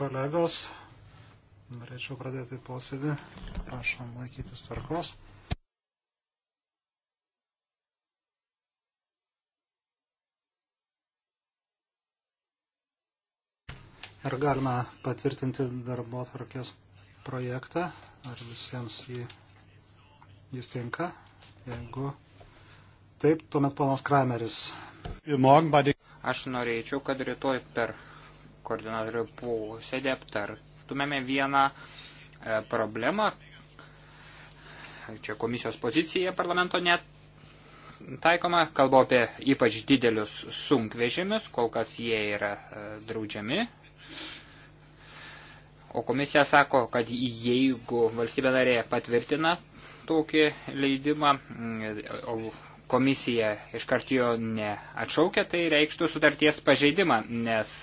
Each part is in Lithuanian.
Kolegos, norėčiau pradėti posėdį. Prašom laikytis tvarkos. Ar galime patvirtinti darbo tvarkės projektą, ar visiems jį, jis tinka, jeigu taip, tuomet ponas Krameris. Aš norėčiau, kad rytoj per koordinatorių posėdį aptartumėme vieną e, problemą. Čia komisijos pozicija parlamento net taikoma. Kalbu apie ypač didelius sunkvežimius, kol kas jie yra e, draudžiami. O komisija sako, kad jeigu valstybė narė patvirtina tokį leidimą, mm, komisija iškart jo neatšaukia, tai reikštų sutarties pažeidimą, nes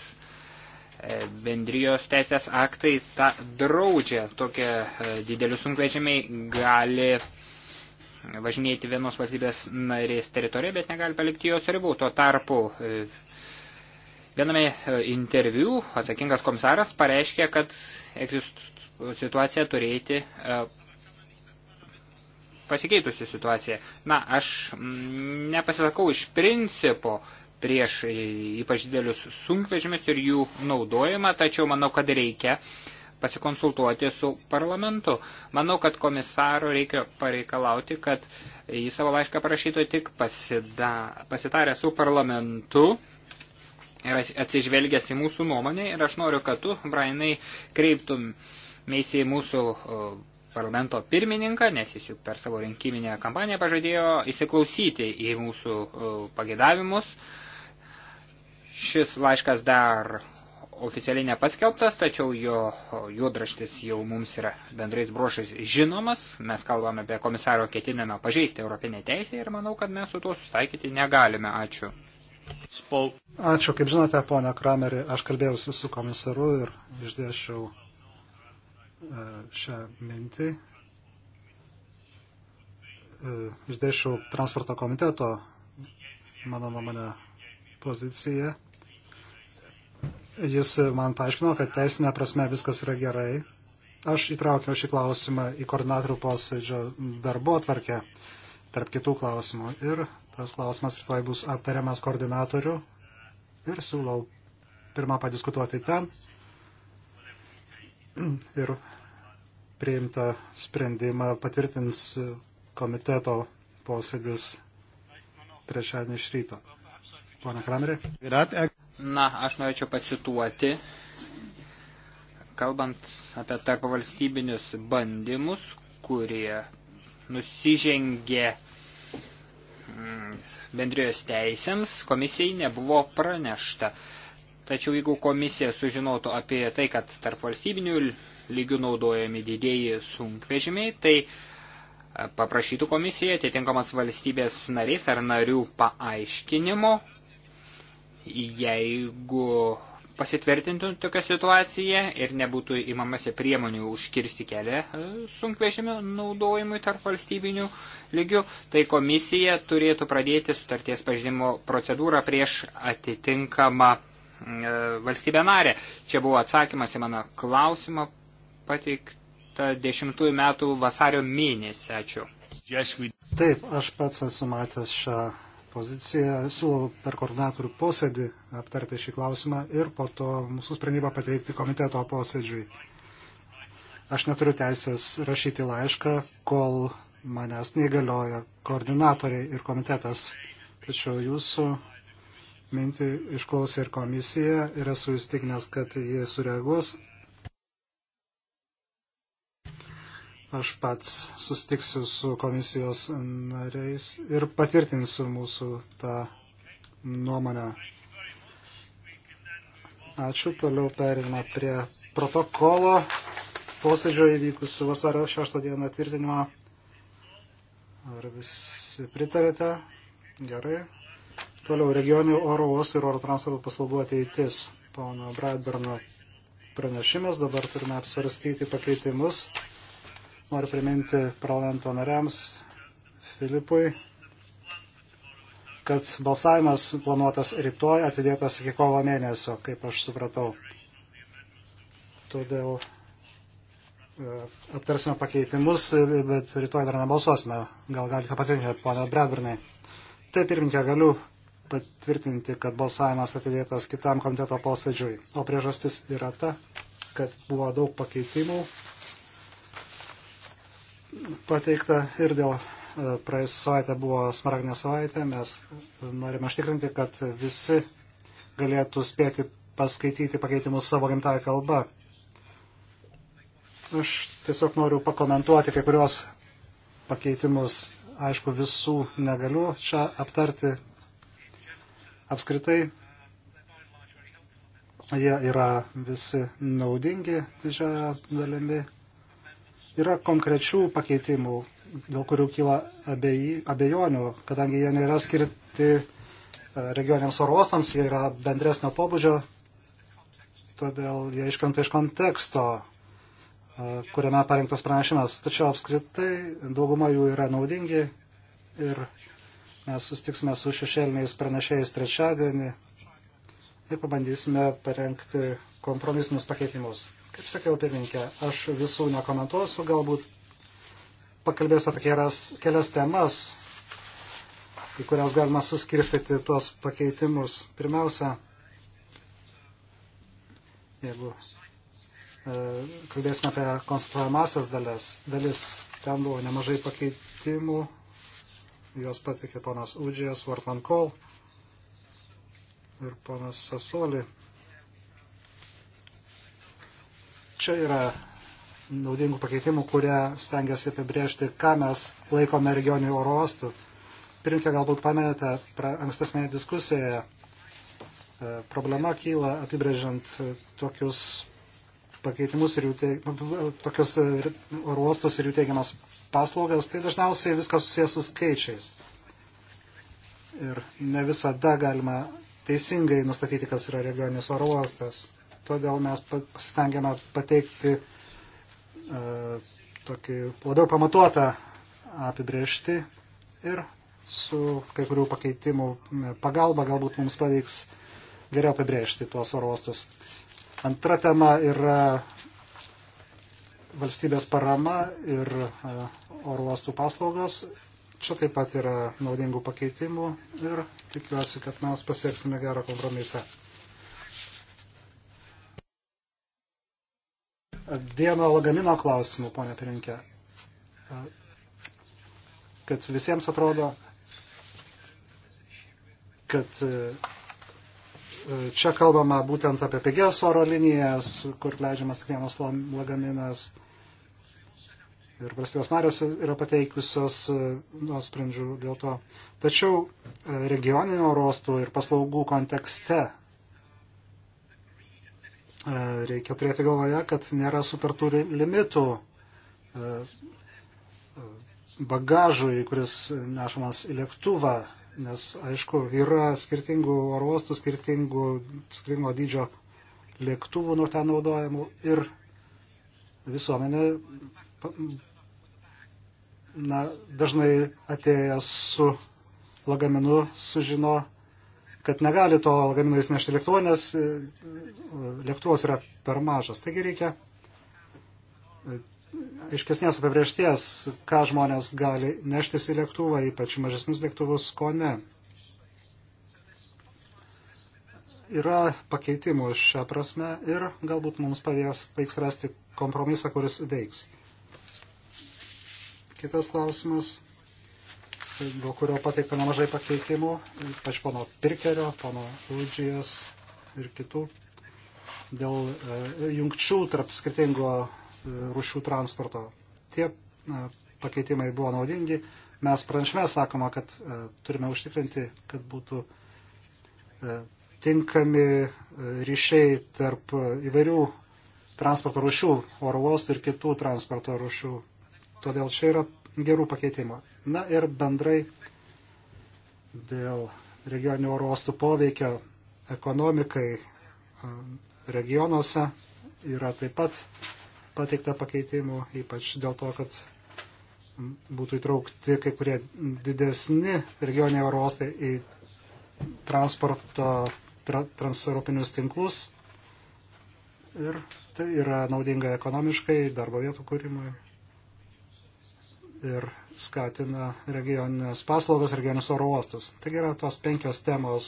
E, bendrijos teisės aktai tą draudžia. Tokie e, dideli sunkvežimiai gali važinėti vienos valstybės narės teritoriją, bet negali palikti jos ribų. Tuo tarpu e, viename interviu atsakingas komisaras pareiškė, kad situacija turėti pasikeitusi situacija. Na, aš nepasisakau iš principo, prieš e, ypač didelius sunkvežimius ir jų naudojimą, tačiau manau, kad reikia pasikonsultuoti su parlamentu. Manau, kad komisaro reikia pareikalauti, kad į savo laišką parašytų tik pasida, pasitarę su parlamentu ir atsižvelgęs į mūsų nuomonę. Ir aš noriu, kad tu, Brainai, kreiptumės į mūsų parlamento pirmininką, nes jis juk per savo rinkiminę kampaniją pažadėjo įsiklausyti į mūsų pagėdavimus. Uh, Šis laiškas dar oficialiai nepaskelbtas, tačiau jo juodraštis jau mums yra bendrais brošais žinomas. Mes kalbame apie komisaro ketiname pažeisti Europinę teisę ir manau, kad mes su tuo susitaikyti negalime. Ačiū. Spol. Ačiū, kaip žinote, ponia Krameri, aš kalbėjausi su komisaru ir išdėšiau e, šią mintį. E, išdėšiau transporto komiteto, mano nuomonė, poziciją. Jis man paaiškino, kad teisinė prasme viskas yra gerai. Aš įtraukiau šį klausimą į koordinatorių posėdžio darbo atvarkę, tarp kitų klausimų. Ir tas klausimas rytoj bus aptariamas koordinatorių. Ir siūlau pirmą padiskutuoti ten. Ir priimtą sprendimą patvirtins komiteto posėdis trečiadienį iš ryto. Pone Kramerė. Na, aš norėčiau pacituoti, kalbant apie tarpvalstybinius bandymus, kurie nusižengė mm, bendrijos teisėms, komisijai nebuvo pranešta. Tačiau jeigu komisija sužinotų apie tai, kad tarp valstybinių lygių naudojami didėjai sunkvežimiai, tai e, paprašytų komisija atitinkamas valstybės narys ar narių paaiškinimo, jeigu pasitvirtintų tokia situacija ir nebūtų įmamasi priemonių užkirsti kelią e, sunkvežimių naudojimui tarp valstybinių lygių, tai komisija turėtų pradėti sutarties pažymimo procedūrą prieš atitinkamą mm, e, valstybę narę. Čia buvo atsakymas į mano klausimą pateiktą dešimtųjų metų vasario mėnesį. Ačiū. Taip, aš pats esu matęs šią poziciją, siūlau per koordinatorių posėdį aptarti šį klausimą ir po to mūsų sprendimą pateikti komiteto posėdžiui. Aš neturiu teisės rašyti laišką, kol manęs neįgalioja koordinatoriai ir komitetas. Tačiau jūsų mintį išklausė ir komisija ir esu įstikinęs, kad jie sureaguos Aš pats sustiksiu su komisijos nariais ir patvirtinsiu mūsų tą nuomonę. Ačiū. Toliau periname prie protokolo posėdžio įvykusių vasario 6 dieną tvirtinimo. Ar visi pritarėte? Gerai. Toliau regionių oro uostų ir oro transporto paslaugų ateitis. Pono Bradburno pranešimas. Dabar turime apsvarstyti pakeitimus. Noriu priminti parlamento nariams Filipui, kad balsavimas planuotas rytoj atidėtas iki kovo mėnesio, kaip aš supratau. Todėl e, aptarsime pakeitimus, bet rytoj dar nebalsuosime. Gal galite patvirtinti, ponia Bradburnai. Taip, pirmininkė, galiu patvirtinti, kad balsavimas atidėtas kitam komiteto posėdžiui. O priežastis yra ta, kad buvo daug pakeitimų pateikta ir dėl e, praėjusią savaitę buvo smaragdinė savaitė. Mes norime užtikrinti, kad visi galėtų spėti paskaityti pakeitimus savo gimtąją kalbą. Aš tiesiog noriu pakomentuoti kai kurios pakeitimus. Aišku, visų negaliu čia aptarti. Apskritai, jie yra visi naudingi didžiąją dalimi Yra konkrečių pakeitimų, dėl kurių kyla abej, abejonių, kadangi jie nėra skirti e, regioniams orostams, jie yra bendresnio pobūdžio, todėl jie iškrenta iš konteksto, e, kuriame parengtas pranešimas. Tačiau apskritai dauguma jų yra naudingi ir mes sustiksime su šešėliniais pranešėjais trečiadienį ir pabandysime parengti kompromisinius pakeitimus. Kaip sakiau, pirminkė, aš visų nekomentuosiu, galbūt pakalbės apie kelias, kelias temas, į kurias galima suskirstyti tuos pakeitimus. Pirmiausia, jeigu e, kalbėsime apie konstruojamasias dalis, dalis, ten buvo nemažai pakeitimų, juos patikė ponas Udžijas, Vartman Kol ir ponas Sasoli. čia yra naudingų pakeitimų, kurie stengiasi apibriežti, ką mes laikome regionių oro uostų. Pirmkia, galbūt pamenėte ankstesnėje diskusijoje. E, problema kyla apibrėžiant e, tokius pakeitimus ir jų teik, e, tokius oro uostus ir jų teigiamas paslaugas, tai dažniausiai viskas susijęs su skaičiais. Ir ne visada galima teisingai nustatyti, kas yra regioninis oro uostas todėl mes pasistengiame pateikti uh, tokį labiau pamatuotą apibriežti ir su kai kurių pakeitimų e, pagalba galbūt mums pavyks geriau apibriežti tuos orostus. Antra tema yra valstybės parama ir e, orostų paslaugos. Čia taip pat yra naudingų pakeitimų ir tikiuosi, kad mes pasieksime gerą kompromisą. vieno lagamino klausimų, ponė pirinkė, kad visiems atrodo, kad e, čia kalbama būtent apie pigias oro linijas, kur leidžiamas tik vienas lagaminas. Ir valstybės narės yra pateikusios e, nuosprendžių dėl to. Tačiau e, regioninio rostų ir paslaugų kontekste E, reikia turėti galvoje, kad nėra sutartų limitų e, e, bagažui, kuris nešamas į lėktuvą, nes, aišku, yra skirtingų orostų, skirtingų, skirtingo dydžio lėktuvų nuo ten naudojimų ir visuomenė na, dažnai atėjęs su lagaminu sužino, kad negali to lagamino įsinešti lėktuvo, nes lėktuvas yra per mažas. Taigi reikia e, aiškesnės apibriešties, ką žmonės gali neštis į lėktuvą, ypač mažesnius lėktuvus, ko ne. Yra pakeitimų šią prasme ir galbūt mums pavės pavyks rasti kompromisą, kuris veiks. Kitas klausimas dėl kurio pateikta nemažai pakeitimų, ypač pono Pirkerio, pono Rūdžijas ir kitų, dėl e, jungčių tarp skirtingo e, rušių transporto. Tie e, pakeitimai buvo naudingi. Mes pranešime sakoma, kad turime užtikrinti, kad būtų tinkami ryšiai tarp įvairių transporto rušių, oro uostų ir kitų transporto rušių. Todėl čia yra gerų pakeitimų. Na ir bendrai dėl regioninio oro uostų poveikio ekonomikai regionuose yra taip pat pateikta pakeitimų, ypač dėl to, kad būtų įtraukti kai kurie didesni regioniniai oro uostai į transporto tra, transeuropinius tinklus. Ir tai yra naudinga ekonomiškai, darbo vietų kūrimui ir skatina regioninės paslaugos, regioninius oro uostus. Taigi yra tos penkios temos,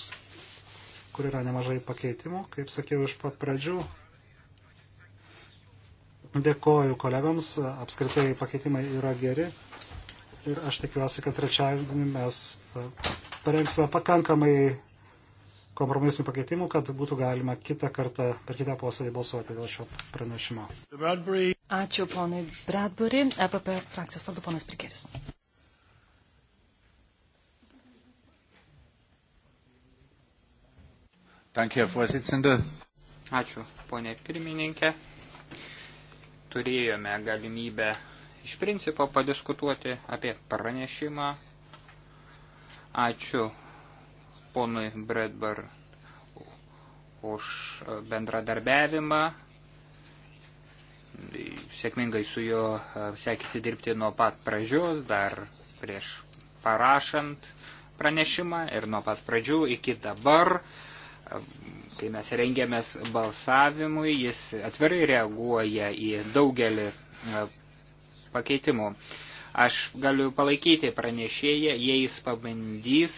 kur yra nemažai pakeitimų, kaip sakiau iš pat pradžių. Dėkoju kolegams, apskritai pakeitimai yra geri ir aš tikiuosi, kad trečiadienį mes e, parengsime pakankamai kompromisinių pakeitimų, kad būtų galima kitą kartą per kitą posėdį balsuoti dėl šio pranešimo. Bradbury. Ačiū ponai Bradbury, EPP frakcijos vardu ponas Prikeris. Ačiū, ponė pirmininkė. Turėjome galimybę iš principo padiskutuoti apie pranešimą. Ačiū ponui Bredbar už e, bendradarbiavimą. Sėkmingai su juo e, sekėsi dirbti nuo pat pradžios, dar prieš parašant pranešimą ir nuo pat pradžių iki dabar, e, kai mes rengėmės balsavimui, jis atvirai reaguoja į daugelį pakeitimų. Aš galiu palaikyti pranešėją, jei jis pabandys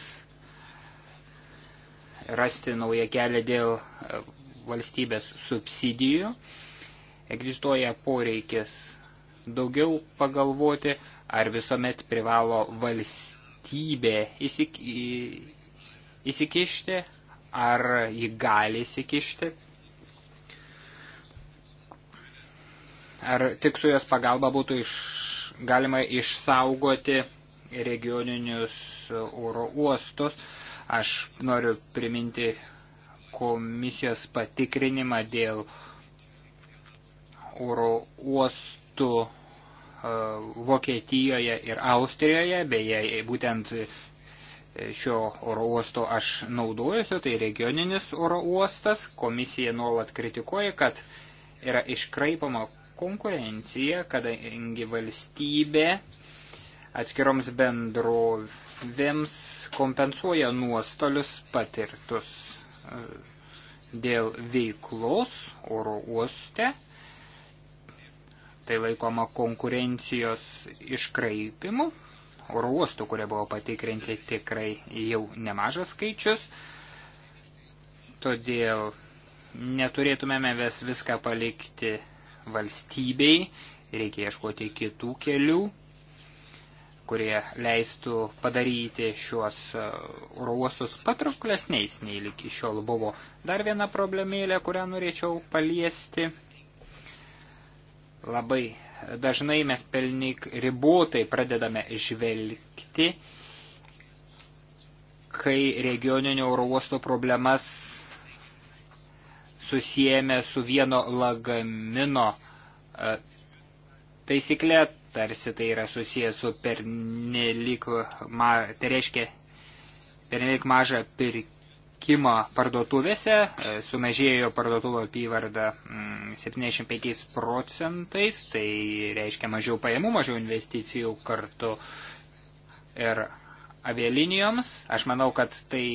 rasti naują kelią dėl e, valstybės subsidijų. Egzistuoja poreikis daugiau pagalvoti, ar visuomet privalo valstybė įsikišti, ar ji gali įsikišti, ar tik su jos pagalba būtų iš, galima išsaugoti regioninius oro uostus. Aš noriu priminti komisijos patikrinimą dėl oro uostų e, Vokietijoje ir Austrijoje, beje, būtent e, šio oro uosto aš naudojusiu, tai regioninis oro uostas, komisija nuolat kritikuoja, kad yra iškraipama konkurencija, kadangi valstybė atskiroms bendrovėms darbdaviams kompensuoja nuostolius patirtus e, dėl veiklos oro uoste. Tai laikoma konkurencijos iškraipimu. Oro uostų, kurie buvo patikrinti, tikrai jau nemažas skaičius. Todėl neturėtumėme vis viską palikti valstybei, reikia ieškoti kitų kelių kurie leistų padaryti šiuos uh, oro uostus patrauklesniais nei iki šiol buvo. Dar viena problemėlė, kurią norėčiau paliesti. Labai dažnai mes pelnik ribotai pradedame žvelgti, kai regioninio oro uosto problemas susijęme su vieno lagamino uh, taisyklė tarsi tai yra susijęs su pernelyg, ma, tai reiškia pernelyg mažą pirkimą parduotuvėse, e, sumažėjo parduotuvų apyvarda 75 procentais, tai reiškia mažiau pajamų, mažiau investicijų kartu ir avialinijoms. Aš manau, kad tai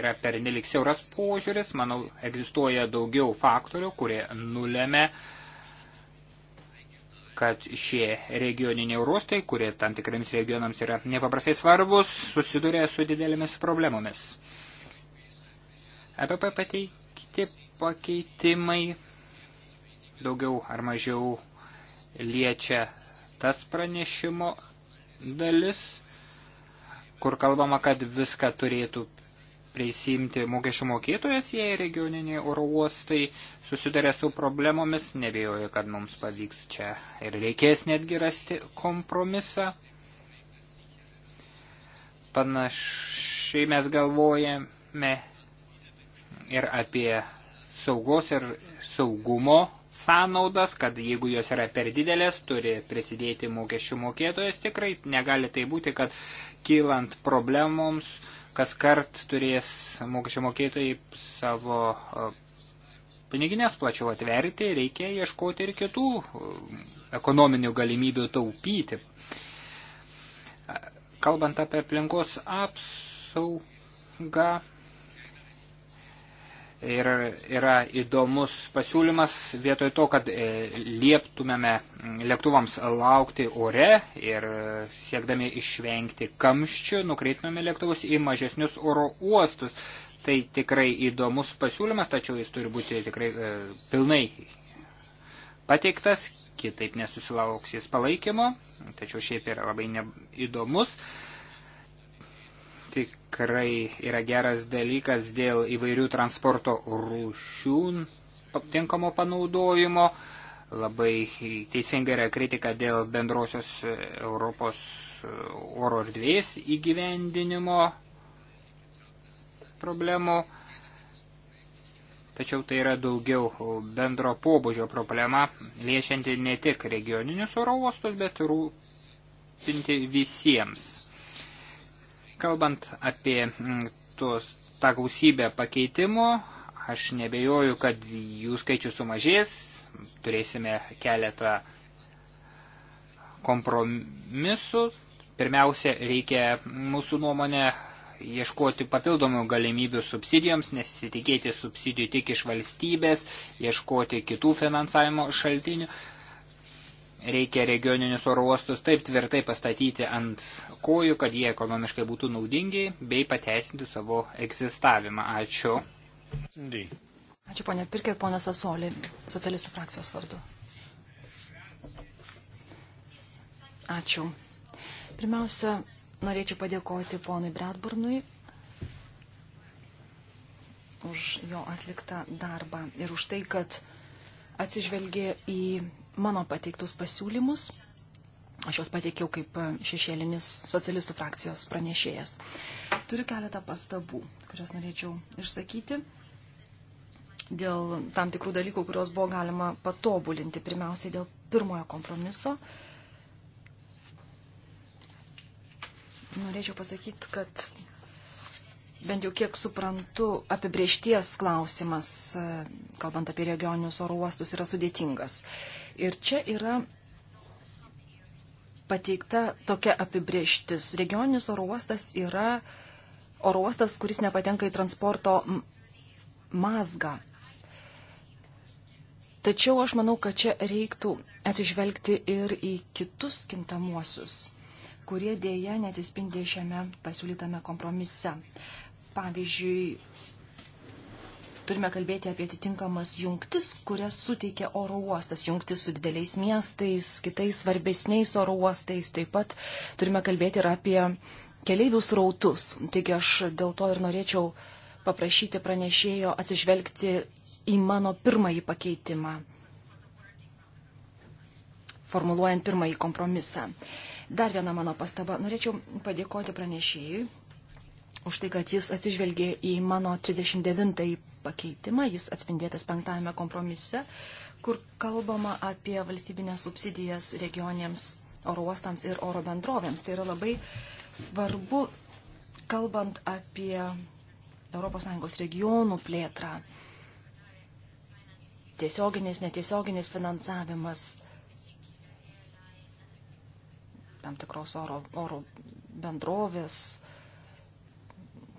yra pernelyg siauras požiūris, manau, egzistuoja daugiau faktorių, kurie nulėmė uh, kad šie regioniniai eurostai, kurie tam tikriems regionams yra nepaprastai svarbus, susiduria su didelėmis problemomis. EPP pateikti pakeitimai daugiau ar mažiau liečia tas pranešimo dalis, kur kalbama, kad viską turėtų prisimti mokesčių mokėtojas, jei regioniniai oro uostai susidarė su problemomis, nebejoju, kad mums pavyks čia ir reikės netgi rasti kompromisą. Panašiai mes galvojame ir apie saugos ir saugumo sąnaudas, kad jeigu jos yra per didelės, turi prisidėti mokesčių mokėtojas tikrai. Negali tai būti, kad kylant problemoms, uh, kas kart turės mokesčio mokėtojai savo piniginės plačiau atverti, reikia ieškoti ir kitų ekonominių galimybių taupyti. Kalbant apie aplinkos apsaugą, ir yra įdomus pasiūlymas vietoj to, kad e, lieptumėme mm, lėktuvams laukti ore ir e, siekdami išvengti kamščių, nukreitumėme lėktuvus į mažesnius oro uostus. Tai tikrai įdomus pasiūlymas, tačiau jis turi būti tikrai e, pilnai pateiktas, kitaip nesusilauks jis palaikymo, tačiau šiaip yra labai įdomus. E, tikrai yra geras dalykas dėl įvairių transporto rūšių tinkamo panaudojimo. Labai teisinga yra kritika dėl bendrosios e, Europos e, oro erdvės įgyvendinimo problemų. Tačiau tai yra daugiau bendro pobūdžio problema, liešianti ne tik regioninius oro uostus, bet rūpinti visiems. Kalbant apie mm, tos, tą gausybę pakeitimų, aš nebejoju, kad jų skaičius sumažės, turėsime keletą kompromisų. Pirmiausia, reikia mūsų nuomonę ieškoti papildomų galimybių subsidijoms, nesitikėti subsidijų tik iš valstybės, ieškoti kitų finansavimo šaltinių reikia regioninius oro uostus taip tvirtai pastatyti ant kojų, kad jie ekonomiškai būtų naudingi bei pateisinti savo egzistavimą. Ačiū. Ačiū ponė Pirkė, ponė Sasolė, socialistų frakcijos vardu. Ačiū. Pirmiausia, norėčiau padėkoti ponui Bradburnui už jo atliktą darbą ir už tai, kad atsižvelgė į mano pateiktus pasiūlymus. Aš juos pateikiau kaip šešėlinis socialistų frakcijos pranešėjas. Turiu keletą pastabų, kurias norėčiau išsakyti dėl tam tikrų dalykų, kuriuos buvo galima patobulinti. Pirmiausiai dėl pirmojo kompromiso. Norėčiau pasakyti, kad bent jau kiek suprantu, apibriešties klausimas, kalbant apie regioninius oro uostus, yra sudėtingas. Ir čia yra pateikta tokia apibrieštis. Regioninis oro uostas yra oro uostas, kuris nepatenka į transporto mazgą. Tačiau aš manau, kad čia reiktų atsižvelgti ir į kitus kintamuosius, kurie dėja netispindė šiame pasiūlytame kompromise. Pavyzdžiui, turime kalbėti apie atitinkamas jungtis, kurias suteikia oro uostas, jungtis su dideliais miestais, kitais svarbesniais oro uostais, taip pat turime kalbėti ir apie keliaivių srautus. Taigi aš dėl to ir norėčiau paprašyti pranešėjo atsižvelgti į mano pirmąjį pakeitimą, formuluojant pirmąjį kompromisą. Dar viena mano pastaba. Norėčiau padėkoti pranešėjui už tai, kad jis atsižvelgė į mano 39 pakeitimą, jis atspindėtas penktame kompromise, kur kalbama apie valstybinės subsidijas regioniems oro uostams ir oro bendrovėms. Tai yra labai svarbu, kalbant apie ES regionų plėtrą. Tiesioginis, netiesioginis finansavimas tam tikros oro, oro bendrovės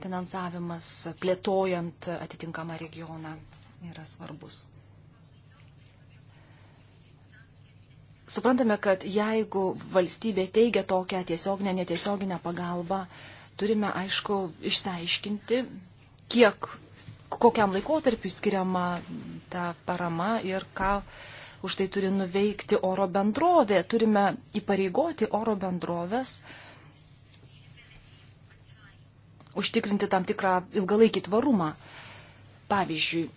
finansavimas plėtojant atitinkamą regioną yra svarbus. Suprantame, kad jeigu valstybė teigia tokią tiesioginę, netiesioginę pagalbą, turime aišku išsiaiškinti, kiek, kokiam laikotarpiu skiriama ta parama ir ką už tai turi nuveikti oro bendrovė. Turime įpareigoti oro bendrovės uh, užtikrinti tam tikrą ilgalaikį tvarumą. Pavyzdžiui,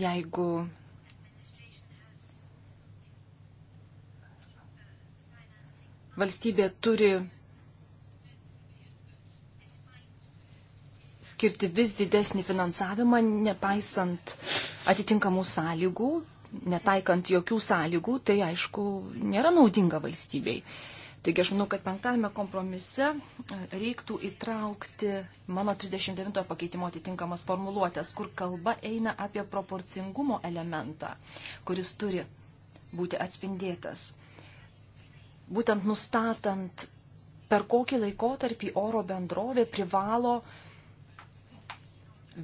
jeigu valstybė turi skirti vis didesnį finansavimą, nepaisant atitinkamų sąlygų, netaikant jokių sąlygų, tai aišku, nėra naudinga valstybei. Taigi aš manau, kad penktame kompromise e, reiktų įtraukti mano 39 pakeitimo atitinkamas formuluotės, kur kalba eina apie proporcingumo elementą, kuris turi būti atspindėtas. Būtent nustatant, per kokį laikotarpį oro bendrovė privalo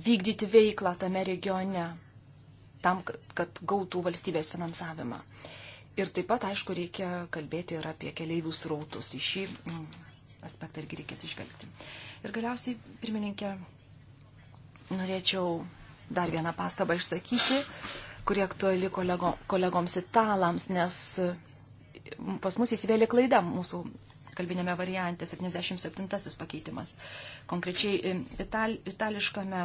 vykdyti veiklą tame regione tam, kad gautų valstybės finansavimą. Uh, Ir taip pat, aišku, reikia kalbėti ir apie keleivių srautus. Į šį mm, aspektą irgi reikia atsižvelgti. Ir galiausiai, pirmininkė, norėčiau dar vieną pastabą išsakyti, kurie aktuali kolego, kolegoms italams, nes mm, pas mus įsivėlė klaida mūsų kalbinėme variante 77 pakeitimas. Konkrečiai ital, itališkame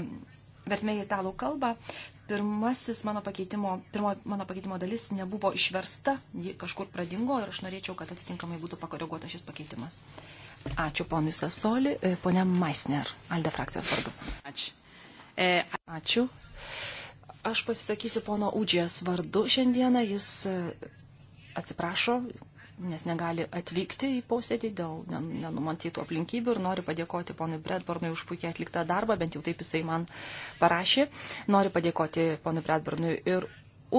vertme į italų kalbą pirmasis mano pakeitimo, pirmo mano pakeitimo dalis nebuvo išversta, ji kažkur pradingo ir aš norėčiau, kad atitinkamai būtų pakoreguotas šis pakeitimas. Ačiū ponui Sasoli, e, ponia Maisner, Alde frakcijos vardu. Ačiū. E, ačiū. Aš pasisakysiu pono Udžės vardu šiandieną, jis e, atsiprašo, nes negali atvykti į posėdį dėl nenumatytų aplinkybių ir noriu padėkoti ponui Bredbornui už puikiai atliktą darbą, bent jau taip jisai man parašė. Noriu padėkoti ponui Bredbornui ir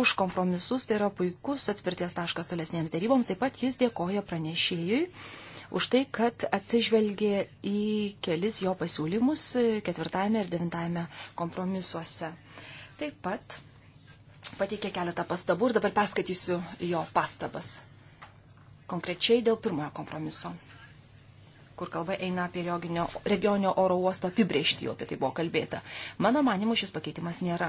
už kompromisus, tai yra puikus atspirties taškas tolesnėms dėryboms. Taip pat jis dėkoja pranešėjui už tai, kad atsižvelgė į kelis jo pasiūlymus ketvirtajame ir devintajame kompromisuose. Taip pat pateikė keletą pastabų ir dabar perskaitysiu jo pastabas konkrečiai dėl pirmojo kompromiso, kur kalba eina apie joginio, regioninio oro uosto apibriežtį, apie tai buvo kalbėta. Mano manimu, šis pakeitimas nėra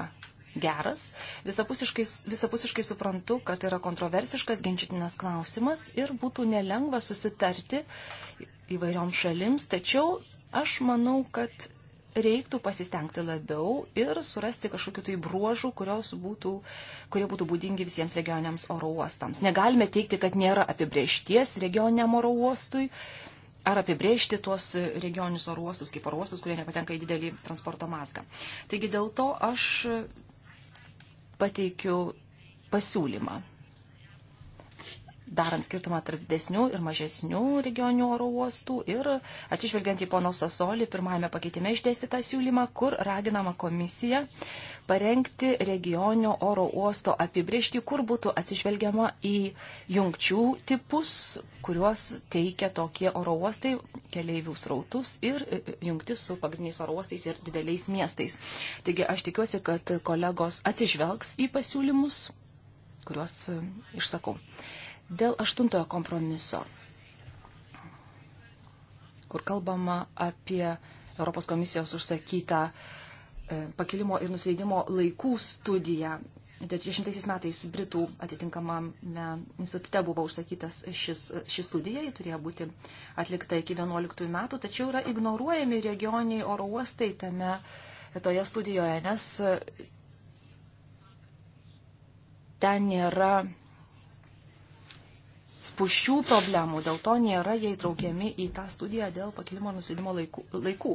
geras. Visapusiškai, visapusiškai suprantu, kad yra kontroversiškas, ginčytinas klausimas ir būtų nelengva susitarti įvairioms šalims, tačiau aš manau, kad reiktų pasistengti labiau ir surasti kažkokiu tai bruožu, būtų, kurie būtų būdingi visiems regioniams oro uostams. Negalime teikti, kad nėra apibriešties regioniam oro uostui. Ar apibrėžti tuos regionius oro uostus kaip oro uostus, kurie nepatenka į didelį transporto mazgą. Taigi dėl to aš pateikiu pasiūlymą darant skirtumą tarp didesnių ir mažesnių regioninių oro uostų ir atsižvelgiant į pono Sasolį pirmajame pakeitime išdėstytą siūlymą, kur raginama komisija parengti regioninio oro uosto apibriežtį, kur būtų atsižvelgiama į jungčių tipus, kuriuos teikia tokie oro uostai, keleivių srautus ir e, e, jungtis su pagrindiniais oro uostais ir dideliais miestais. Taigi aš tikiuosi, kad kolegos atsižvelgs į pasiūlymus kuriuos e, išsakau. Dėl aštuntojo kompromiso, kur kalbama apie Europos komisijos užsakytą e, pakilimo ir nusileidimo laikų studiją. 90 metais Britų atitinkamame institute buvo užsakytas šis, šis studija, ji turėjo būti atlikta iki 11 metų, tačiau yra ignoruojami regioniai oro uostai tame toje studijoje, nes ten nėra spuščių problemų, dėl to nėra jie įtraukiami į tą studiją dėl pakilimo nusidimo laikų, laikų.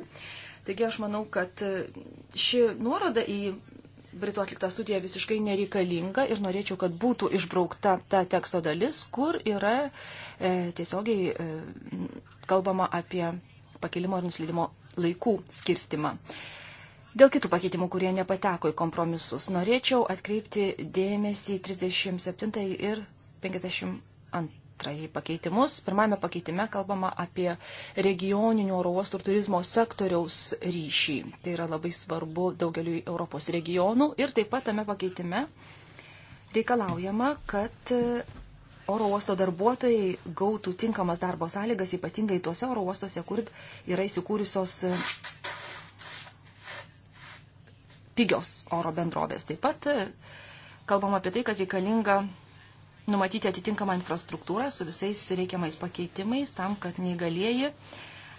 Taigi aš manau, kad e, ši nuoroda į Britų atlikta studija visiškai nereikalinga ir norėčiau, kad būtų išbraukta ta teksto dalis, kur yra e, tiesiogiai e, kalbama apie pakilimo ir nuslydimo laikų skirstimą. Dėl kitų pakeitimų, kurie nepateko į kompromisus, norėčiau atkreipti dėmesį 37 ir 50, antrąjį pakeitimus. Pirmame pakeitime kalbama apie regioninių oro uostų ir turizmo sektoriaus ryšį. Tai yra labai svarbu daugeliu Europos regionų. Ir taip pat tame pakeitime reikalaujama, kad oro uosto darbuotojai gautų tinkamas darbo sąlygas, ypatingai tuose oro uostuose, kur yra įsikūrusios e, pigios oro bendrovės. Taip pat e, kalbam apie tai, kad reikalinga numatyti atitinkamą infrastruktūrą su visais reikiamais pakeitimais tam, kad neįgalieji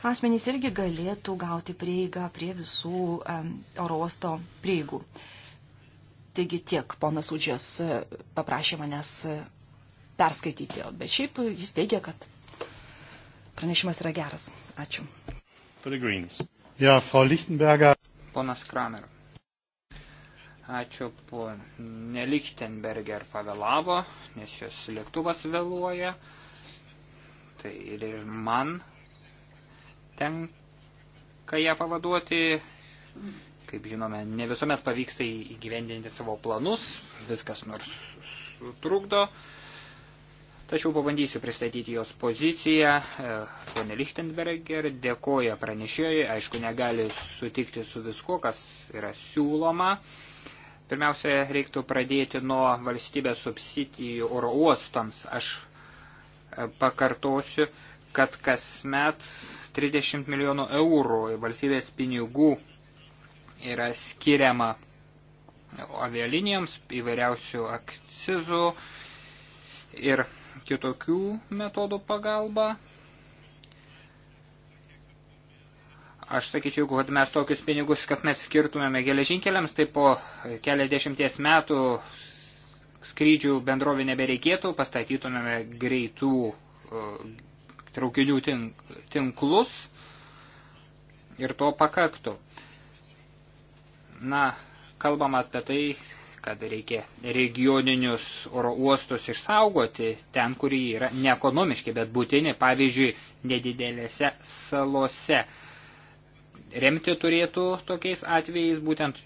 asmenys irgi galėtų gauti prieigą prie visų um, oro uosto prieigų. Taigi tiek ponas Udžės e, paprašė manęs e, perskaityti, bet šiaip jis teigia, kad pranešimas yra geras. Ačiū. Ja, Frau Lichtenberger. Ponas Kramer. Ačiū ponė Lichtenberger pavėlavo, nes jos lėktuvas vėluoja. Tai ir man tenka ją pavaduoti. Kaip žinome, ne visuomet pavyksta įgyvendinti savo planus, viskas nors sutrukdo. Tačiau pabandysiu pristatyti jos poziciją. E, Pone Lichtenberger dėkoja pranešėjai, aišku, negali sutikti su viskuo, kas yra siūloma. Pirmiausia, reiktų pradėti nuo valstybės subsidijų oro uostams. Aš e, pakartosiu, kad kasmet 30 milijonų eurų valstybės pinigų yra skiriama avialinijoms įvairiausių akcizų ir kitokių metodų pagalba. Aš sakyčiau, kad mes tokius pinigus kasmet skirtumėme geležinkeliams, tai po keliasdešimties metų skrydžių bendrovė nebereikėtų, pastatytumėme greitų e, traukinių tinklus ir to pakaktų. Na, kalbam apie tai, kad reikia regioninius oro uostus išsaugoti ten, kur jie yra neekonomiški, bet būtini, pavyzdžiui, nedidelėse salose remti turėtų tokiais atvejais būtent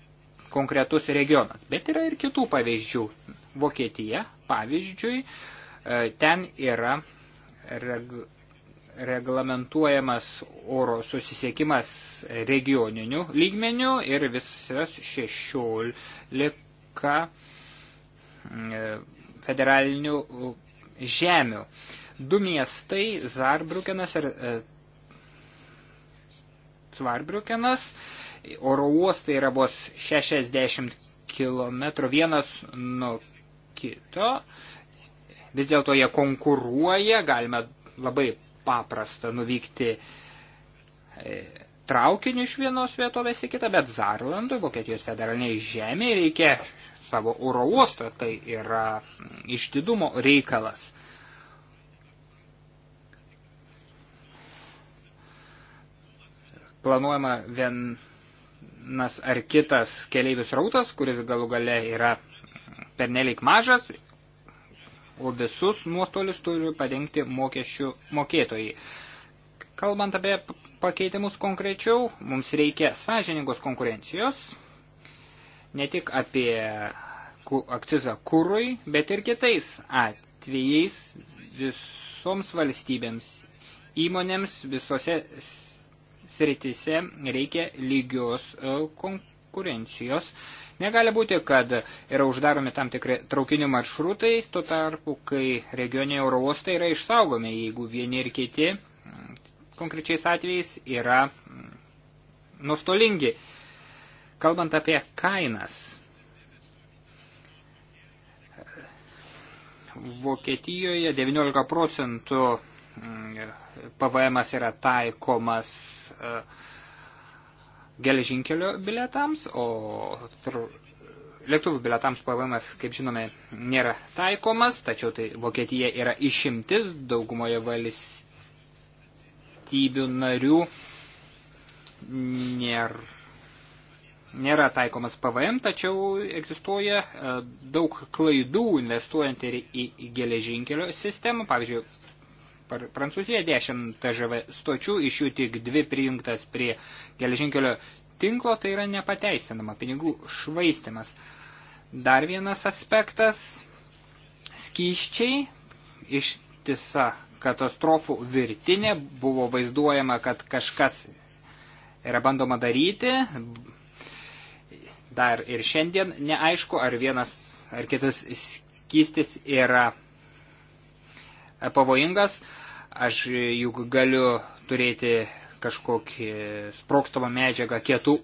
konkretus regionas. Bet yra ir kitų pavyzdžių. Vokietija, pavyzdžiui, e, ten yra reg reglamentuojamas oro susisiekimas regioniniu lygmeniu ir visas 16 mm, e, federalinių žemių. Du miestai, Zarbrukenas ir e, Svarbriukenas. Oro uostai yra vos 60 km vienas nuo kito. Vis dėlto jie konkuruoja, galime labai paprasta nuvykti e, traukiniu iš vienos vietovės į kitą, bet Zarlandui, Vokietijos federaliniai žemė, reikia savo oro uosto, tai yra išdidumo reikalas. planuojama vienas ar kitas keleivis rautas, kuris galų gale yra pernelik mažas, o visus nuostolius turi padengti mokesčių mokėtojai. Kalbant apie pakeitimus konkrečiau, mums reikia sąžiningos konkurencijos, ne tik apie akcizą kūrui, bet ir kitais atvejais visoms valstybėms, įmonėms visose sritise reikia lygios e, konkurencijos. Negali būti, kad yra uždaromi tam tikri traukinių maršrutai, tuo tarpu, kai regioniai oro uostai yra išsaugomi, jeigu vieni ir kiti mm, konkrečiais atvejais yra mm, nustolingi. Kalbant apie kainas, Vokietijoje 19 procentų mm, PVM yra taikomas e, geležinkelio bilietams, o lėktuvų bilietams PVM, kaip žinome, nėra taikomas, tačiau tai Vokietija yra išimtis daugumoje valstybių narių nėra. Nėra taikomas PVM, tačiau egzistuoja e, daug klaidų investuojant ir į geležinkelio sistemą. Pavyzdžiui, Prancūzija 10 TŽV stočių, iš jų tik dvi prijungtas prie geležinkelio tinklo, tai yra nepateisinama pinigų švaistimas. Dar vienas aspektas - skyščiai, ištisa katastrofų virtinė, buvo vaizduojama, kad kažkas yra bandoma daryti, dar ir šiandien neaišku, ar vienas ar kitas skystis yra pavojingas. Aš juk galiu turėti kažkokį sprokstamą medžiagą kietų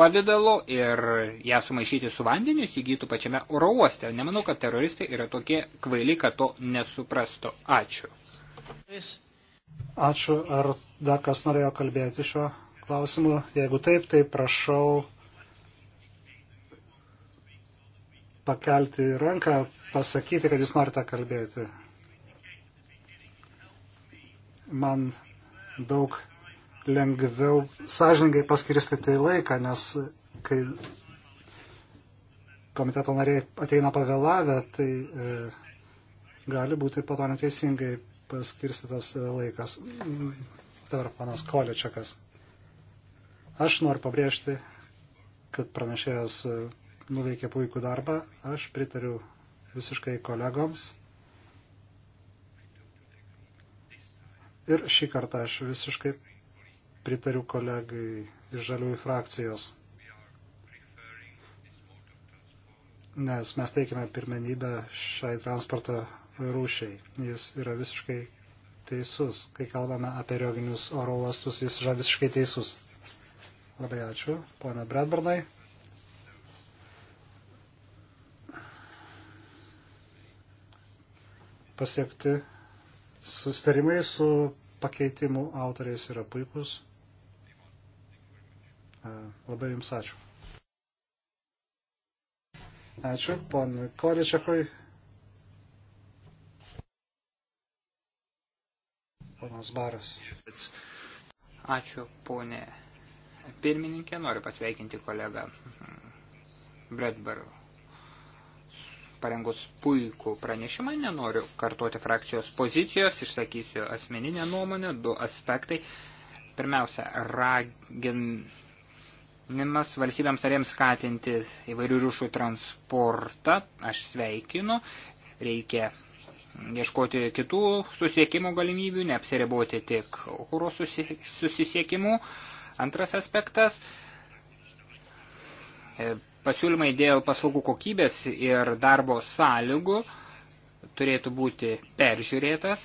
pavydalu ir ją sumaišyti su vandeniu įsigytų pačiame oro uoste. Nemanau, kad teroristai yra tokie kvaili, kad to nesuprastų. Ačiū. Ačiū. Ar dar kas norėjo kalbėti šiuo klausimu? Jeigu taip, tai prašau pakelti ranką, pasakyti, kad jūs norite kalbėti man daug lengviau sąžininkai paskirstyti laiką, nes kai komiteto nariai ateina pavėlavę, tai e, gali būti po to neteisingai paskirstytas e, laikas. Dabar panas Količiakas. Aš noriu pabrėžti, kad pranešėjas e, nuveikė puikų darbą. Aš pritariu visiškai kolegoms Ir šį kartą aš visiškai pritariu kolegai iš žaliųjų frakcijos. Nes mes teikime pirmenybę šiai transporto rūšiai. Jis yra visiškai teisus. Kai kalbame apie rioginius oro uostus, jis yra visiškai teisus. Labai ačiū, pone Bradburnai. Pasiekti Sustarimai su pakeitimų autoriais yra puikus. Labai Jums ačiū. Ačiū, ponui Količiakui. Ponas Baras. Ačiū, ponė pirmininkė. Noriu pasveikinti kolegą Bredbarų parengus puikų pranešimą, nenoriu kartuoti frakcijos pozicijos, išsakysiu asmeninę nuomonę, du aspektai. Pirmiausia, raginimas valstybėms tarėms skatinti įvairių rūšų transportą, aš sveikinu, reikia ieškoti kitų susiekimo galimybių, neapsiriboti tik kūro susisiekimu. Antras aspektas Pasiūlymai dėl paslaugų kokybės ir darbo sąlygų turėtų būti peržiūrėtas.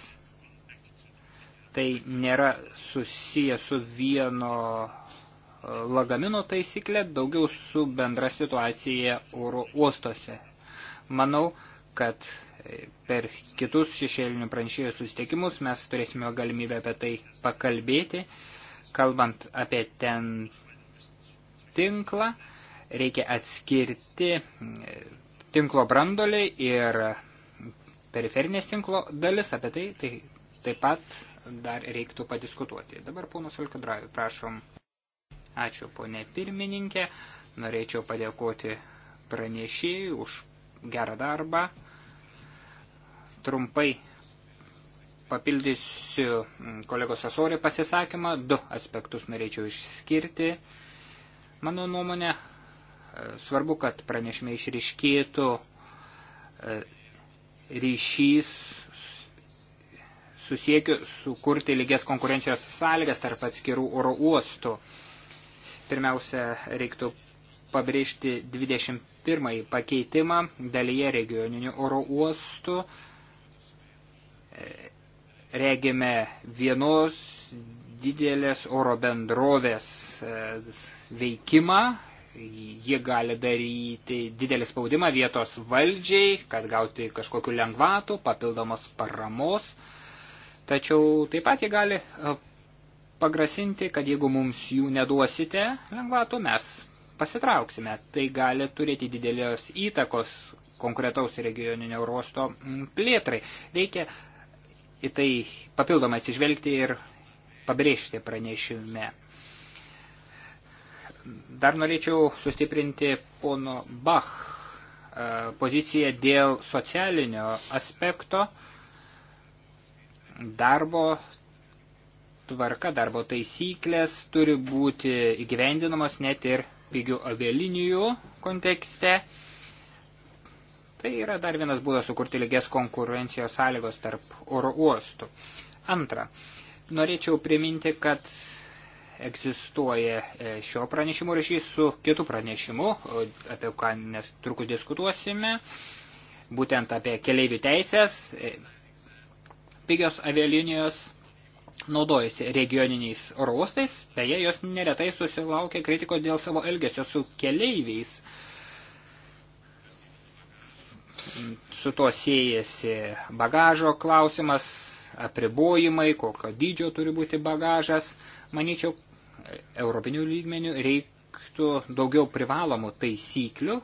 Tai nėra susiję su vieno e, lagamino taisyklė, daugiau su bendra situacija oro uostose. Manau, kad e, per kitus šešėlinių pranešėjų susitikimus mes turėsime galimybę apie tai pakalbėti, kalbant apie ten tinklą. Reikia atskirti tinklo brandolį ir periferinės tinklo dalis, apie tai, tai taip pat dar reiktų padiskutuoti. Dabar ponas Alkadravi, prašom. Ačiū ponė pirmininkė, norėčiau padėkoti pranešėjai už gerą darbą. Trumpai papildysiu kolegos Asorį pasisakymą, du aspektus norėčiau išskirti. Mano nuomonė, Svarbu, kad pranešime išriškėtų e, ryšys susiekiu sukurti lygias konkurencijos sąlygas tarp atskirų oro uostų. Pirmiausia, reiktų pabrėžti 21 pakeitimą dalyje regioninių oro uostų. E, regime vienos didelės oro bendrovės e, veikimą jie gali daryti didelį spaudimą vietos valdžiai, kad gauti kažkokiu lengvatu, papildomos paramos, tačiau taip pat jie gali e, pagrasinti, kad jeigu mums jų neduosite lengvatų, mes pasitrauksime. Tai gali turėti didelės įtakos konkretaus regioninio uosto plėtrai. Reikia į tai papildomai atsižvelgti ir pabrėžti pranešime. Dar norėčiau sustiprinti pono Bach e, poziciją dėl socialinio aspekto darbo tvarka, darbo taisyklės turi būti įgyvendinamos net ir pigių avialinijų kontekste. Tai yra dar vienas būdas sukurti lygės konkurencijos sąlygos tarp oro uostų. Antra, norėčiau priminti, kad egzistuoja e, šio pranešimo ryšys su kitu pranešimu, apie ką netrukus diskutuosime, būtent apie keleivių teisės. E, pigios avialinijos naudojasi regioniniais oro uostais, beje, jos neretai susilaukia kritikos dėl savo elgesio su keleiviais. Su to siejasi bagažo klausimas, apribojimai, kokio dydžio turi būti bagažas. Manyčiau, europinių lygmenių reiktų daugiau privalomų taisyklių,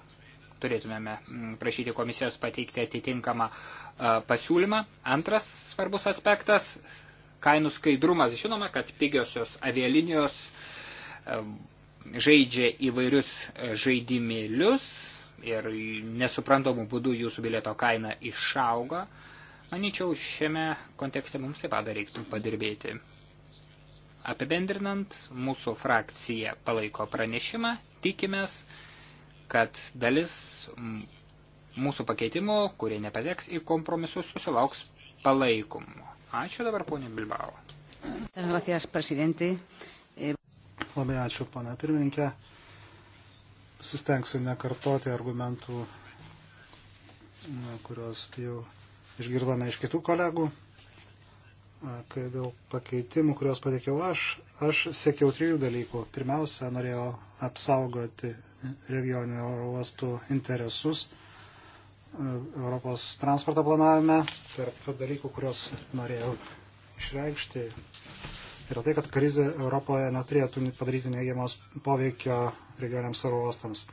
turėtumėme mm, prašyti komisijos pateikti atitinkamą e, pasiūlymą. Antras svarbus aspektas – kainų skaidrumas. Žinoma, kad pigiosios avialinijos e, žaidžia įvairius e, žaidimėlius ir nesuprantamų būdų jūsų bilieto kaina išauga. Manyčiau, šiame kontekste mums taip pat reiktų padirbėti. Apibendrinant, mūsų frakcija palaiko pranešimą, tikimės, kad dalis mūsų pakeitimų, kurie nepateks į kompromisus, susilauks palaikumų. Ačiū dabar, ponė Bilbao. Eh, Labai ačiū, pana pirmininkė. Pasistengsiu nekartoti argumentų, kuriuos jau išgirdome iš kitų kolegų kai dėl pakeitimų, kuriuos pateikiau aš, aš siekiau trijų dalykų. Pirmiausia, norėjau apsaugoti regioninio oro uostų interesus e, Europos transporto planavime. Tarp dalykų, kuriuos norėjau išreikšti, yra tai, kad krizė Europoje neturėtų padaryti neigiamos poveikio regioniams oro uostams.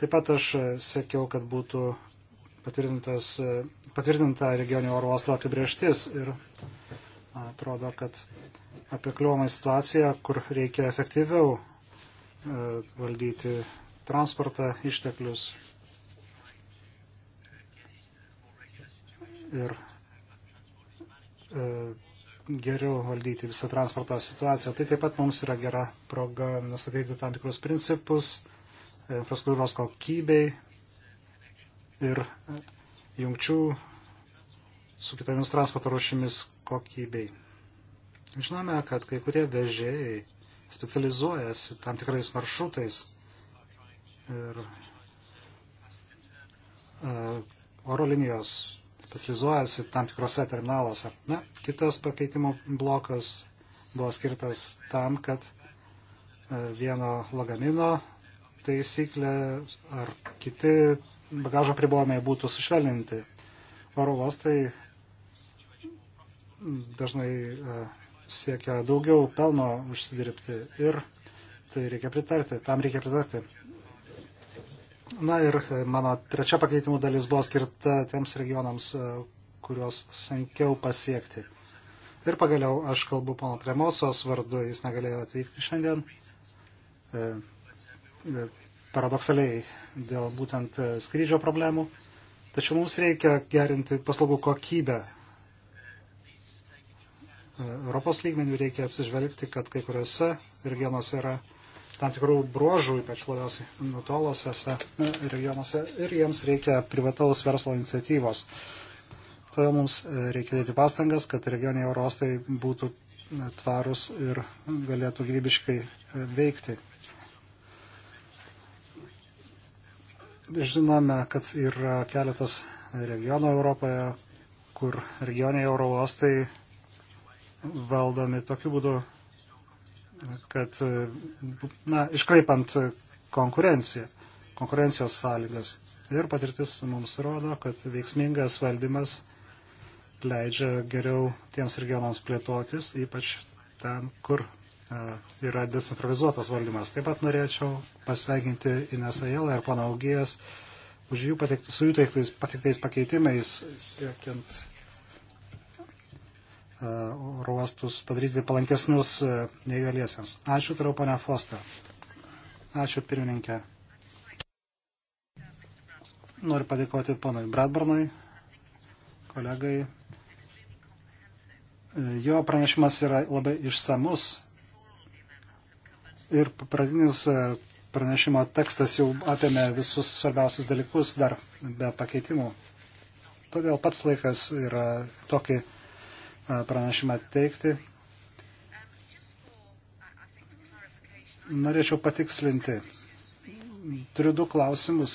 Taip pat aš siekiau, kad būtų patvirtinta regioninio oro uosto apibrieštis ir Atrodo, kad apikliomas situacija, kur reikia efektyviau e, valdyti transportą, išteklius ir e, geriau valdyti visą transporto situaciją. Tai taip pat mums yra gera proga nustatyti tam tikrus principus, e, infrastruktūros kokybei ir jungčių su kitomis transporto rušimis kokybei. Žinome, kad kai kurie vežėjai specializuojasi tam tikrais maršrutais ir e, oro linijos specializuojasi tam tikrose terminaluose. Na, kitas pakeitimų blokas buvo skirtas tam, kad e, vieno lagamino taisyklė ar kiti bagažo pribojimai būtų sušvelninti. Oro uostai dažnai e, siekia daugiau pelno užsidirbti ir tai reikia pritarti, tam reikia pritarti. Na ir e, mano trečia pakeitimų dalis buvo skirta tiems regionams, e, kuriuos sunkiau pasiekti. Ir pagaliau aš kalbu pono Tremosos vardu, jis negalėjo atvykti šiandien. Paradoksaliai dėl būtent skrydžio problemų. Tačiau mums reikia gerinti paslaugų kokybę Europos lygmenių reikia atsižvelgti, kad kai kuriuose regionuose yra tam tikrų bruožų, ypač labiausiai nutolosiuose regionuose, ir jiems reikia privataus verslo iniciatyvos. Todėl mums e, reikia dėti pastangas, kad regioniai eurostai būtų e, tvarus ir galėtų gyvybiškai e, veikti. Žinome, kad yra keletas regionų Europoje, kur regioniai eurostai valdomi tokiu būdu, kad, na, iškraipant konkurenciją, konkurencijos sąlygas. Ir patirtis mums rodo, kad veiksmingas valdymas leidžia geriau tiems regionams plėtotis, ypač ten, kur e, yra decentralizuotas valdymas. Taip pat norėčiau pasveikinti Inesą Jelą ir pana Augijas už jų pateiktais, su jų teiktais, pateiktais pakeitimais, siekiant ruostus padaryti palankesnius e, neįgaliesiams. Ačiū, turiu ponia Foster. Ačiū, pirmininkė. Noriu padėkoti ponui Bradburnui, kolegai. E, jo pranešimas yra labai išsamus ir pradinis e, pranešimo tekstas jau apėmė visus svarbiausius dalykus dar be pakeitimų. Todėl pats laikas yra tokį pranešimą teikti. Norėčiau patikslinti. Turiu du klausimus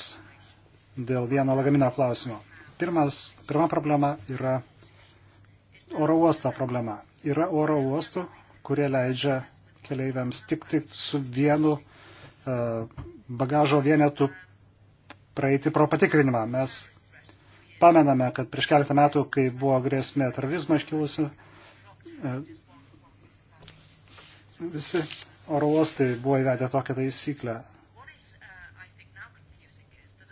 dėl vieno lagamino klausimo. Pirmas, pirma problema yra oro uosto problema. Yra oro uostų, kurie leidžia keleiviams tik, tik su vienu uh, bagažo vienetu praeiti pro patikrinimą. Mes pamename, kad prieš keletą metų, kai buvo grėsmė terorizmo iškilusi, e, visi oro uostai buvo įvedę tokią taisyklę.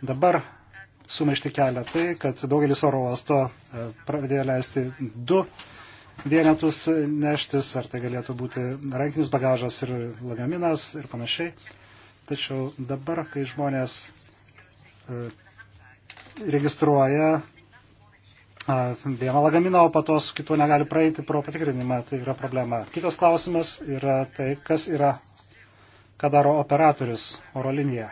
Dabar sumaišti kelia tai, kad daugelis oro uosto e, pradėjo leisti du vienetus neštis, ar tai galėtų būti rankinis bagažas ir lagaminas ir panašiai. Tačiau dabar, kai žmonės e, registruoja vieną lagaminą, o po to su kitu negali praeiti pro patikrinimą. Tai yra problema. Kitas klausimas yra tai, kas yra, ką daro operatorius oro linija.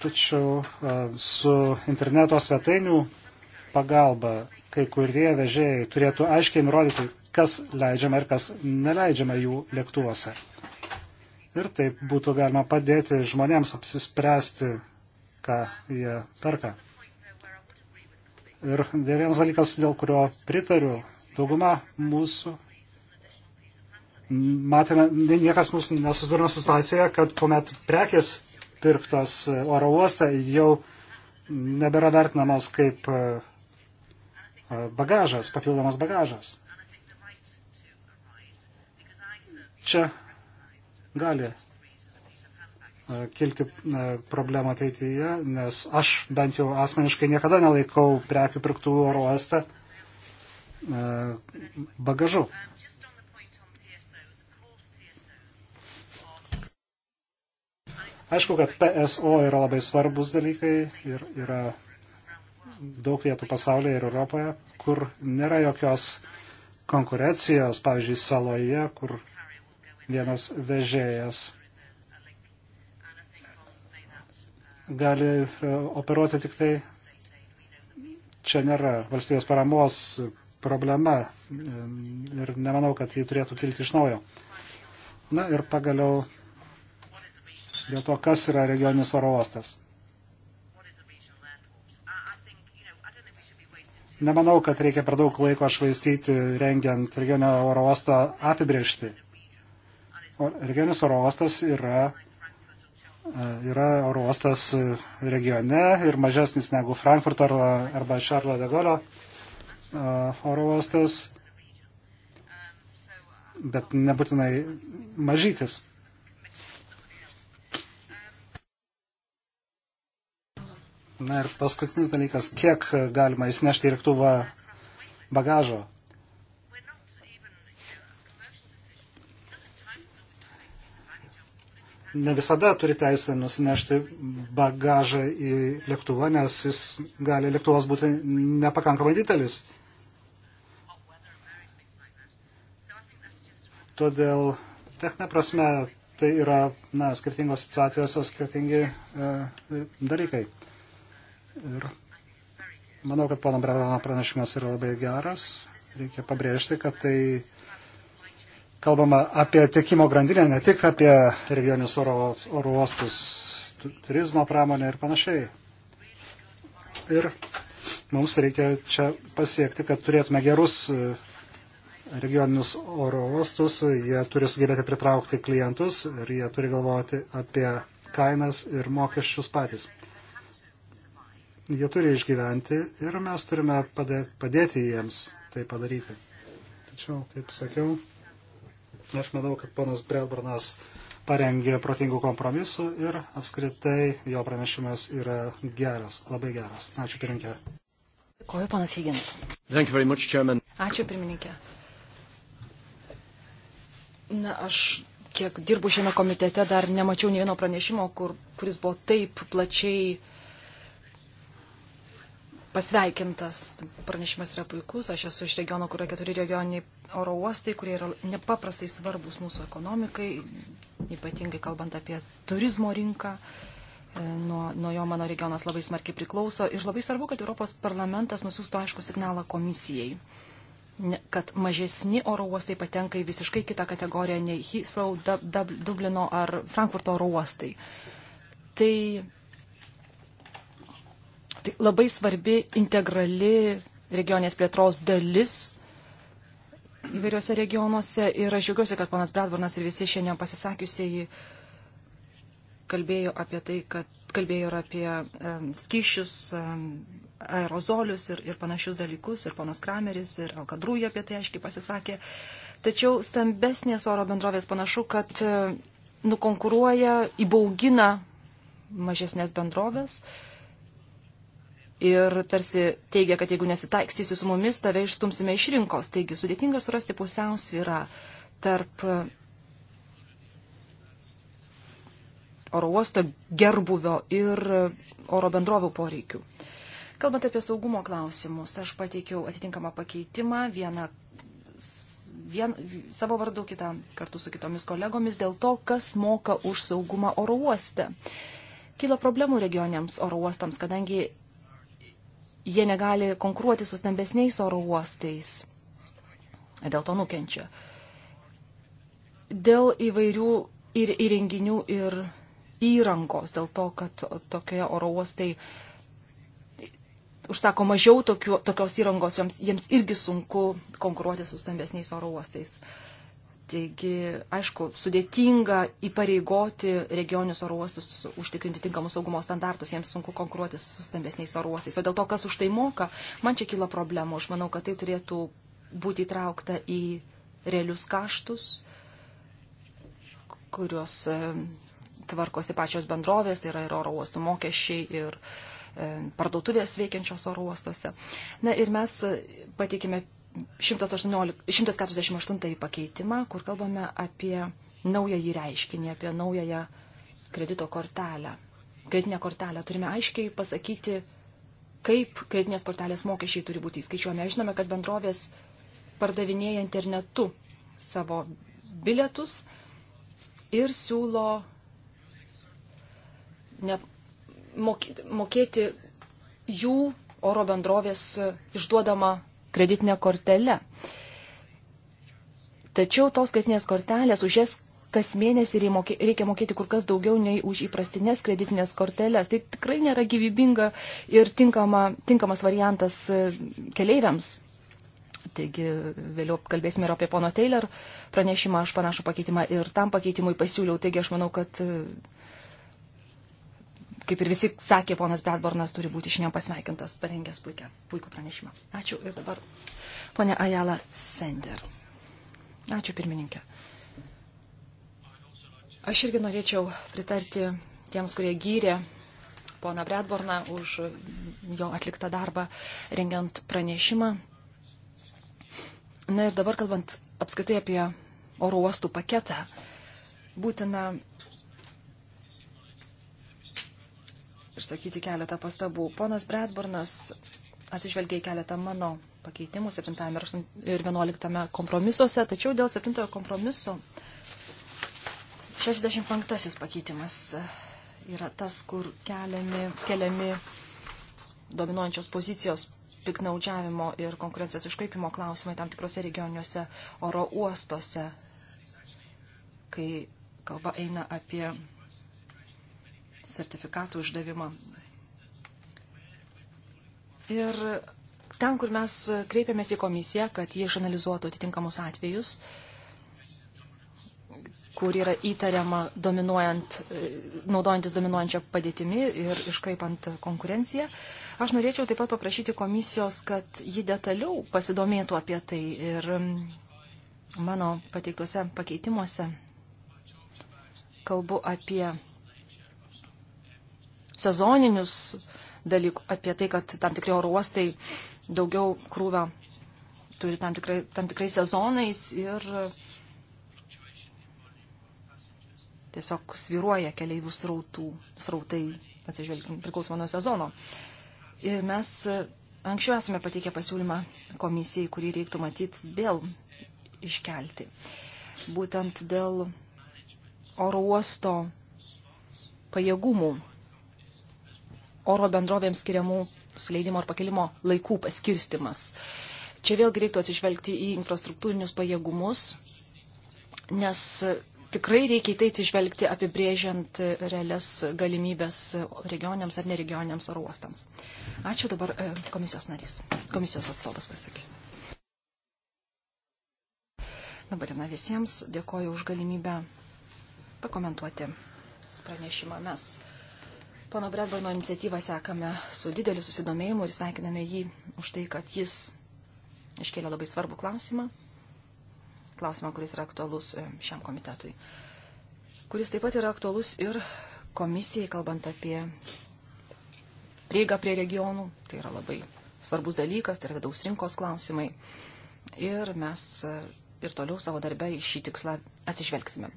Tačiau su interneto svetainių pagalba kai kurie vežėjai turėtų aiškiai nurodyti, kas leidžiama ir kas neleidžiama jų lėktuvuose ir taip būtų galima padėti žmonėms apsispręsti, ką jie perka. Ir dėl vienas dalykas, dėl kurio pritariu, dauguma mūsų, matėme, niekas mūsų nesusidurino situaciją, kad kuomet prekės pirktos oro uoste jau nebėra vertinamos kaip e, bagažas, papildomas bagažas. Čia gali e, kilti e, problemą ateityje, nes aš bent jau asmeniškai niekada nelaikau prekių pirktų oro uoste e, bagažu. Aišku, kad PSO yra labai svarbus dalykai ir yra daug vietų pasaulyje ir Europoje, kur nėra jokios konkurencijos, pavyzdžiui, saloje, kur vienas vežėjas gali e, operuoti tik tai. Čia nėra valstybės paramos problema e, ir nemanau, kad jį turėtų kilti iš naujo. Na ir pagaliau dėl to, kas yra regioninis oro uostas. Nemanau, kad reikia per daug laiko švaistyti rengiant regioninio oro uosto apibriežti. Regioninis oro uostas yra, e, yra oro uostas regione ir mažesnis negu Frankfurto arba Šarlo de Golio e, oro uostas, bet nebūtinai mažytis. Na ir paskutinis dalykas, kiek galima įsinešti į lėktuvą bagažo. ne visada turi teisę nusinešti bagažą į lėktuvą, nes jis gali lėktuvas būti nepakankamai didelis. Todėl techninė prasme tai yra na, skirtingos situacijos, skirtingi e, dalykai. Ir manau, kad pono Brevano pranešimas yra labai geras. Reikia pabrėžti, kad tai kalbama apie tiekimo grandinę, ne tik apie regionius oro, oro uostus, turizmo pramonę ir panašiai. Ir mums reikia čia pasiekti, kad turėtume gerus e, regioninius oro uostus, jie turi sugebėti pritraukti klientus ir jie turi galvoti apie kainas ir mokesčius patys. Jie turi išgyventi ir mes turime padėti jiems tai padaryti. Tačiau, kaip sakiau, Aš manau, kad ponas Bredbranas parengė protingų kompromisų ir apskritai jo pranešimas yra geras, labai geras. Ačiū pirmininkė. Dėkuoju, panas Higgins. Much, chairman. Ačiū pirmininkė. Na, aš kiek dirbu šiame komitete, dar nemačiau ne vieno pranešimo, kur, kuris buvo taip plačiai pasveikintas. Pranešimas yra puikus, aš esu iš regiono, kur yra keturi regioniniai oro uostai, kurie yra nepaprastai svarbus mūsų ekonomikai, ypatingai kalbant apie turizmo rinką. E, nuo, nuo jo mano regionas labai smarkiai priklauso ir labai svarbu, kad Europos parlamentas nusiųstų aišku signalą komisijai, kad mažesni oro uostai patenka į visiškai kitą kategoriją nei Heathrow, Dub, Dub, Dublino ar Frankfurto oro uostai. Tai, tai labai svarbi integrali regionės plėtros dalis įvairiuose regionuose ir aš džiaugiuosi, kad ponas Bradvarnas ir visi šiandien pasisakiusieji kalbėjo apie tai, kad kalbėjo ir apie um, skyšius, um, aerozolius ir, ir panašius dalykus, ir ponas Krameris, ir Alkadrūja apie tai aiškiai pasisakė. Tačiau stambesnės oro bendrovės panašu, kad uh, nukonkuruoja, įbaugina mažesnės bendrovės. Uh, ir tarsi teigia, kad jeigu nesitaikstysi su mumis, tave išstumsime iš rinkos. Taigi sudėtinga surasti pusiausvyrą tarp eh, oro uosto gerbuvio ir eh, oro bendrovių poreikių. Kalbant apie saugumo klausimus, aš pateikiau atitinkamą pakeitimą, vieną vien, savo vardu, kitą kartu su kitomis kolegomis, dėl to, kas moka už saugumą oro uoste. Kilo problemų regioniams oro uostams, kadangi jie negali konkuruoti su stambesniais oro uostais. Dėl to nukenčia. Dėl įvairių ir įrenginių ir įrangos, dėl to, kad tokie oro uostai užsako mažiau tokiu, tokios įrangos, joms, jiems irgi sunku konkuruoti su stambesniais oro uostais. Uh, Taigi, aišku, sudėtinga įpareigoti regionius oro uostus užtikrinti tinkamus saugumo standartus, jiems sunku konkuruoti su stambesniais oro uostais. O dėl to, kas už tai moka, man čia kyla problemų. Aš manau, kad tai turėtų būti įtraukta į realius kaštus, kurios e, tvarkosi pačios bendrovės, tai yra ir oro uostų mokesčiai, ir e, parduotuvės veikiančios oro uostuose. Na ir mes e, pateikime 118, 148 pakeitimą, kur kalbame apie naująjį reiškinį, apie naująją kredito kortelę. Kreditinę kortelę turime aiškiai pasakyti, kaip kreditinės kortelės mokesčiai turi būti įskaičiuojami. Žinome, kad bendrovės pardavinėja internetu savo bilietus ir siūlo ne, mokėti jų oro bendrovės išduodama kreditinę kortelę. Tačiau tos kreditinės kortelės už jas kas mėnesį reikia mokėti kur kas daugiau nei už įprastinės kreditinės korteles. Tai tikrai nėra gyvybinga ir tinkama, tinkamas variantas e, keleiviams. Taigi vėliau kalbėsime ir apie pono Taylor pranešimą, aš panašų pakeitimą ir tam pakeitimui pasiūliau. Taigi aš manau, kad e, kaip ir visi sakė, ponas Bradbornas turi būti šiandien pasveikintas, parengęs puikia, puikų pranešimą. Ačiū ir dabar ponia Ajala Sender. Ačiū pirmininkė. Aš irgi norėčiau pritarti tiems, kurie gyrė poną Bradborną už jo atliktą darbą rengiant pranešimą. Na ir dabar kalbant apskaitai apie oro uostų paketą, būtina išsakyti keletą pastabų. Ponas Bradburnas atsižvelgia į keletą mano pakeitimų 7 ir 11 kompromisuose, tačiau dėl 7 kompromiso 65 pakeitimas e, yra tas, kur keliami, keliami dominuojančios pozicijos piknaudžiavimo ir konkurencijos iškaipimo klausimai tam tikrose regioniuose oro uostuose, kai kalba eina apie sertifikatų išdavimą. Ir ten, kur mes kreipėmės į komisiją, kad jie išanalizuotų atitinkamus atvejus, kur yra įtariama dominuojant, naudojantis dominuojančią padėtimi ir iškraipant konkurenciją. Aš norėčiau taip pat paprašyti komisijos, kad ji detaliau pasidomėtų apie tai ir um, mano pateiktuose pakeitimuose kalbu apie sezoninius dalykus, apie tai, kad tam tikri oro uostai daugiau krūvio turi tam, tikrai, tam tikrais sezonais ir tiesiog sviruoja keliaivių srautų, srautai, atsižvelgiant priklausomą nuo sezono. Ir mes e, anksčiau esame pateikę pasiūlymą komisijai, kurį reiktų matyti vėl iškelti. Būtent dėl oro uosto pajėgumų oro bendrovėms skiriamų suleidimo ar pakelimo laikų paskirstimas. Čia vėlgi reiktų atsižvelgti į infrastruktūrinius pajėgumus, nes tikrai reikia į tai atsižvelgti apibrėžiant realias galimybės regioniams ar neregioniams ar uostams. Ačiū dabar e, komisijos narys, komisijos atstovas pasakys. Labadiena visiems, dėkoju už galimybę pakomentuoti pranešimą. Mes Pono Bredborno iniciatyvą sekame su dideliu susidomėjimu ir sveikiname jį už tai, kad jis iškėlė labai svarbų klausimą. Klausimą, kuris yra aktualus e, šiam komitetui. Kuris taip pat yra aktualus ir komisijai, kalbant apie prieigą prie regionų. Tai yra labai svarbus dalykas, tai yra vidaus rinkos klausimai. Ir mes e, ir toliau savo darbę į šį tikslą atsižvelgsime.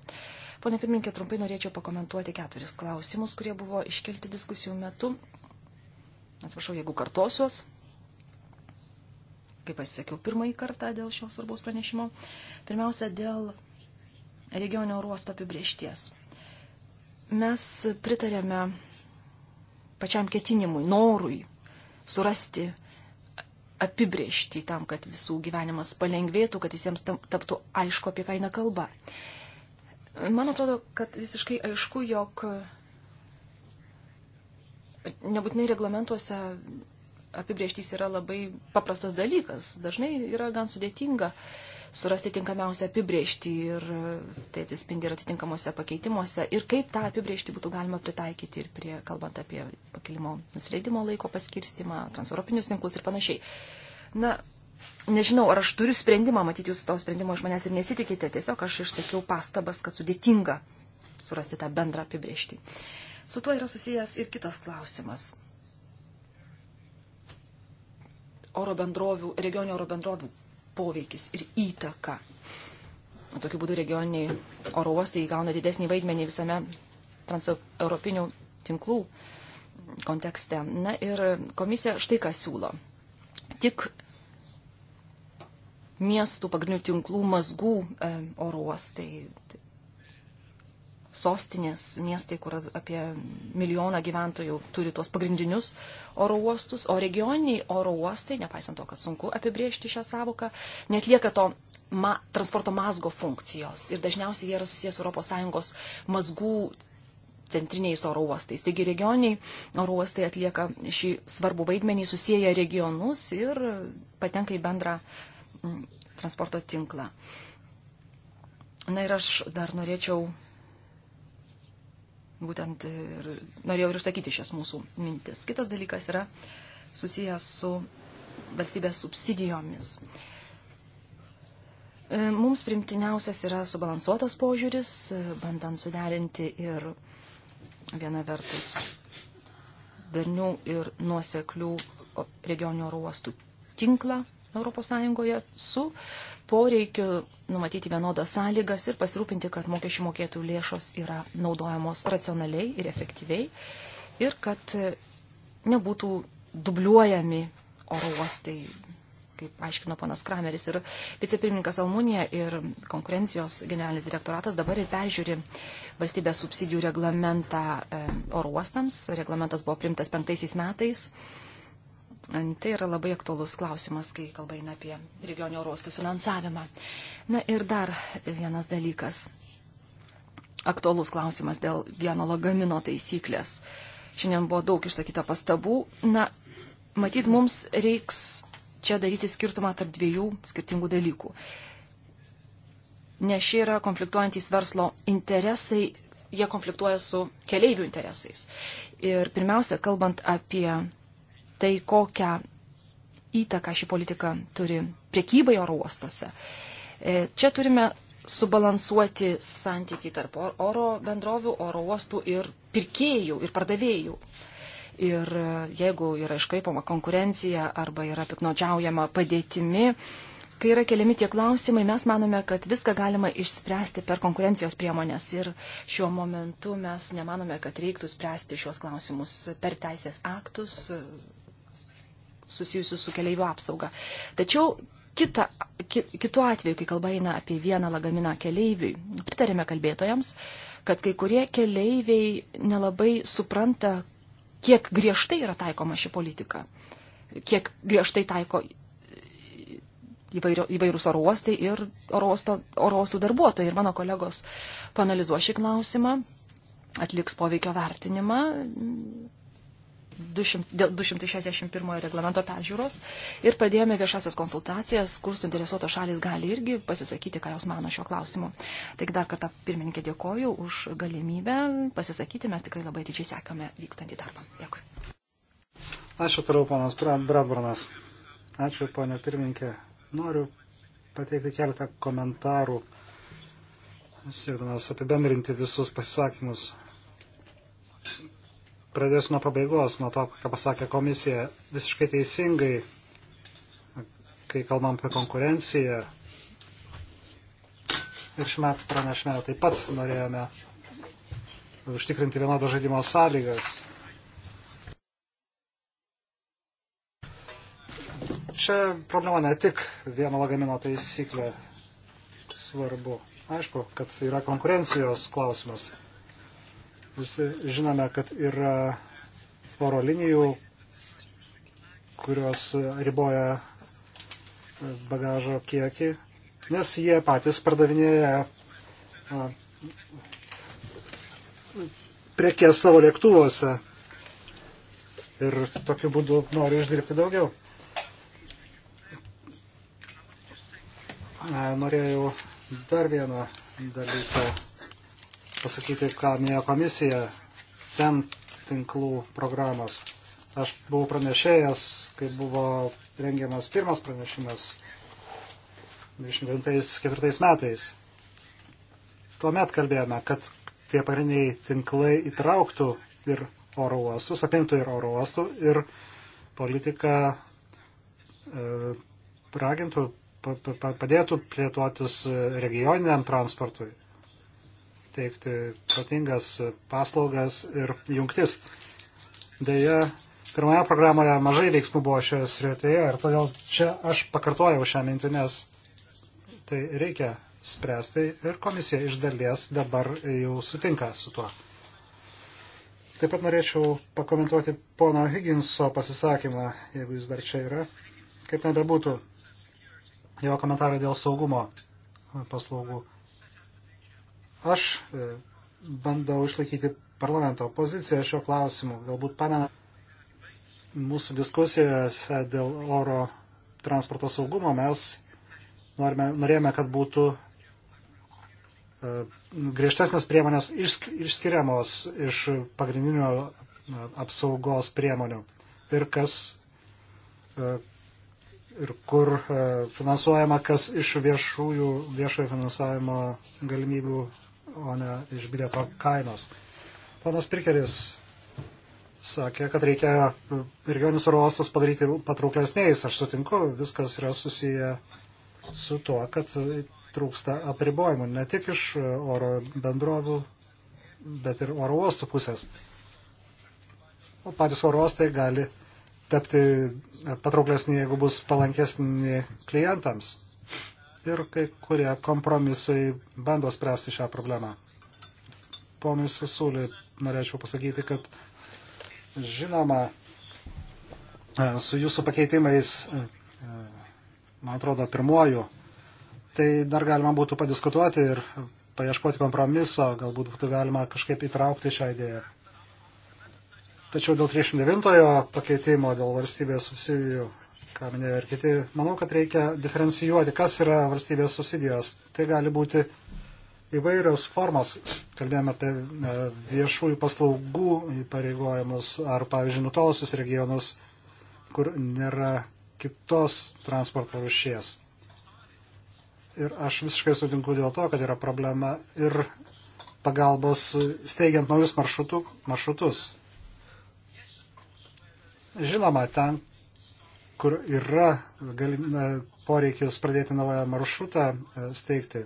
Pone pirminkė, trumpai norėčiau pakomentuoti keturis klausimus, kurie buvo iškelti diskusijų metu. Atsiprašau, jeigu kartosiuos. Kaip pasisakiau pirmąjį kartą dėl šios svarbos pranešimo. Pirmiausia, dėl regioninio uosto apibriešties. Mes pritarėme pačiam ketinimui, norui surasti apibriešti tam, kad visų gyvenimas palengvėtų, kad visiems taptų aišku, apie ką eina kalba. Man atrodo, kad visiškai aišku, jog nebūtinai reglamentuose apibrieštys yra labai paprastas dalykas. Dažnai yra gan sudėtinga surasti tinkamiausią apibrieštį ir tai atsispindi ir atitinkamuose pakeitimuose. Ir kaip tą apibrieštį būtų galima pritaikyti ir prie, kalbant apie pakelimo nusileidimo laiko paskirstimą, transeuropinius tinklus ir panašiai. Na, nežinau, ar aš turiu sprendimą, matyti jūs to sprendimo iš manęs ir nesitikite, tiesiog aš išsakiau pastabas, kad sudėtinga surasti tą bendrą apibriežtį. Su tuo yra susijęs ir kitas klausimas. Oro bendrovių, regioninio oro bendrovių poveikis ir įtaka. Tokiu būdu regioniniai oro uostai įgauna didesnį vaidmenį visame transeuropinių tinklų kontekste. Na ir komisija štai ką siūlo. Tik miestų, pagrindinių tinklų, mazgų e, oro uostai. Tai sostinės miestai, kur apie milijoną gyventojų turi tuos pagrindinius oro uostus, o regioniniai oro uostai, nepaisant to, kad sunku apibriežti šią savoką, netlieka to ma transporto mazgo funkcijos ir dažniausiai jie yra susijęs ES mazgų centriniais oro uostais. Taigi regioniai oro uostai atlieka šį svarbų vaidmenį, susiję regionus ir patenka į bendrą transporto tinklą. Na ir aš dar norėčiau būtent ir norėjau ir išsakyti šias mūsų mintis. Kitas dalykas yra susijęs su valstybės subsidijomis. E, mums primtiniausias yra subalansuotas požiūris, e, bandant suderinti ir viena vertus darnių ir nuoseklių regioninio oro uostų tinklą, ES su poreikiu numatyti vienodas sąlygas ir pasirūpinti, kad mokesčių mokėtų lėšos yra naudojamos racionaliai ir efektyviai ir kad nebūtų dubliuojami oro uostai, kaip aiškino panas Krameris ir vicepirmininkas Almunija ir konkurencijos generalinis direktoratas dabar ir peržiūri valstybės subsidijų reglamentą e, oro uostams. Reglamentas buvo primtas penktaisiais metais. Tai yra labai aktuolus klausimas, kai kalba eina apie regionio uostų finansavimą. Na ir dar vienas dalykas. Aktuolus klausimas dėl vieno lagamino taisyklės. Šiandien buvo daug išsakyta pastabų. Na, matyt, mums reiks čia daryti skirtumą tarp dviejų skirtingų dalykų. Nes šie yra konfliktuojantys verslo interesai, jie konfliktuoja su keleivių interesais. Ir pirmiausia, kalbant apie tai, kokią įtaką ši politika turi priekybai oro uostose. E, čia turime subalansuoti santykiai tarp oro bendrovių, oro uostų ir pirkėjų ir pardavėjų. Ir e, jeigu yra iškraipama konkurencija arba yra piknaudžiaujama padėtimi, kai yra keliami tie klausimai, mes manome, kad viską galima išspręsti per konkurencijos priemonės. Ir šiuo momentu mes nemanome, kad reiktų spręsti šios klausimus per teisės aktus, susijusių su keliaivių apsauga. Tačiau kita, ki, kitu atveju, kai kalba eina apie vieną lagaminą keleiviui, pritarėme kalbėtojams, kad kai kurie keleiviai nelabai supranta, kiek griežtai yra taikoma ši politika, kiek griežtai taiko įvairio, įvairūs oro uostai ir oro uostų darbuotojai. Ir mano kolegos panalizuos šį klausimą, atliks poveikio vertinimą 261 reglamento peržiūros ir pradėjome viešasias konsultacijas, kur suinteresuotos šalis gali irgi pasisakyti, ką jos mano šio klausimu. Taigi dar kartą pirmininkė dėkoju už galimybę pasisakyti, mes tikrai labai atidžiai sekame vykstantį darbą. Dėkui. Ačiū toliau, panas Bradburnas. Ačiū, ponė pirmininkė. Noriu pateikti keletą komentarų, siekdamas apibendrinti visus pasisakymus pradėsiu nuo pabaigos, nuo to, ką pasakė komisija. Visiškai teisingai, kai kalbam apie konkurenciją. Ir šiame pranešime taip pat norėjome užtikrinti vienodo žaidimo sąlygas. Čia problema ne tik vieno lagamino taisyklė svarbu. Aišku, kad yra konkurencijos klausimas. Visi žinome, kad yra oro linijų, kurios riboja bagažo kiekį, nes jie patys pardavinėja prekės savo lėktuvuose ir tokiu būdu nori uždirbti daugiau. Norėjau dar vieną dalyką pasakyti, ką minėjo komisija, ten tinklų programos. Aš buvau pranešėjęs, kai buvo rengiamas pirmas pranešimas 24 metais. Tuomet kalbėjome, kad tie pariniai tinklai įtrauktų ir oro uostus, apimtų ir oro uostų, ir politiką e, ragintų, pa, pa, padėtų plėtuotis regioniniam transportui teikti protingas paslaugas ir jungtis. Deja, pirmoje programoje mažai veiksmų buvo šioje srityje ir todėl čia aš pakartojau šią mintį, nes tai reikia spręsti ir komisija iš dalies dabar jau sutinka su tuo. Taip pat norėčiau pakomentuoti pono Higginso pasisakymą, jeigu jis dar čia yra. Kaip ten bebūtų, jo komentarai dėl saugumo paslaugų. Aš e, bandau išlaikyti parlamento poziciją šio klausimu. Galbūt pamena mūsų diskusijose dėl oro transporto saugumo mes norime, norėjome, kad būtų e, griežtesnės priemonės išskiriamos iš pagrindinio e, apsaugos priemonių ir kas ir kur finansuojama, kas iš viešųjų, viešojo finansavimo galimybių o ne iš bilieto kainos. Ponas Prikeris sakė, kad reikia regionius oro uostus padaryti patrauklesniais. Aš sutinku, viskas yra susiję su tuo, kad trūksta apribojimų ne tik iš oro bendrovių, bet ir oro uostų pusės. O patys oro uostai gali tapti patrauklesni, jeigu bus palankesni klientams ir kai kurie kompromisai bando spręsti šią problemą. Ponui Sisuliui norėčiau pasakyti, kad žinoma, e, su jūsų pakeitimais, e, e, man atrodo, pirmuoju, tai dar galima būtų padiskutuoti ir paieškoti kompromiso, galbūt būtų galima kažkaip įtraukti šią idėją. Tačiau dėl 39 pakeitimo, dėl valstybės subsidijų ką minėjo ir kiti, manau, kad reikia diferencijuoti, kas yra valstybės subsidijos. Tai gali būti įvairios formos. Kalbėjome apie e, viešųjų paslaugų įpareigojimus ar, pavyzdžiui, nutolusius regionus, kur nėra kitos transporto rušies. Ir aš visiškai sutinku dėl to, kad yra problema ir pagalbos steigiant naujus maršrutų, maršrutus. Žinoma, ten, kur yra galim, poreikis pradėti naują maršrutą e, steigti.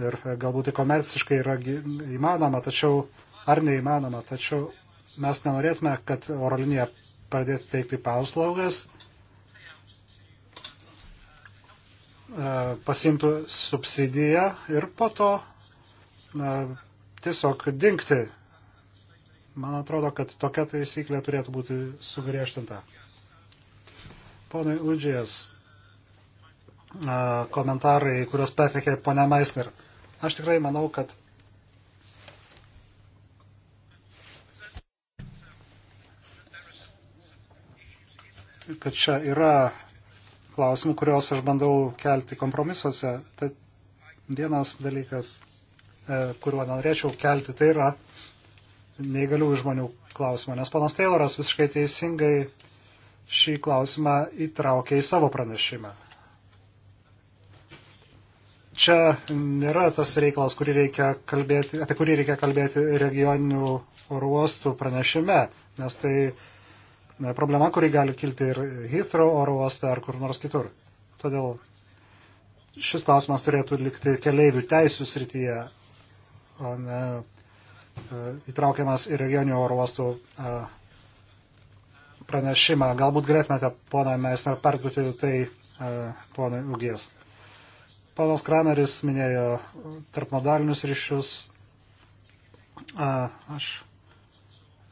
Ir e, galbūt tai komerciškai yra įmanoma, tačiau ar neįmanoma, tačiau mes nenorėtume, kad oro linija pradėtų teikti paslaugas, e, pasimtų subsidiją ir po to tiesiog dinkti. Man atrodo, kad tokia taisyklė turėtų būti sugriežtinta. Ponai Udžijas, komentarai, kuriuos patikė ponia Meisner. Aš tikrai manau, kad kad čia yra klausimų, kuriuos aš bandau kelti kompromisuose. Tai vienas dalykas, e, kuriuo norėčiau kelti, tai yra neįgalių žmonių klausimą. Nes panas Tayloras visiškai teisingai šį klausimą įtraukė į savo pranešimą. Čia nėra tas reikalas, kurį reikia kalbėti, apie kurį reikia kalbėti regioninių oruostų pranešime, nes tai problema, kuri gali kilti ir Heathrow oruostą ar kur nors kitur. Todėl šis klausimas turėtų likti keleivių teisų srityje, o ne e, įtraukiamas į regioninių oruostų pranešimą. Galbūt galėtumėte, pona Meisner, perduoti tai e, ponui Ugies. Panas Krameris minėjo tarpmodalinius ryšius. Aš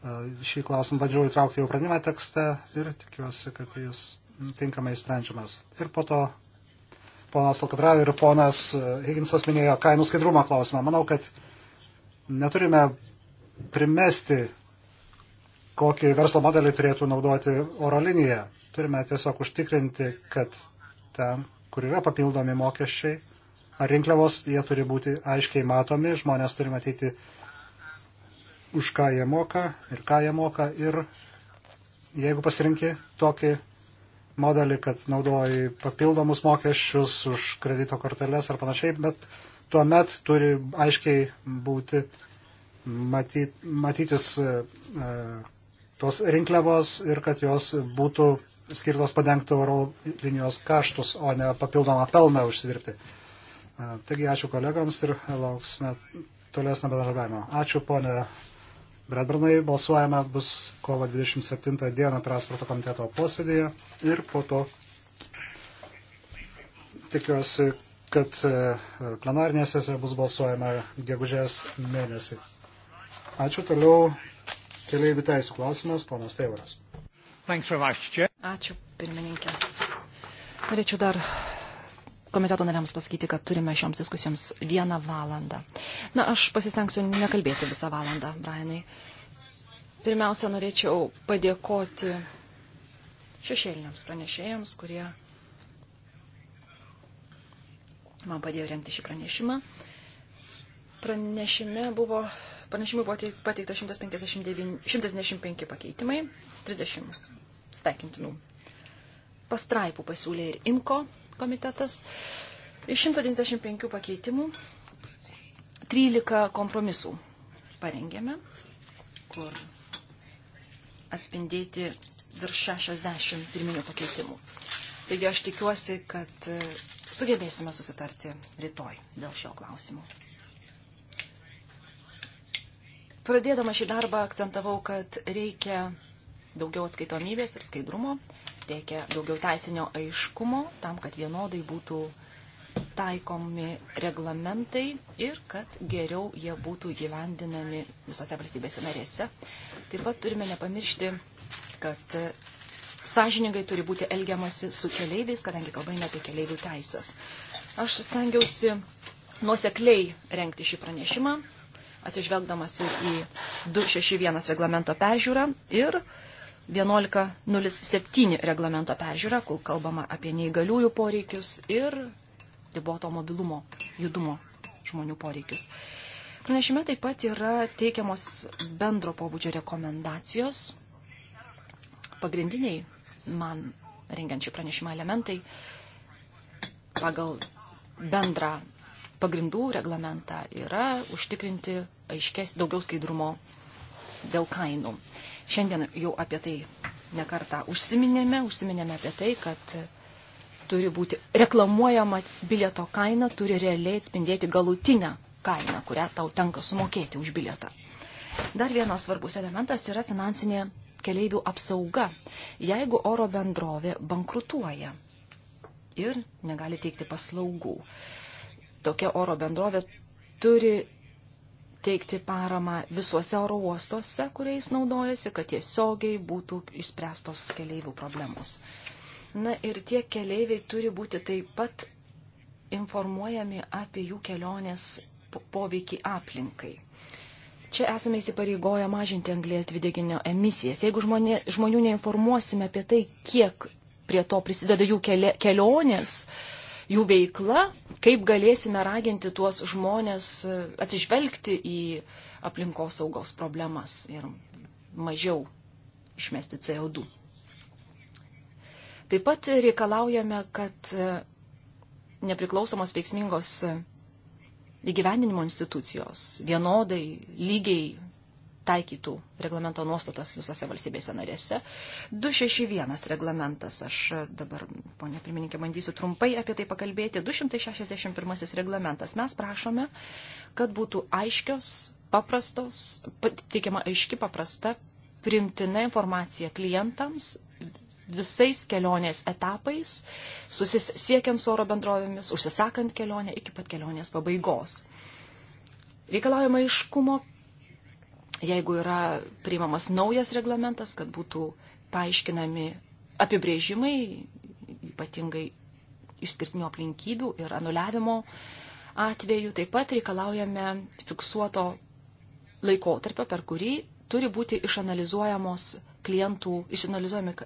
e, šį klausimą bandžiau įtraukti jau pranimą tekste ir tikiuosi, kad jis tinkamai sprendžiamas. Ir po to ponas Alkadravi ir ponas e, Higginsas minėjo kainų skaidrumo klausimą. Manau, kad neturime primesti kokį verslo modelį turėtų naudoti oro linija. Turime tiesiog užtikrinti, kad ten, kur yra papildomi mokesčiai ar rinkliavos, jie turi būti aiškiai matomi, žmonės turi matyti, už ką jie moka ir ką jie moka. Ir jeigu pasirinki tokį modelį, kad naudoji papildomus mokesčius už kredito korteles ar panašiai, bet tuomet turi aiškiai būti matyt, matytis, e, tos rinkliavos ir kad jos būtų skirtos padengti oro linijos kaštus, o ne papildomą pelną užsidirbti. Taigi ačiū kolegams ir lauksime tolesnio bendradarbiavimo. Ačiū ponė Bredbranai, balsuojame bus kovo 27 dieną transporto komiteto posėdėje ir po to tikiuosi, kad e, plenarinėse bus balsuojama gegužės mėnesį. Ačiū toliau. Keleivių teisų klausimas, ponas Teivaras. Ačiū, pirmininkė. Norėčiau dar komiteto nariams pasakyti, kad turime šioms diskusijoms vieną valandą. Na, aš pasistengsiu nekalbėti visą valandą, Brianai. Pirmiausia, norėčiau padėkoti šešėliniams pranešėjams, kurie man padėjo rengti šį pranešimą. Pranešime buvo Pranešimui buvo pateikta 159, 195 pakeitimai, 30 sveikintinų pastraipų pasiūlė ir IMKO komitetas. Iš 195 pakeitimų 13 kompromisų parengėme, kur atspindėti virš 60 pirminių pakeitimų. Taigi aš tikiuosi, kad e, sugebėsime susitarti rytoj dėl šio klausimo. Pradėdama šį darbą akcentavau, kad reikia daugiau atskaitomybės ir skaidrumo, reikia daugiau teisinio aiškumo tam, kad vienodai būtų taikomi reglamentai ir kad geriau jie būtų gyvendinami visose valstybėse narėse. Taip pat turime nepamiršti, kad sąžiningai turi būti elgiamasi su keleiviais, kadangi kalba eina apie keleivių teisės. Aš stengiausi nuosekliai renkti šį pranešimą, atsižvelgdamas ir į 261 reglamento peržiūrą ir 1107 reglamento peržiūrą, kur kalbama apie neįgaliųjų poreikius ir riboto mobilumo, judumo žmonių poreikius. Pranešime taip pat yra teikiamos bendro pobūdžio rekomendacijos. Pagrindiniai man rengiant šį pranešimą elementai pagal bendrą pagrindų reglamentą yra užtikrinti aiškės daugiau skaidrumo dėl kainų. Šiandien jau apie tai nekartą užsiminėme, užsiminėme apie tai, kad turi būti reklamuojama bilieto kaina, turi realiai atspindėti galutinę kainą, kurią tau tenka sumokėti už bilietą. Dar vienas svarbus elementas yra finansinė keleivių apsauga, jeigu oro bendrovė bankrutuoja ir negali teikti paslaugų tokia oro bendrovė turi teikti paramą visuose oro uostuose, kuriais naudojasi, kad tiesiogiai būtų išspręstos keleivių problemos. Na ir tie keleiviai turi būti taip pat informuojami apie jų kelionės poveikį aplinkai. Čia esame įsipareigoję mažinti anglės dvideginio emisijas. Jeigu žmonė, žmonių neinformuosime apie tai, kiek prie to prisideda jų kelionės, uh, jų veikla, kaip galėsime raginti tuos žmonės e, atsižvelgti į aplinkos saugos problemas ir mažiau išmesti CO2. Taip pat reikalaujame, kad e, nepriklausomos veiksmingos e, įgyvendinimo institucijos vienodai, lygiai taikytų reglamento nuostatas visose valstybėse narėse. 261 reglamentas, aš dabar, ponia pirmininkė, bandysiu trumpai apie tai pakalbėti. 261 reglamentas. Mes prašome, kad būtų aiškios, paprastos, teikiama aiški, paprasta, primtina informacija klientams visais kelionės etapais, susisiekiant su oro bendrovėmis, užsisakant kelionę iki pat kelionės pabaigos. Reikalaujama aiškumo, jeigu yra priimamas naujas reglamentas, kad būtų paaiškinami apibrėžimai, ypatingai išskirtinių aplinkybių ir anuliavimo atveju, taip pat reikalaujame fiksuoto laikotarpio, per kurį turi būti išanalizuojamos klientų, išanalizuojami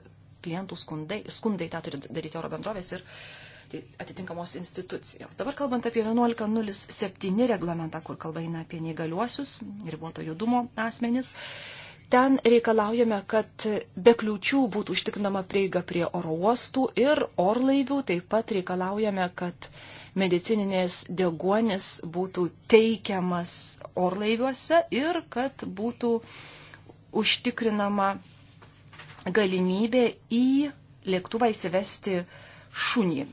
klientų skundai, skundai tą turi daryti oro bendrovės ir uh, atitinkamos institucijos. Dabar kalbant apie 1107 reglamentą, kur kalba eina apie neįgaliuosius, riboto judumo asmenis, ten reikalaujame, kad be kliūčių būtų užtikrinama prieiga prie oro uostų ir orlaivių, taip pat reikalaujame, kad medicininės deguonis būtų teikiamas orlaiviuose ir kad būtų užtikrinama galimybė į lėktuvą įsivesti šunį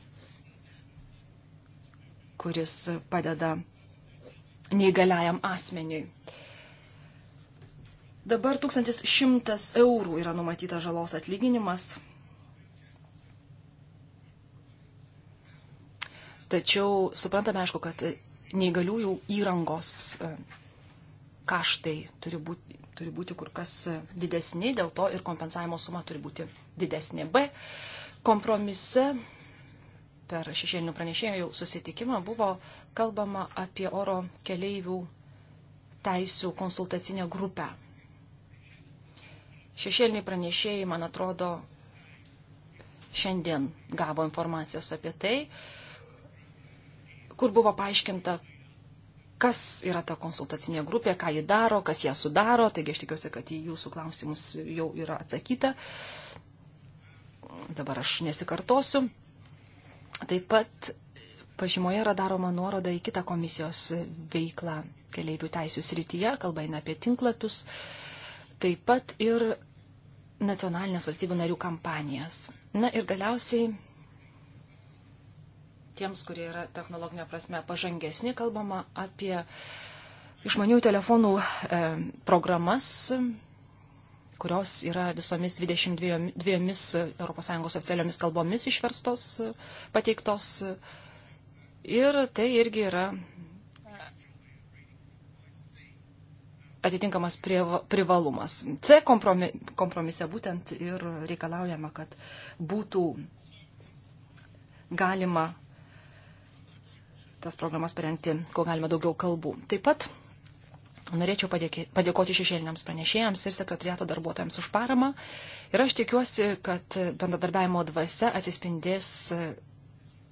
kuris padeda neįgaliajam asmeniui. Dabar 1100 eurų yra numatyta žalos atlyginimas. Tačiau suprantame, aišku, kad neįgaliųjų įrangos e, kaštai turi būti, turi būti kur kas didesni, dėl to ir kompensavimo suma turi būti didesnė. B. Kompromise per šešėlinių pranešėjų susitikimą buvo kalbama apie oro keleivių teisų konsultacinę grupę. Šešėliniai pranešėjai, man atrodo, šiandien gavo informacijos apie tai, kur buvo paaiškinta, kas yra ta konsultacinė grupė, ką ji daro, kas ją sudaro, taigi aš tikiuosi, kad į jūsų klausimus jau yra atsakyta. Dabar aš nesikartosiu. Taip pat pažymoje yra daroma nuoroda į kitą komisijos veiklą keliaivių teisų srityje, kalba eina apie tinklapius, taip pat ir nacionalinės valstybių narių kampanijas. Na ir galiausiai tiems, kurie yra technologinė prasme pažangesni, kalbama apie išmanių telefonų e, programas kurios yra visomis 22 ES oficialiomis kalbomis išverstos, e, pateiktos. Ir tai irgi yra atitinkamas privalumas. C kompromise būtent ir reikalaujama, kad būtų galima tas programas parengti, kuo galima daugiau kalbų. Taip pat Norėčiau padėkė, padėkoti šešėliniams pranešėjams ir sekretariato darbuotojams už paramą. Ir aš tikiuosi, kad bendradarbiavimo dvasia atsispindės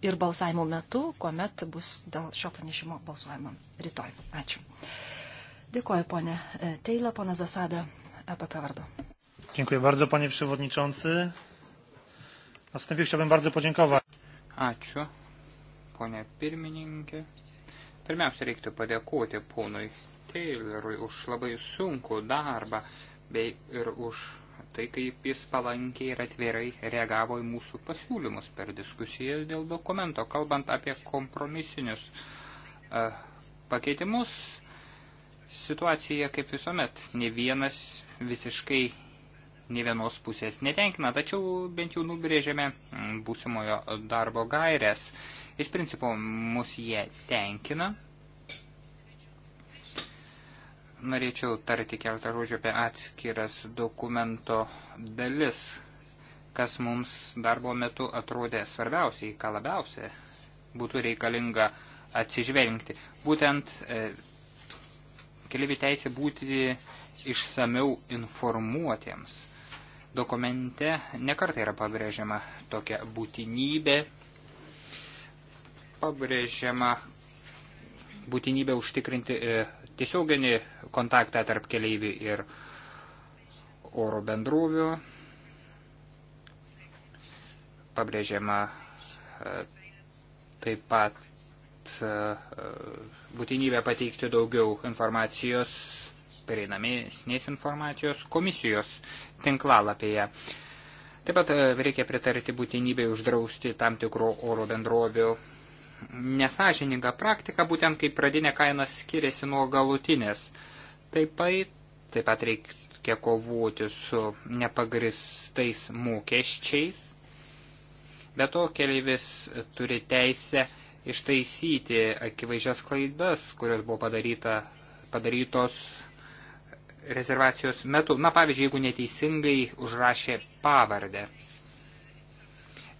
ir balsavimo metu, kuomet bus dėl šio pranešimo balsuojama rytoj. Ačiū. Dėkuoju, ponė e, Teila, ponė Zasada, EPP vardu. Dziękuję bardzo, panie przewodniczący. Następnie chciałbym bardzo podziękować. Ačiū, ponė pirmininkė. Pirmiausia, reiktų padėkoti ponui Taylorui už labai sunkų darbą bei ir už tai, kaip jis palankiai ir atvirai reagavo į mūsų pasiūlymus per diskusijas dėl dokumento. Kalbant apie kompromisinius uh, pakeitimus, situacija kaip visuomet, ne vienas visiškai ne vienos pusės netenkina, tačiau bent jau nubrėžėme būsimojo darbo gairės. Iš principo mus jie tenkina, Norėčiau tarti keltą žodžių apie atskiras dokumento dalis, kas mums darbo metu atrodė svarbiausiai, ką labiausia būtų reikalinga atsižvelgti. Būtent e, keliaivių teisė būti išsameu informuotiems. Dokumente nekartai yra pabrėžiama tokia būtinybė, pabrėžiama būtinybė užtikrinti e, tiesioginį kontaktą tarp keleivių ir oro bendrovių. Pabrėžiama e, taip pat e, būtinybė pateikti daugiau informacijos, pereinamės informacijos komisijos tinklalapyje. Taip pat e, reikia pritarti būtinybė uždrausti tam tikro oro bendrovių nesažininga praktika, būtent kai pradinė kaina skiriasi nuo galutinės. Taip pat, taip pat reikia kovoti su nepagristais mokesčiais. Be to, keleivis turi teisę ištaisyti akivaizdžias klaidas, kurios buvo padaryta, padarytos rezervacijos metu. Na, pavyzdžiui, jeigu neteisingai užrašė pavardę.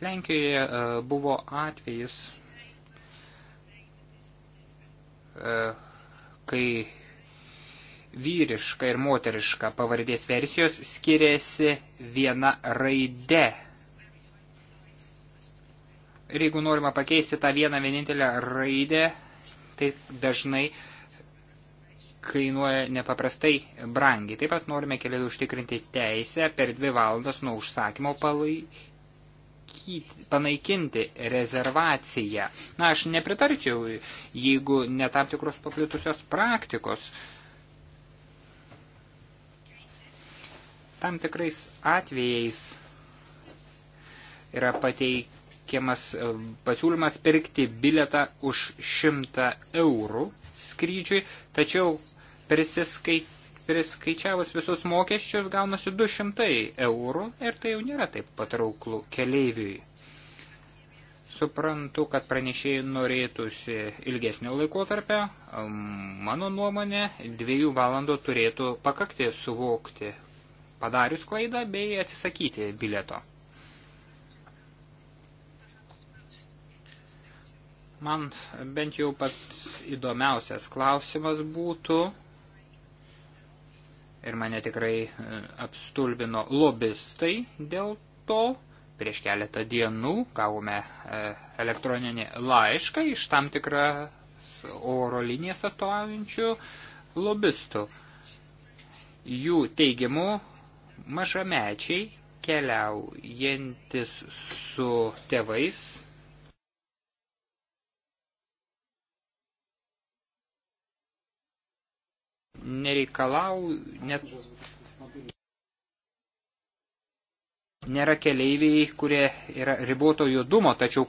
Lenkijoje e, buvo atvejis, E, kai vyriška ir moteriška pavardės versijos skiriasi viena raide. Ir jeigu norima pakeisti tą vieną vienintelę raidę, tai dažnai kainuoja nepaprastai brangiai. Taip pat norime keliai užtikrinti teisę per dvi valandas nuo užsakymo palai palaikyti, panaikinti rezervaciją. Na, aš nepritarčiau, jeigu netam tikros paplitusios praktikos. Tam tikrais atvejais yra pateikiamas e, pasiūlymas pirkti biletą už 100 eurų skrydžiui, tačiau prisiskaitai priskaičiavus visus mokesčius gaunasi 200 eurų ir tai jau nėra taip patrauklų keleiviui. Suprantu, kad pranešėjai norėtųsi ilgesnio laikotarpio. Mano nuomonė, dviejų valandų turėtų pakakti suvokti padarius klaidą bei atsisakyti bileto. Man bent jau pats įdomiausias klausimas būtų, ir mane tikrai e, apstulbino lobistai dėl to. Prieš keletą dienų gavome e, elektroninį laišką iš tam tikras oro linijas atstovaujančių lobistų. Jų teigimu mažamečiai keliaujantis su tėvais nereikalau, net nėra keleiviai, kurie yra riboto judumo, tačiau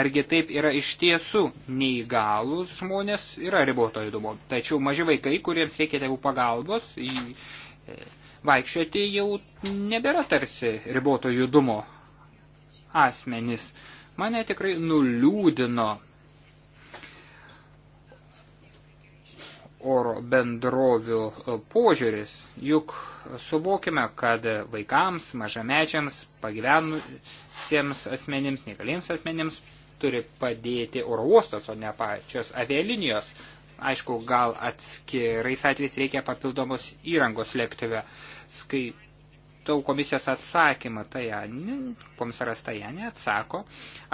argi taip yra iš tiesų neįgalus žmonės, yra riboto judumo. Tačiau maži vaikai, kuriems reikia tėvų pagalbos, e, vaikščioti jau nebėra tarsi riboto judumo asmenys. Mane tikrai nuliūdino oro bendrovių e, požiūris, juk suvokime, kad vaikams, mažamečiams, pagyvenusiems asmenims, negaliems asmenims turi padėti oro uostas, o ne pačios avialinijos. Aišku, gal atskirais atvejais reikia papildomos įrangos lėktuve. Skaitau komisijos atsakymą, Tajani, komisaras Tajani atsako,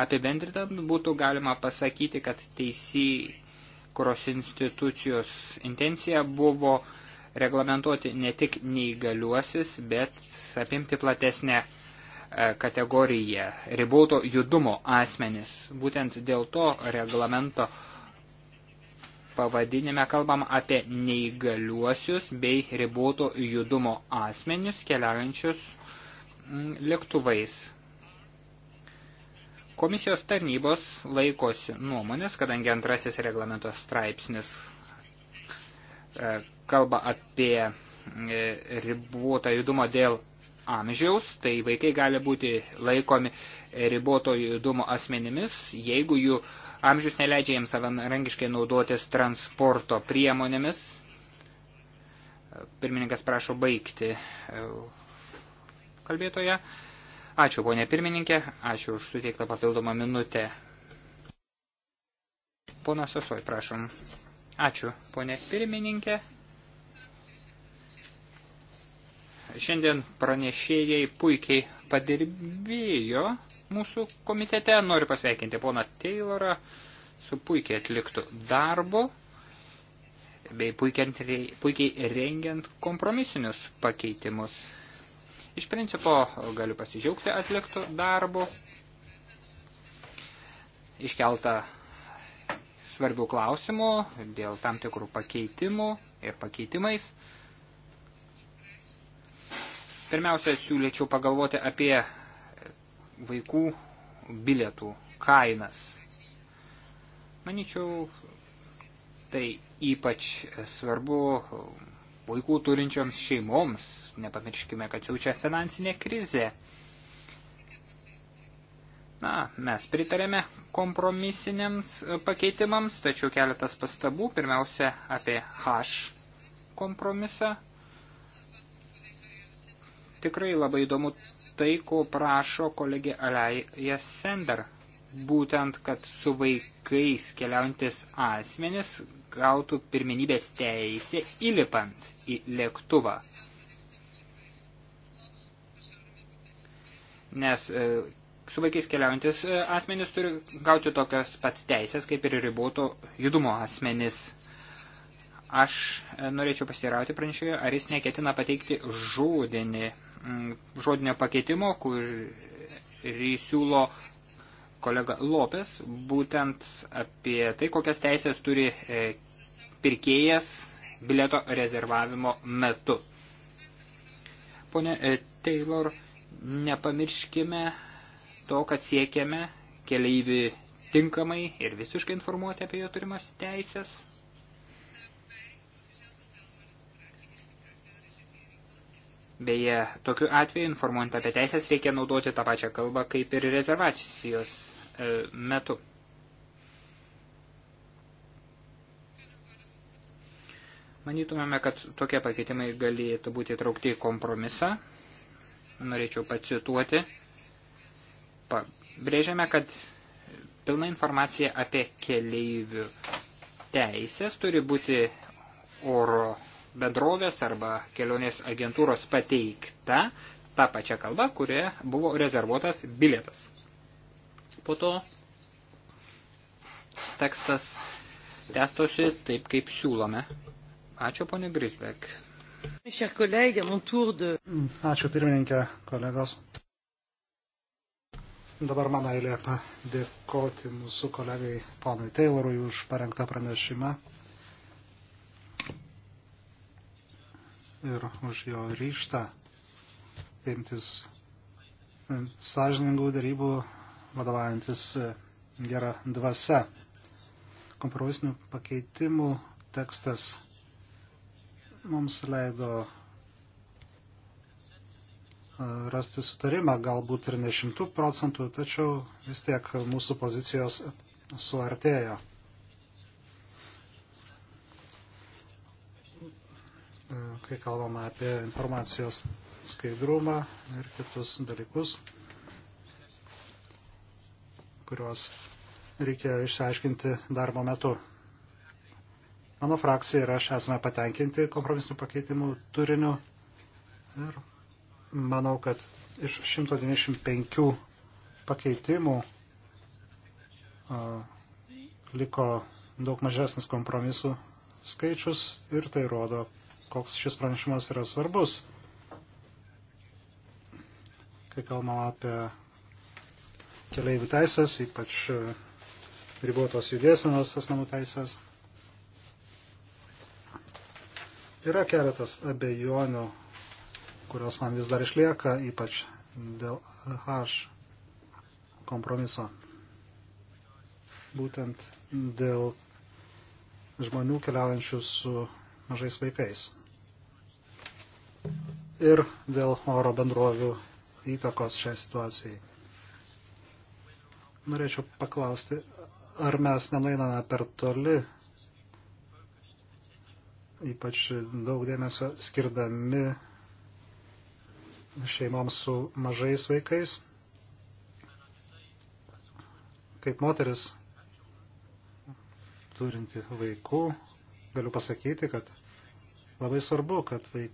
apibendrinant būtų galima pasakyti, kad teisėjai tikros institucijos intencija buvo reglamentuoti ne tik neįgaliuosis, bet apimti platesnę e, kategoriją riboto judumo asmenis. Būtent dėl to reglamento pavadinime kalbam apie neįgaliuosius bei riboto judumo asmenius keliaujančius lėktuvais. Komisijos tarnybos laikosi nuomonės, kadangi antrasis reglamento straipsnis e, kalba apie e, ribotą judumą dėl amžiaus, tai vaikai gali būti laikomi riboto judumo asmenimis, jeigu jų amžius neleidžia jiems savarankiškai naudotis transporto priemonėmis. Pirmininkas prašo baigti e, kalbėtoje. Ačiū, ponė pirmininkė, ačiū už suteiktą papildomą minutę. Ponas Sosoj, prašom. Ačiū, ponė pirmininkė. Šiandien pranešėjai puikiai padirbėjo mūsų komitete. Noriu pasveikinti poną Taylorą su puikiai atliktų darbu bei puikiai rengiant kompromisinius pakeitimus. Iš principo galiu pasižiaugti atliktų darbų. Iškelta svarbių klausimų dėl tam tikrų pakeitimų ir pakeitimais. Pirmiausia, siūlyčiau pagalvoti apie vaikų bilietų kainas. Maničiau, tai ypač svarbu vaikų turinčioms šeimoms. Nepamirškime, kad siaučia finansinė krizė. Na, mes pritarėme kompromisiniams pakeitimams, tačiau keletas pastabų, pirmiausia apie H kompromisą. Tikrai labai įdomu tai, ko prašo kolegė Alaija Sender. Būtent, kad su vaikais keliaujantis asmenis gautų pirminybės teisę įlipant į lėktuvą. Nes e, su vaikais keliaujantis e, asmenys turi gauti tokias pat teisės, kaip ir riboto judumo asmenys. Aš e, norėčiau pasirauti pranešėjo, ar jis neketina pateikti žodinį, žodinio pakeitimo, kurį siūlo kolega Lopes būtent apie tai, kokias teisės turi e, pirkėjas bileto rezervavimo metu. Pone e, Taylor, nepamirškime to, kad siekiame keleivį tinkamai ir visiškai informuoti apie jo turimas teisės. Beje, tokiu atveju informuojant apie teisės reikia naudoti tą pačią kalbą kaip ir rezervacijos E, metu. Manytumėme, kad tokie pakeitimai galėtų būti traukti į kompromisą. Norėčiau pacituoti. Pabrėžiame, kad pilna informacija apie keleivių teisės turi būti oro bendrovės arba kelionės agentūros pateikta tą pačią kalbą, kurioje buvo rezervuotas bilietas. Po to tekstas testosi taip, kaip siūlome. Ačiū, ponė Grisbek. Ačiū, pirmininkė, kolegos. Dabar mano eilė padėkoti mūsų kolegai ponui Taylorui už parengtą pranešimą ir už jo ryštą imtis sąžiningų darybų vadovaujantis e, gera dvasia. Kompromisinių pakeitimų tekstas mums leido e, rasti sutarimą, galbūt ir ne šimtų procentų, tačiau vis tiek mūsų pozicijos suartėjo. E, kai kalbama apie informacijos skaidrumą ir kitus dalykus kuriuos reikia išsiaiškinti darbo metu. Mano frakcija ir aš esame patenkinti kompromisinių pakeitimų turiniu ir manau, kad iš 195 pakeitimų a, liko daug mažesnis kompromisų skaičius ir tai rodo, koks šis pranešimas yra svarbus. Kai kalbam apie keleivių teisės, ypač e, ribotos judėsenos asmenų teisės. Yra keletas abejonių, kurios man vis dar išlieka, ypač dėl H kompromiso. Būtent dėl žmonių keliaujančių su mažais vaikais. Ir dėl oro bendrovių įtakos šiai situacijai norėčiau paklausti, ar mes nenuiname per toli, ypač daug dėmesio skirdami šeimoms su mažais vaikais. Kaip moteris turinti vaikų, galiu pasakyti, kad labai svarbu, kad, vaik...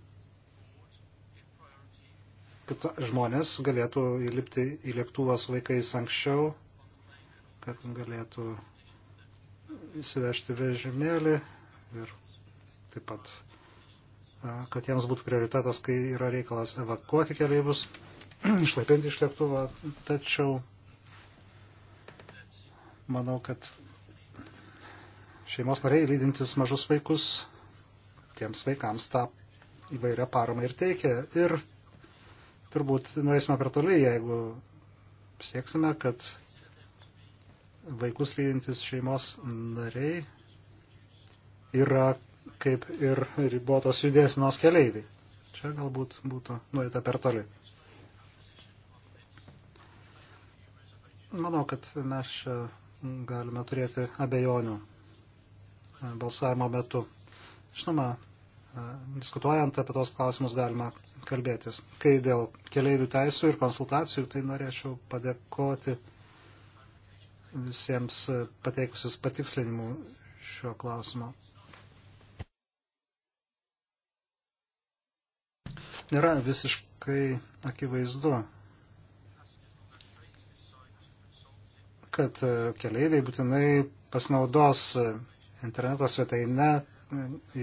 kad žmonės galėtų įlipti į lėktuvą su vaikais anksčiau kad galėtų įsivežti vežimėlį ir taip pat, kad jiems būtų prioritetas, kai yra reikalas evakuoti keliaivus, išlaipinti iš lėktuvo. Tačiau manau, kad šeimos nariai lydintis mažus vaikus, tiems vaikams tą įvairią paramą ir teikia. Ir turbūt nueisime per toli, jeigu sieksime, kad vaikus lydintys šeimos nariai yra kaip ir ribotos judėsinos keleiviai. Čia galbūt būtų nuėta per toli. Manau, kad mes čia galime turėti abejonių e, balsavimo metu. Žinoma, e, diskutuojant apie tos klausimus galima kalbėtis. Kai dėl keleivių teisų ir konsultacijų, tai norėčiau padėkoti visiems pateikusius patikslinimų šiuo klausimu. Nėra visiškai akivaizdu, kad keleiviai būtinai pasinaudos interneto svetaine,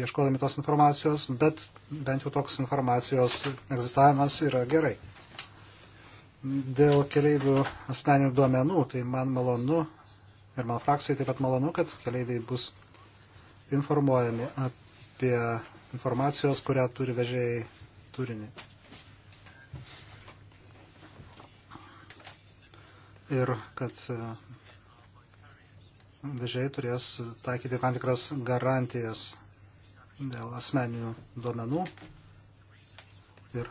ieškodami tos informacijos, bet bent jau toks informacijos egzistavimas yra gerai. Dėl keleivių asmeninių duomenų, tai man malonu ir man frakcijai taip pat malonu, kad keleiviai bus informuojami apie informacijos, kurią turi vežėjai turinį. Ir kad e, vežėjai turės taikyti tam tikras garantijas dėl asmeninių duomenų ir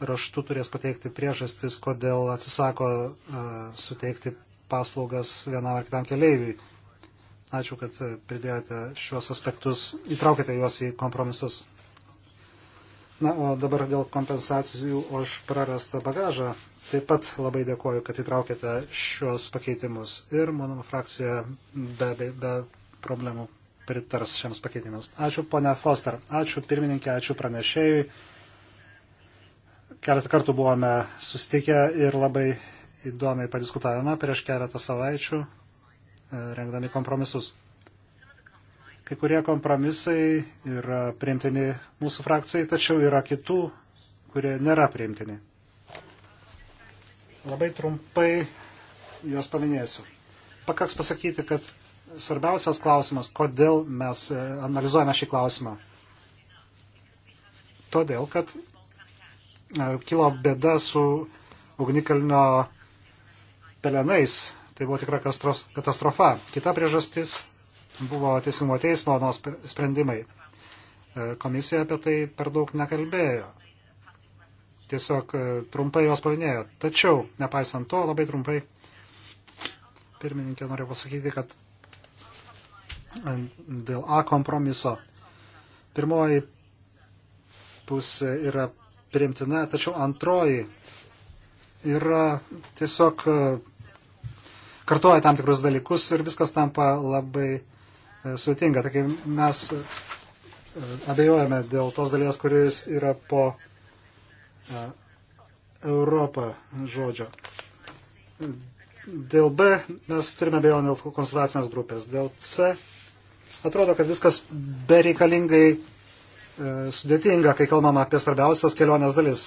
raštu turės pateikti priežastis, kodėl atsisako uh, suteikti paslaugas vienam ar kitam keleiviui. Ačiū, kad pridėjote šiuos aspektus, įtraukite juos į kompromisus. Na, o dabar dėl kompensacijų už prarastą bagažą. Taip pat labai dėkoju, kad įtraukėte šios pakeitimus ir mano frakcija be, be, be problemų pritars šiems pakeitimams. Ačiū, ponia Foster. Ačiū pirmininkė, ačiū pranešėjui keletą kartų buvome susitikę ir labai įdomiai padiskutavome prieš keletą savaičių, e, rengdami kompromisus. Kai kurie kompromisai yra priimtini mūsų frakcijai, tačiau yra kitų, kurie nėra priimtini. Labai trumpai juos paminėsiu. Pakaks pasakyti, kad svarbiausias klausimas, kodėl mes e, analizuojame šį klausimą. Todėl, kad E, kilo bėda su ugnikalnio pelenais. Tai buvo tikra katastrofa. Kita priežastis buvo teisingo teismo sprendimai. E, komisija apie tai per daug nekalbėjo tiesiog e, trumpai juos paminėjo. Tačiau, nepaisant to, labai trumpai, pirmininkė noriu pasakyti, kad dėl A kompromiso pirmoji pusė yra priimtina, tačiau antroji yra tiesiog e, kartuoja tam tikrus dalykus ir viskas tampa labai e, sutinga. Taigi mes e, abejojame dėl tos dalies, kuris yra po Europą žodžio. Dėl B mes turime abejonių dėl konsultacinės grupės. Dėl C atrodo, kad viskas bereikalingai E, sudėtinga, kai kalbam apie svarbiausias kelionės dalis.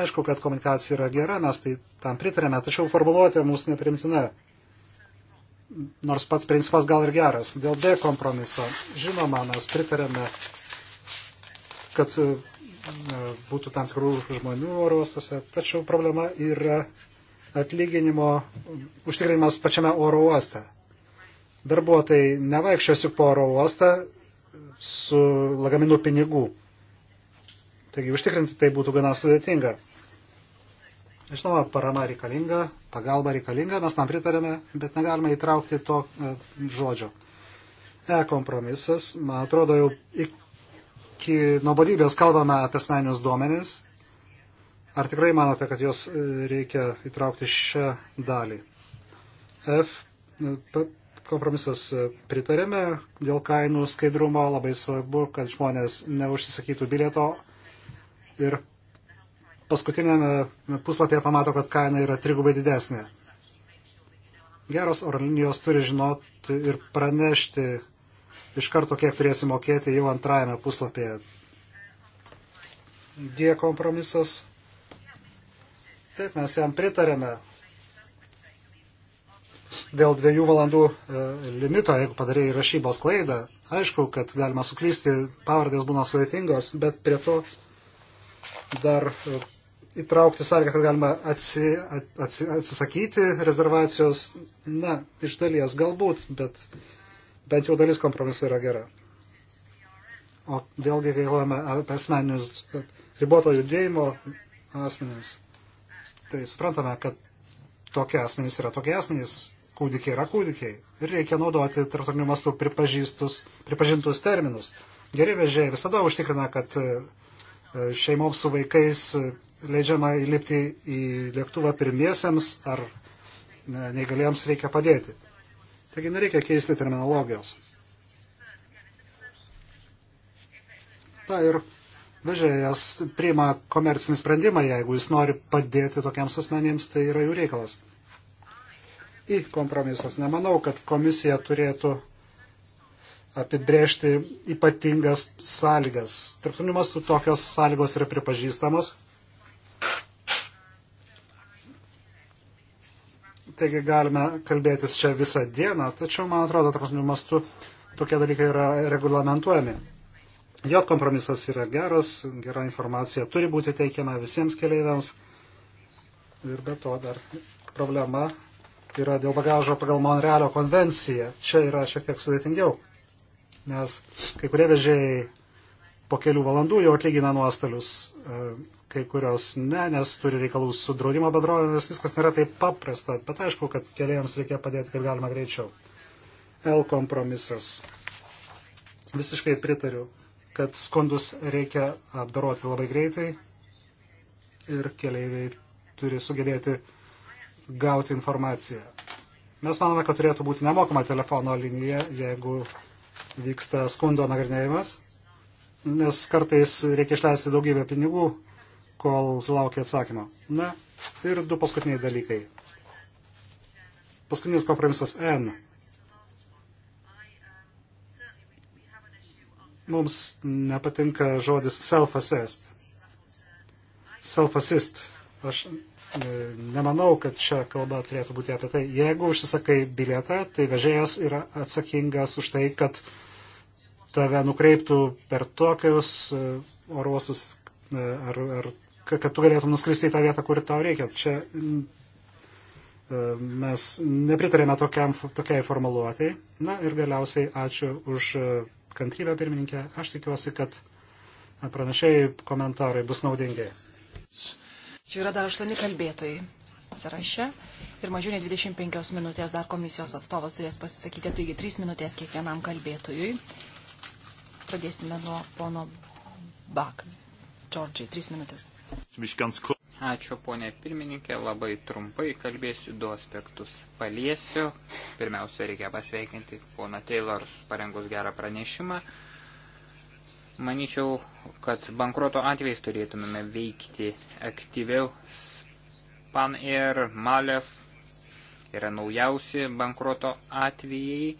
Aišku, kad komunikacija yra gera, mes tai tam pritarėme, tačiau formuluotė mūsų neprimtina. Nors pats principas gal ir geras. Dėl D kompromiso, žinoma, mes pritarėme, kad e, būtų tam tikrų žmonių oro uostuose, tačiau problema yra atlyginimo užtikrinimas pačiame oro uoste. Darbuotojai nevaikščiosi po oro uostą, su lagaminu pinigų. Taigi užtikrinti tai būtų gana sudėtinga. Žinoma, parama reikalinga, pagalba reikalinga, mes tam pritarėme, bet negalime įtraukti to e, žodžio. E-kompromisas, man atrodo, jau iki nuobodybės kalbame apie asmeninius duomenys. Ar tikrai manote, kad juos e, reikia įtraukti šią dalį? F e, kompromisas e, pritarėme dėl kainų skaidrumo. Labai svarbu, kad žmonės neužsisakytų bilieto ir paskutinėme puslapyje pamato, kad kaina yra trigubai didesnė. Geros oro linijos turi žinoti ir pranešti iš karto, kiek turėsi mokėti jau antrajame puslapyje. G kompromisas. Taip, mes jam pritarėme dėl dviejų valandų e, limito, jeigu padarėjai rašybos klaidą, aišku, kad galima suklysti, pavardės būna sveitingos, bet prie to dar e, įtraukti sąlygą, kad galima atsi, atsi, atsisakyti rezervacijos, na, iš dalies galbūt, bet bent jau dalis kompromisų yra gera. O dėlgi, kai galvojame apie asmeninius riboto judėjimo asmenys, tai suprantame, kad tokie asmenys yra tokie asmenys, kūdikiai yra kūdikiai ir reikia naudoti tarptautiniu mastu pripažintus terminus. Geri vežėjai visada užtikrina, kad e, e, šeimoms su vaikais e, leidžiama įlipti į lėktuvą pirmiesiems ar neįgaliems reikia padėti. Taigi nereikia keisti terminologijos. Na ir vežėjas priima komercinį sprendimą, jeigu jis nori padėti tokiems asmenims, tai yra jų reikalas į kompromisas. Nemanau, kad komisija turėtų apibrėžti ypatingas sąlygas. Tarptautiniu mastu tokios sąlygos yra pripažįstamos. Taigi galime kalbėtis čia visą dieną, tačiau, man atrodo, tarptautiniu mastu tokie dalykai yra reglamentuojami. Jo kompromisas yra geras, gera informacija turi būti teikiama visiems keleiviams. Ir be to dar problema yra dėl bagažo pagal Monrealio konvenciją. Čia yra šiek tiek sudėtingiau, nes kai kurie vežėjai po kelių valandų jau atlygina nuostolius, e, kai kurios ne, nes turi reikalų su draudimo bendrovėmis, viskas nėra taip paprasta, bet aišku, kad keliams reikia padėti kaip galima greičiau. L kompromisas. Visiškai pritariu, kad skundus reikia apdaroti labai greitai ir keliaiviai turi sugebėti gauti informaciją. Mes manome, kad turėtų būti nemokama telefono linija, jeigu vyksta skundo nagrinėjimas, nes kartais reikia išleisti daugybę pinigų, kol sulaukia atsakymo. Na ir du paskutiniai dalykai. Paskutinis kompromisas N. Mums nepatinka žodis self-assist. Self-assist. Aš E, nemanau, kad čia kalba turėtų būti apie tai. Jeigu užsisakai bilietą, tai vežėjas yra atsakingas už tai, kad tave nukreiptų per tokius e, oruostus, e, ar, ar kad tu galėtum nuskristi į tą vietą, kur tau reikia. Čia mes nepritarėme tokiam, tokiai formuluotėjai. Na ir galiausiai ačiū už kantrybę pirmininkę. Aš tikiuosi, kad pranešėjai komentarai bus naudingi. Čia yra dar aštuoni kalbėtojai sąraše ir mažiau nei 25 minutės dar komisijos atstovas turės pasisakyti, taigi 3 minutės kiekvienam kalbėtojui. Pradėsime nuo pono Bak. Džordžiai, 3 minutės. Ačiū, ponė pirmininkė, labai trumpai kalbėsiu du aspektus. Paliesiu, pirmiausia, reikia pasveikinti poną Taylor parengus gerą pranešimą. Maničiau, kad bankruoto atvejais turėtumėme veikti aktyviau. Pan Air, Malef yra naujausi bankruoto atvejai.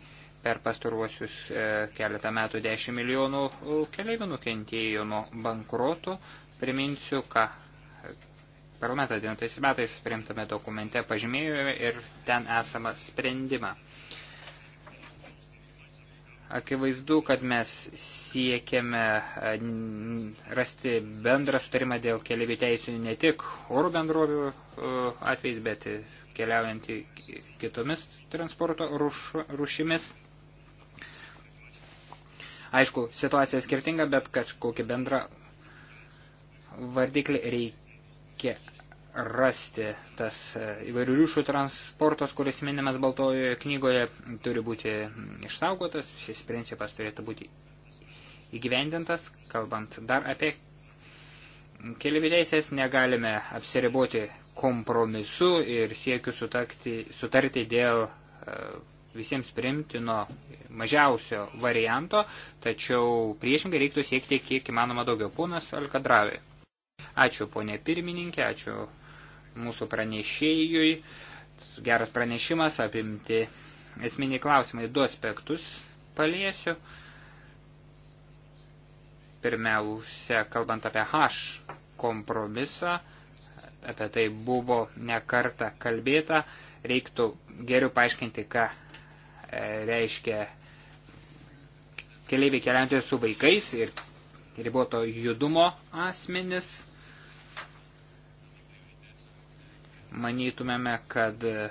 Per pastaruosius e, keletą metų 10 milijonų keliaivių nukentėjo nuo bankruoto. Priminsiu, ką parlamento 9 metais priimtame dokumente pažymėjo ir ten esamą sprendimą. Akivaizdu, kad mes siekiame e, rasti bendrą sutarimą dėl keliavių teisų ne tik oro bendrovių e, atvejais, bet keliaujant į kitomis transporto rūšimis. Aišku, situacija skirtinga, bet kažkokį bendrą vardiklį reikia rasti tas e, įvairių rūšių transportas, kuris minimas Baltojoje knygoje, turi būti išsaugotas, šis principas turėtų būti įgyvendintas, kalbant dar apie keliavių teisės, negalime apsiriboti kompromisu ir siekiu sutakti, sutarti dėl e, visiems primtino mažiausio varianto, tačiau priešingai reiktų siekti kiek įmanoma daugiau. Ponas Alkadravė. Ačiū ponė pirmininkė, ačiū mūsų pranešėjui. Geras pranešimas apimti esminiai klausimai. Du aspektus paliesiu. Pirmiausia, kalbant apie H kompromisą, apie tai buvo nekarta kalbėta, reiktų geriau paaiškinti, ką e, reiškia keliaiviai keliautojai su vaikais ir riboto judumo asmenis manytumėme, kad e,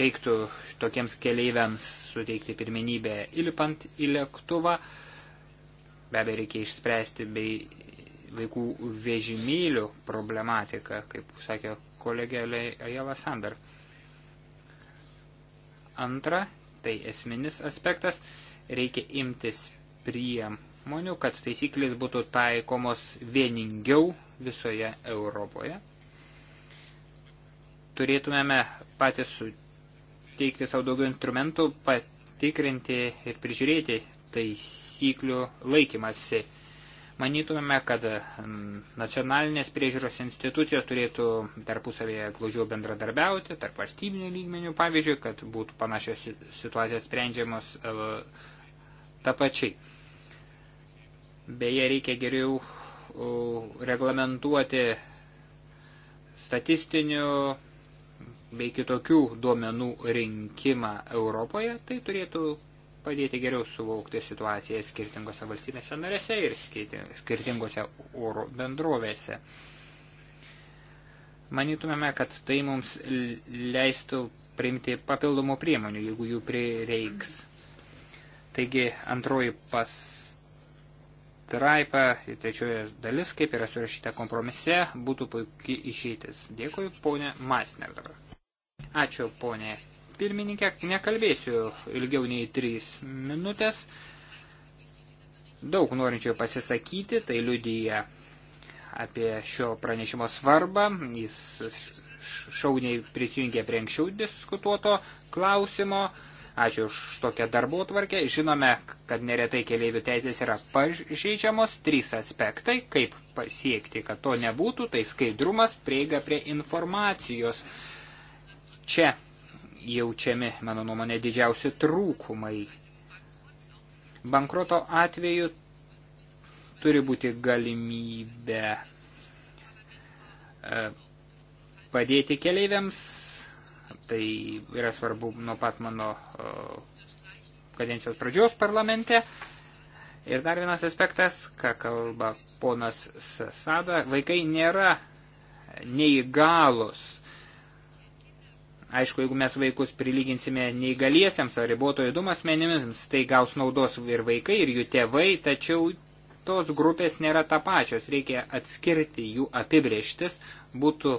reiktų tokiems keleiviams suteikti pirmenybę įlipant į lėktuvą. Be abejo, reikia išspręsti bei vaikų vežimėlių problematiką, kaip sakė kolegė Java Sandar. Antra, tai esminis aspektas, reikia imtis priemonių, kad taisyklės būtų taikomos vieningiau visoje Europoje turėtumėme patys suteikti savo daugiau instrumentų, patikrinti ir prižiūrėti taisyklių laikymasi. Manytumėme, kad mm, nacionalinės priežiūros institucijos turėtų tarpusavėje glaudžiau bendradarbiauti, tarp valstybinių lygmenių, pavyzdžiui, kad būtų panašios situacijos sprendžiamos e, ta pačiai. Beje, reikia geriau reglamentuoti statistinių bei kitokių duomenų rinkimą Europoje, tai turėtų padėti geriau suvokti situaciją skirtingose valstybėse narėse ir skirtingose oro bendrovėse. Manytumėme, kad tai mums leistų priimti papildomų priemonių, jeigu jų prireiks. Taigi antroji pastraipa, trečioji dalis, kaip yra surašyta kompromise, būtų puikiai išeitis. Dėkui, ponė Masner dabar. Ačiū, ponė. Pirmininkė, nekalbėsiu ilgiau nei trys minutės. Daug norinčių pasisakyti, tai liudyja apie šio pranešimo svarbą. Jis šauniai prisijungė prie anksčiau diskutuoto klausimo. Ačiū už tokią darbo tvarkę. Žinome, kad neretai keleivių teisės yra pažeidžiamos. Trys aspektai, kaip pasiekti, kad to nebūtų, tai skaidrumas, prieiga prie informacijos čia jaučiami, mano nuomonė, didžiausi trūkumai. Bankroto atveju turi būti galimybė e, padėti keleiviams, tai yra svarbu nuo pat mano e, kadencijos pradžios parlamente. Ir dar vienas aspektas, ką kalba ponas Sada, vaikai nėra neįgalus Aišku, jeigu mes vaikus prilyginsime neįgaliesiams ar riboto judumo asmenimis, tai gaus naudos ir vaikai, ir jų tėvai, tačiau tos grupės nėra ta pačios, reikia atskirti jų apibrieštis. Būtų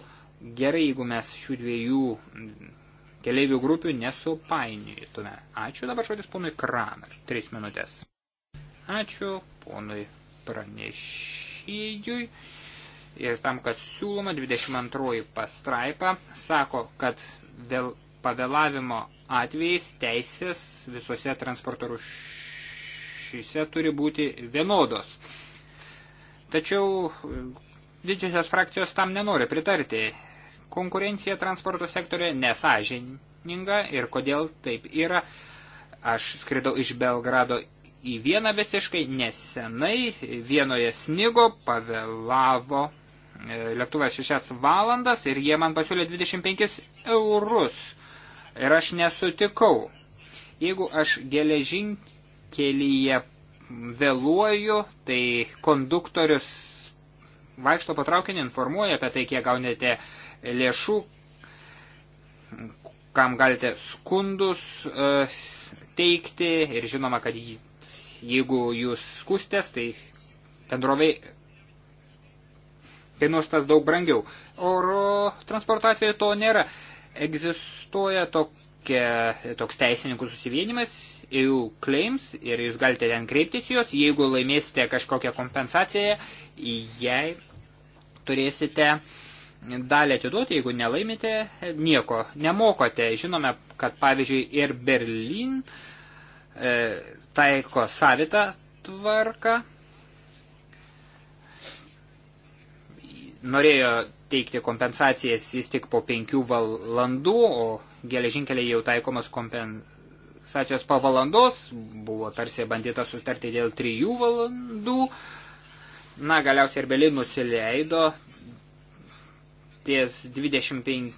gerai, jeigu mes šių dviejų keliaivių grupių nesupainiotume. Ačiū dabar žodis ponui Kramer. Tris minutės. Ačiū ponui pranešėjui. Ir tam, kad siūloma 22 pastraipa, sako, kad dėl pavėlavimo atvejais teisės visose transporto rušyse turi būti vienodos. Tačiau didžiosios frakcijos tam nenori pritarti. Konkurencija transporto sektorė nesažininga ir kodėl taip yra. Aš skridau iš Belgrado į vieną visiškai nesenai, vienoje snigo pavėlavo E, lėktuvas 6 valandas ir jie man pasiūlė 25 eurus. Ir aš nesutikau. Jeigu aš geležinkelyje vėluoju, tai konduktorius vaikšto patraukinį informuoja apie tai, kiek gaunate lėšų, kam galite skundus e, teikti ir žinoma, kad jeigu jūs skustės, tai bendrovai kainuos tas daug brangiau. Oro transporto atveju to nėra. Egzistuoja tokia, toks teisininkų susivienimas, EU claims, ir jūs galite ten kreiptis juos, jeigu laimėsite kažkokią kompensaciją, jei turėsite dalį atiduoti, jeigu nelaimite, nieko nemokote. Žinome, kad pavyzdžiui ir Berlin e, taiko savitą tvarką norėjo teikti kompensacijas jis tik po penkių valandų, o geležinkeliai jau taikomas kompensacijos po valandos, buvo tarsi bandyta sutarti dėl trijų valandų. Na, galiausiai ir Beli nusileido ties 25,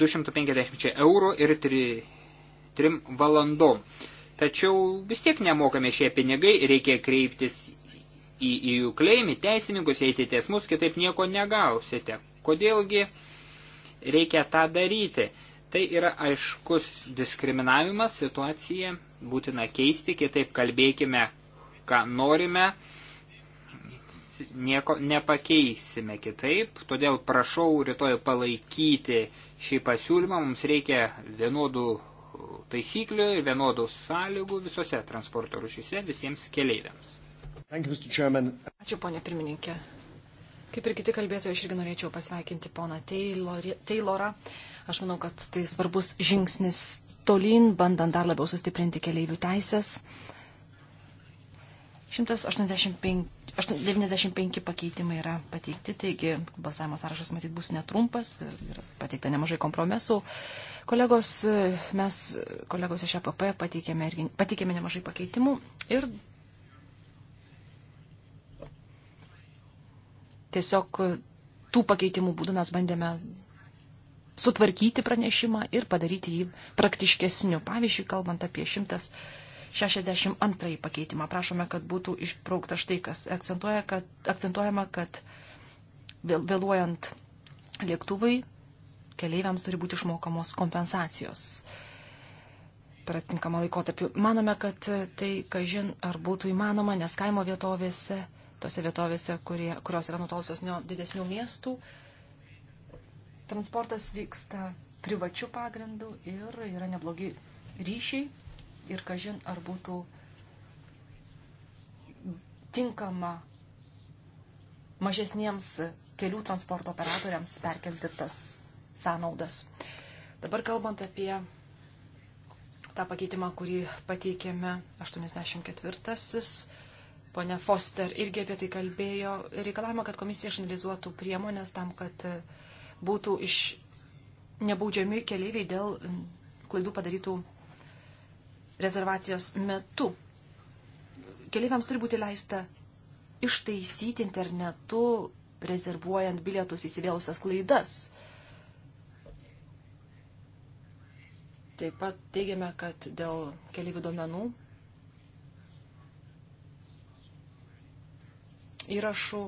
250 eurų ir 3, 3 valandom. Tačiau vis tiek nemokame šie pinigai, reikia kreiptis į, į jų kleimį teisininkus, eiti teismus, kitaip nieko negausite. Kodėlgi reikia tą daryti? Tai yra aiškus diskriminavimas, situacija būtina keisti, kitaip kalbėkime, ką norime, nieko nepakeisime kitaip, todėl prašau rytoj palaikyti šį pasiūlymą, mums reikia vienodų taisyklių ir vienodų sąlygų visose transporto rušyse visiems keleiviams. Ačiū, ponė pirmininkė. Kaip ir kiti kalbėtojai, aš irgi norėčiau pasveikinti poną Taylorą. Aš manau, kad tai svarbus žingsnis tolyn, bandant dar labiau sustiprinti keleivių teisės. 185, 95 pakeitimai yra pateikti, taigi balsavimo sąrašas matyt bus netrumpas ir, ir pateikta nemažai kompromisų. Kolegos, mes kolegos iš APP pateikėme, irgi, pateikėme nemažai pakeitimų ir tiesiog e, tų pakeitimų būdų mes bandėme sutvarkyti pranešimą ir padaryti jį praktiškesniu. Pavyzdžiui, kalbant apie 162 pakeitimą, prašome, kad būtų išbraukta štai kas. Akcentuoja, kad, akcentuojama, kad vėluojant lėktuvai keleiviams turi būti išmokamos kompensacijos per atinkamą laikotarpį. Manome, kad tai, kažin, ar būtų įmanoma, nes kaimo vietovėse tose vietovėse, kurie, kurios yra nutolusios nuo didesnių miestų. Transportas vyksta privačių pagrindų ir yra neblogi ryšiai ir kažin ar būtų tinkama mažesniems kelių transporto operatoriams perkelti tas sąnaudas. Dabar kalbant apie tą pakeitimą, kurį pateikėme 84 ponia Foster irgi apie tai kalbėjo, reikalavimą, kad komisija išanalizuotų priemonės tam, kad e, būtų iš nebaudžiami keleiviai dėl klaidų padarytų rezervacijos metu. Keleiviams turi būti leista ištaisyti internetu, rezervuojant bilietus įsivėlusias klaidas. Taip pat teigiame, kad dėl keliaivių duomenų įrašų.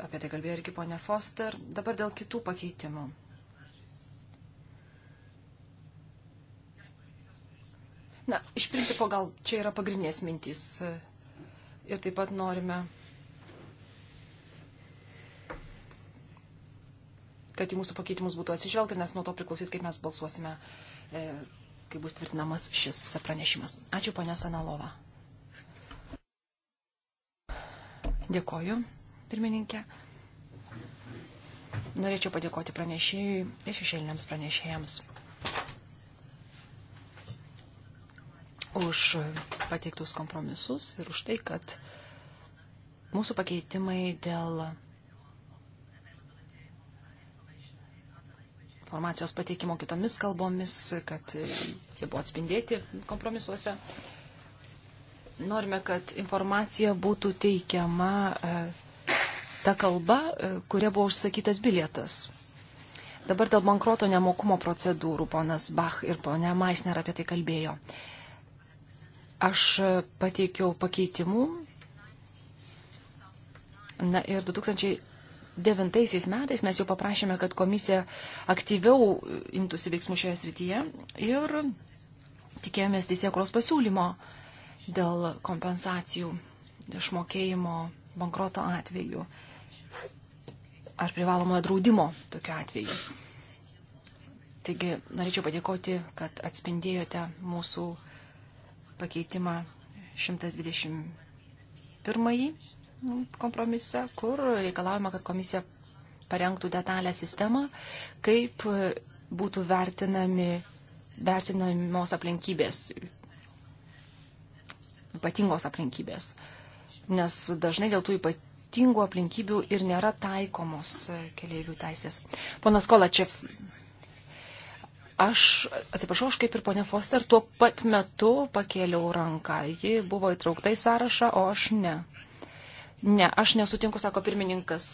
Apie tai kalbėjo irgi ponia Foster. Dabar dėl kitų pakeitimų. Na, iš principo gal čia yra pagrindinės mintys. Ir taip pat norime, kad į mūsų pakeitimus būtų atsižvelgta, nes nuo to priklausys, kaip mes balsuosime, e, kai bus tvirtinamas šis pranešimas. Ačiū, ponia Sanalova. Dėkoju, pirmininkė. Norėčiau padėkoti pranešėjui ir šešėliniams pranešėjams už pateiktus kompromisus ir už tai, kad mūsų pakeitimai dėl informacijos pateikimo kitomis kalbomis, kad jie buvo atspindėti kompromisuose norime, kad informacija būtų teikiama e, ta kalba, e, kuria buvo užsakytas bilietas. Dabar dėl bankroto nemokumo procedūrų ponas Bach ir ponia Maisner apie tai kalbėjo. Aš e, pateikiau pakeitimų. Na ir 2009 metais mes jau paprašėme, kad komisija aktyviau imtųsi veiksmų šioje srityje ir tikėjomės teisėkros pasiūlymo. Uh, dėl kompensacijų išmokėjimo bankroto atveju ar privalomojo draudimo tokiu atveju. Taigi norėčiau padėkoti, kad atspindėjote mūsų pakeitimą 121 kompromise, kur reikalavome, kad komisija parengtų detalę sistemą, kaip būtų vertinami, vertinamos aplinkybės ypatingos aplinkybės. Nes dažnai dėl tų ypatingų aplinkybių ir nėra taikomos keliaivių teisės. Ponas Kolačev, aš atsiprašau, aš kaip ir ponia Foster tuo pat metu pakėliau ranką. Ji buvo įtraukta į sąrašą, o aš ne. Ne, aš nesutinku, sako pirmininkas.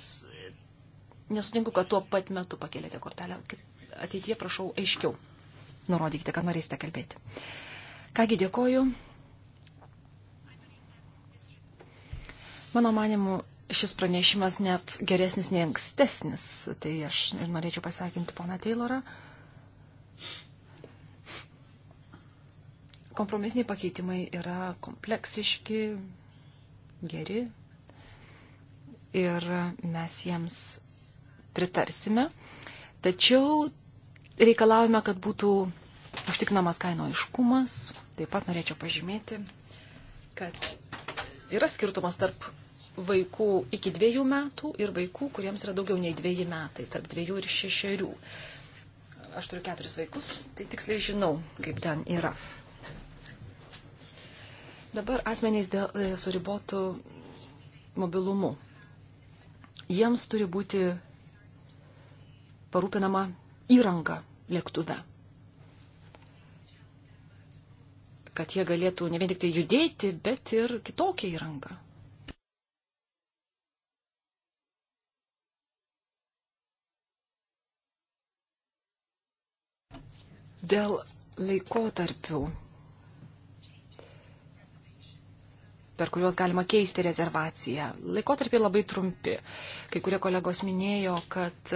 Nesutinku, kad tuo pat metu pakėlėte kortelę. Ateityje prašau aiškiau. Nurodykite, kad norėsite kalbėti. Kągi dėkoju. Mano manimu, šis pranešimas net geresnis nei ankstesnis. Tai aš ir norėčiau pasveikinti poną Taylorą. Kompromisiniai pakeitimai yra kompleksiški, geri ir mes jiems pritarsime. Tačiau reikalavome, kad būtų užtikrinamas kainoiškumas. Taip pat norėčiau pažymėti, kad yra skirtumas tarp vaikų iki dviejų metų ir vaikų, kuriems yra daugiau nei dviejų metai, tarp dviejų ir šešerių. Aš turiu keturis vaikus, tai tiksliai žinau, kaip ten yra. Dabar asmenys dėl, e, su ribotu mobilumu. Jiems turi būti parūpinama įranga lėktuve, kad jie galėtų ne vien tik tai judėti, bet ir kitokią įrangą. Dėl laikotarpių, per kuriuos galima keisti rezervaciją. Laikotarpiai labai trumpi. Kai kurie kolegos minėjo, kad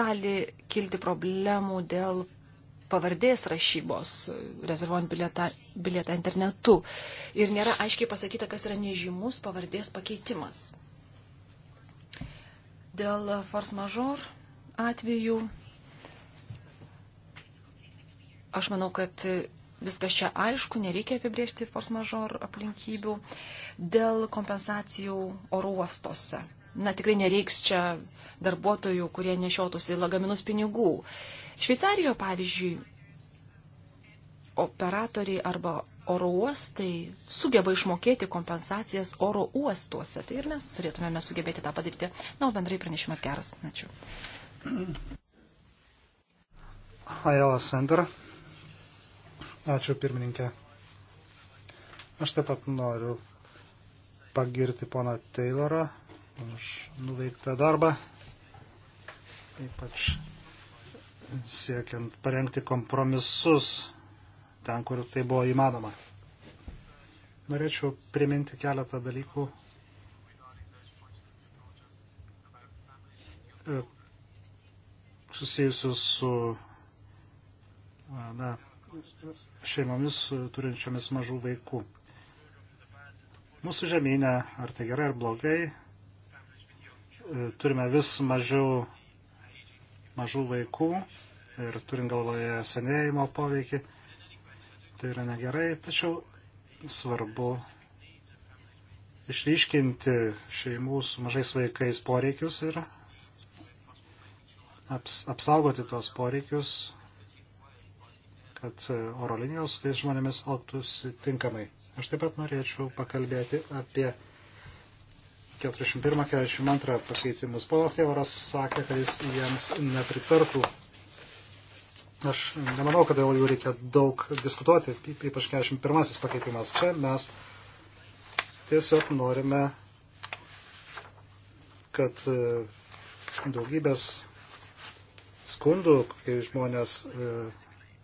gali kilti problemų dėl pavardės rašybos, rezervuojant bilietą, bilietą internetu. Ir nėra aiškiai pasakyta, kas yra nežymus pavardės pakeitimas. Dėl force major atvejų Aš manau, kad viskas čia aišku, nereikia apibriežti force majeure aplinkybių dėl kompensacijų oro uostose. Na, tikrai nereiks čia darbuotojų, kurie nešiotųsi lagaminus pinigų. Šveicarijoje, pavyzdžiui, operatoriai arba oro uostai sugeba išmokėti kompensacijas oro uostuose. Tai ir mes turėtumėme sugebėti tą padaryti. Na, o bendrai pranešimas geras. Ačiū. Ajala Sandra. Ačiū pirmininkė. Aš taip pat noriu pagirti poną Taylorą už nuveiktą darbą, ypač siekiant parengti kompromisus ten, kur tai buvo įmanoma. Norėčiau priminti keletą dalykų, e, susijusius su na, šeimomis e, turinčiomis mažų vaikų. Mūsų žemynė, ar tai gerai ar blogai, e, turime vis mažiau mažų vaikų ir turint galvoje senėjimo poveikį, tai yra negerai, tačiau svarbu išryškinti šeimų su mažais vaikais poreikius ir aps, apsaugoti tuos poreikius kad oro linijos su tais žmonėmis elgtųsi tinkamai. Aš taip pat norėčiau pakalbėti apie 41-42 pakeitimus. Polas Tėvaras sakė, kad jis jiems nepritartų. Aš nemanau, kad dėl jų reikia daug diskutuoti, ypač 41 pakeitimas. Čia mes tiesiog norime, kad e, daugybės skundų, kai žmonės e,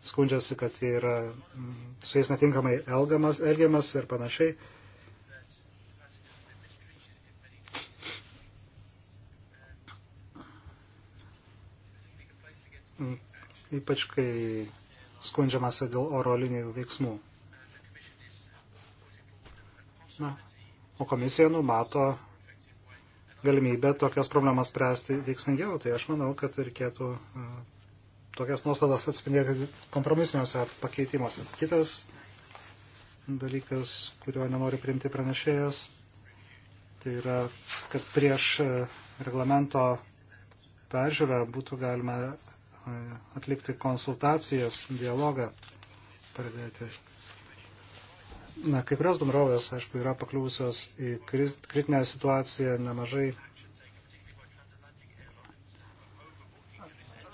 skundžiasi, kad jie yra mm, su jais netinkamai elgiamas, elgiamas ir panašiai. Mm, ypač kai skundžiamasi dėl oro linijų veiksmų. Na, o komisija numato galimybę tokias problemas spręsti veiksmingiau, tai aš manau, kad reikėtų mm, tokias nuostatas atspindėti kompromisiniuose pakeitimuose. Kitas dalykas, kurio nenori priimti pranešėjas, tai yra, kad prieš e, reglamento peržiūrą būtų galima e, atlikti konsultacijas, dialogą pradėti. Na, kai kurios bendrovės, aišku, yra pakliūsios į kritinę situaciją nemažai.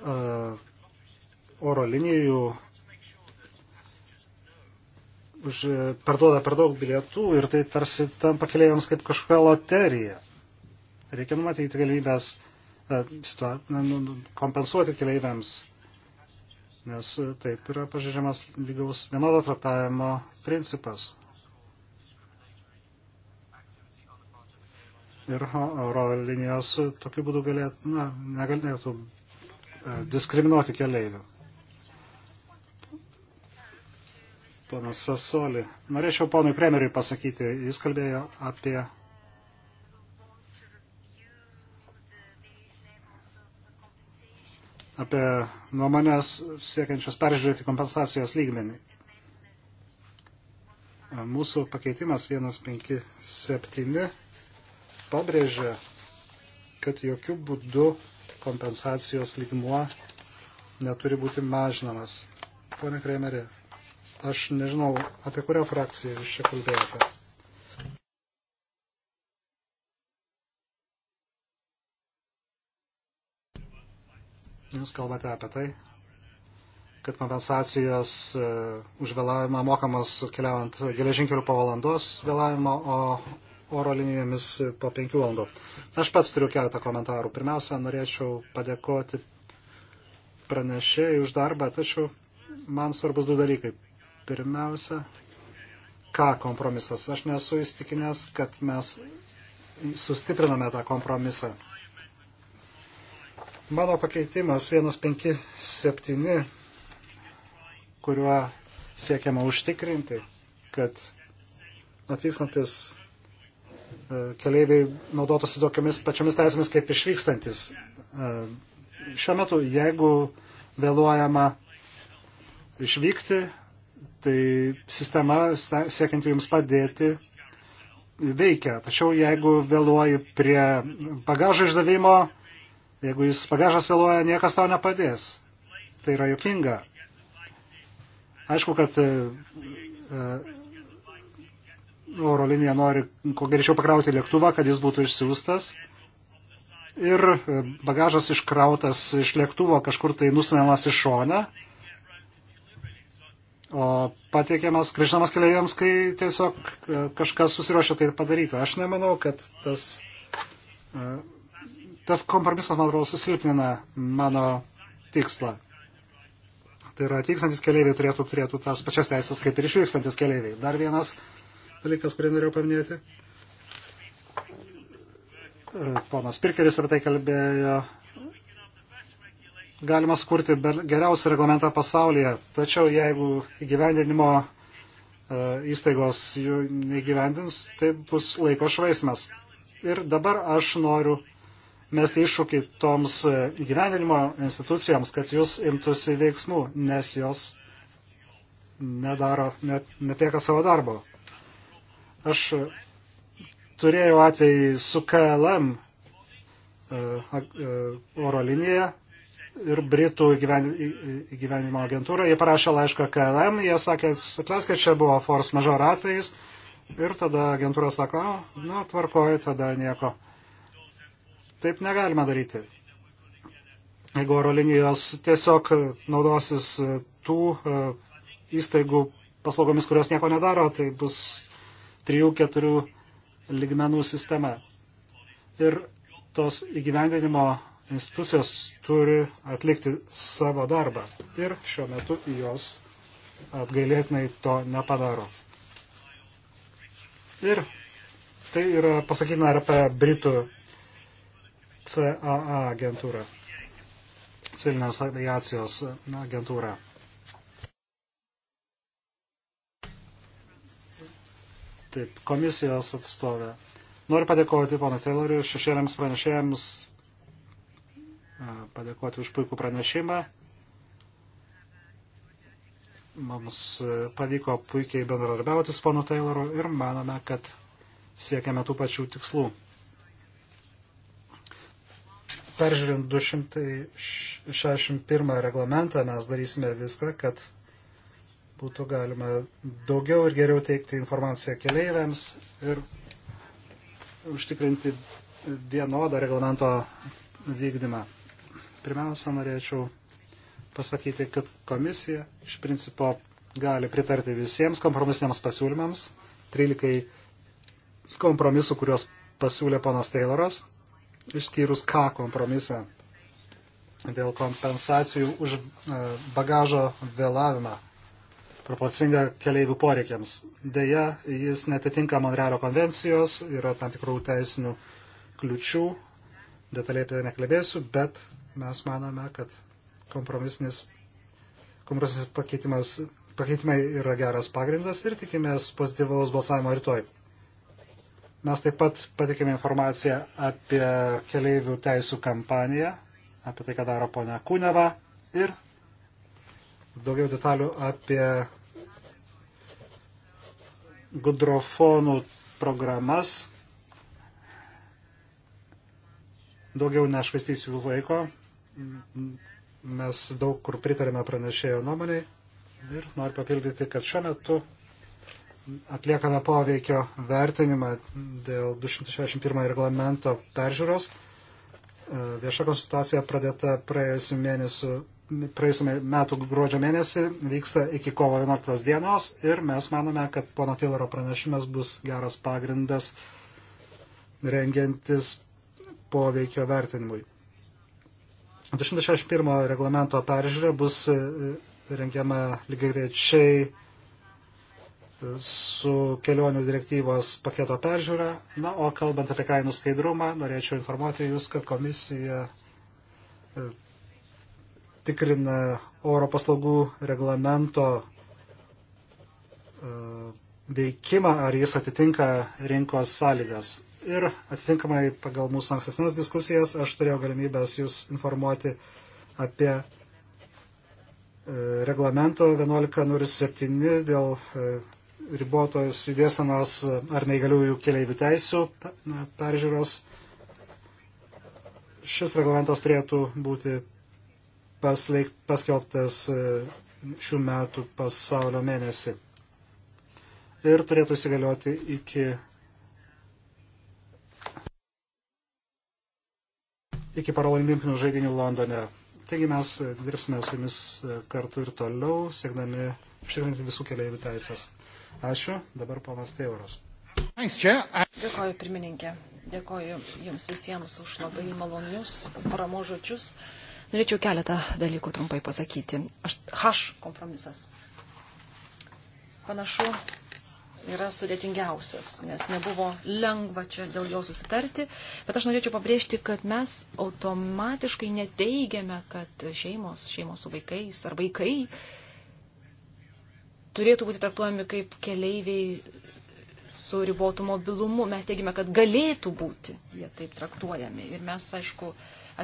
Uh, oro linijų už, parduoda per daug bilietų ir tai tarsi tampa keliaiviams kaip kažkokia loterija. Reikia numatyti galimybės e, situa, nu, nu, kompensuoti keliaiviams, nes e, taip yra pažiūrėmas lygaus vienodo traktavimo principas. Ir oro linijos tokiu būdu galėtų, na, negalėtų e, diskriminuoti keliaivių. ponas Sasoli. Norėčiau ponui Kremeriui pasakyti, jis kalbėjo apie apie nuo manęs siekiančios peržiūrėti kompensacijos lygmenį. Mūsų pakeitimas 157 pabrėžia, kad jokių būdų kompensacijos lygmuo neturi būti mažinamas. Pone Kremerė, Aš nežinau, apie kurią frakciją jūs čia kalbėjote. Jūs kalbate apie tai, kad kompensacijos e, už vėlavimą mokamos keliaujant geležinkeliu po valandos vėlavimo, o oro linijomis po penkių valandų. Aš pats turiu keletą komentarų. Pirmiausia, norėčiau padėkoti pranešėjai už darbą, tačiau man svarbus du dalykai. Pirmiausia, ką kompromisas? Aš nesu įstikinęs, kad mes sustipriname tą kompromisą. Mano pakeitimas 157, kuriuo siekiama užtikrinti, kad atvykstantis e, keleiviai naudotųsi tokiamis pačiamis teisėmis kaip išvykstantis. E, šiuo metu, jeigu vėluojama išvykti, tai sistema siekianti jums padėti veikia. Tačiau jeigu vėluoji prie bagažo išdavimo, jeigu jis bagažas vėluoja, niekas tau nepadės. Tai yra juokinga. Aišku, kad e, e, oro linija nori kuo greičiau pakrauti lėktuvą, kad jis būtų išsiųstas. Ir e, bagažas iškrautas iš lėktuvo kažkur tai nustumiamas į šoną o patiekiamas, grįžtamas keliaiviams, kai tiesiog e, kažkas susiruošia tai padaryti. Aš nemanau, kad tas, e, tas kompromisas, man atrodo, susilpnina mano tikslą. Tai yra, atvykstantis keliaiviai turėtų, turėtų tas pačias teisės kaip ir išvykstantis keliaiviai. Dar vienas dalykas, kurį norėjau paminėti. E, ponas Pirkeris apie tai kalbėjo galima skurti geriausią reglamentą pasaulyje, tačiau jeigu įgyvendinimo e, įstaigos jų neįgyvendins, tai bus laiko švaistimas. Ir dabar aš noriu mesti iššūkį toms e, įgyvendinimo institucijoms, kad jūs imtųsi veiksmų, nes jos nedaro, net, netieka savo darbo. Aš turėjau atvejį su KLM e, oro linijoje ir Britų gyvenimo agentūra. Jie parašė laišką KLM, jie sakė, atleiskit, čia buvo force major atvejis. Ir tada agentūra sako, na, tvarkoju, tada nieko. Taip negalima daryti. Jeigu oro linijos tiesiog naudosis tų e, įstaigų paslaugomis, kurios nieko nedaro, tai bus 3-4 ligmenų sistema. Ir tos įgyvendinimo institucijos turi atlikti savo darbą ir šiuo metu jos apgailėtinai to nepadaro. Ir tai yra pasakytina ir apie Britų CAA agentūrą, civilinės aviacijos agentūrą. Taip, komisijos atstovė. Noriu padėkoti pono Tayloriu, šešėliams pranešėjams, padėkoti už puikų pranešimą. Mums e, pavyko puikiai bendradarbiauti su ponu Tayloru ir manome, kad siekiame tų pačių tikslų. Peržiūrint 261 reglamentą mes darysime viską, kad būtų galima daugiau ir geriau teikti informaciją keleiviams ir užtikrinti vienodą reglamento vykdymą. Pirmiausia, norėčiau pasakyti, kad komisija iš principo gali pritarti visiems kompromisiniams pasiūlymams, 13 kompromisų, kuriuos pasiūlė ponas Tayloras, išskyrus K kompromisą dėl kompensacijų už e, bagažo vėlavimą proporcinga keleivių poreikiams. Deja, jis netitinka Monrealio konvencijos, yra tam tikrų teisinių kliučių, detaliai apie tai nekalbėsiu, bet mes manome, kad kompromisinis, kompromisinis pakeitimas, pakeitimai yra geras pagrindas ir tikimės pozityvaus balsavimo rytoj. Mes taip pat patikėme informaciją apie keleivių teisų kampaniją, apie tai, ką daro ponia Kūneva ir daugiau detalių apie gudrofonų programas. Daugiau nešvaistysiu laiko mes daug kur pritarėme pranešėjo nuomonėj ir noriu papildyti, kad šiuo metu atliekame poveikio vertinimą dėl 261 reglamento peržiūros. E, vieša konsultacija pradėta praėjusiu mėnesiu, praėjusiu metu gruodžio mėnesį, vyksta iki kovo 11 dienos ir mes manome, kad pono Tilaro pranešimas bus geras pagrindas rengiantis poveikio vertinimui. 261 reglamento peržiūrė bus e, rengiama lygiai greičiai e, su kelionių direktyvos paketo peržiūra. Na, o kalbant apie kainų skaidrumą, norėčiau informuoti Jūs, kad komisija e, tikrina oro paslaugų reglamento veikimą, ar jis atitinka rinkos sąlygas. Ir atitinkamai pagal mūsų ankstesnės diskusijas aš turėjau galimybęs jūs informuoti apie e, reglamento 1107 dėl e, ribotojus judėsenos ar neįgaliųjų keliaivių teisų peržiūros. Šis reglamentas turėtų būti pasleik, paskelbtas e, šių metų pasaulio mėnesį ir turėtų įsigalioti iki iki paralimpinių žaidinių Londone. Taigi mes dirbsime su jumis e, kartu ir toliau, siekdami užtikrinti visų keliaivių teisės. Ačiū. Dabar ponas Teuras. Dėkoju, pirmininkė. Dėkoju jums visiems už labai malonius paramo žodžius. Norėčiau keletą dalykų trumpai pasakyti. Aš, H kompromisas. Panašu, yra sudėtingiausias, nes nebuvo lengva čia dėl jo susitarti. Bet aš norėčiau pabrėžti, kad mes automatiškai neteigiame, kad šeimos, šeimos su vaikais ar vaikai turėtų būti traktuojami kaip keleiviai su ribotu mobilumu. Mes teigiame, kad galėtų būti jie taip traktuojami. Ir mes, aišku,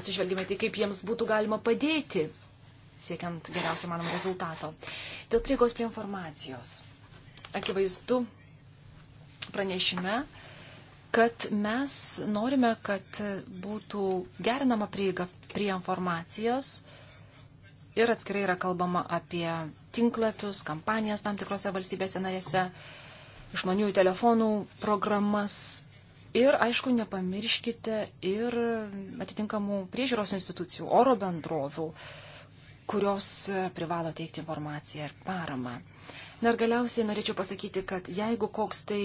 atsižvelgime tai, kaip jiems būtų galima padėti siekiant geriausio manom rezultato. Dėl prieigos prie informacijos akivaizdu pranešime, kad mes norime, kad būtų gerinama prieiga prie informacijos ir atskirai yra kalbama apie tinklapius, kampanijas tam tikrose valstybėse narėse, išmaniųjų telefonų programas. Ir, aišku, nepamirškite ir atitinkamų priežiūros institucijų, oro bendrovių, kurios privalo teikti informaciją ir paramą. Dar galiausiai norėčiau pasakyti, kad jeigu koks tai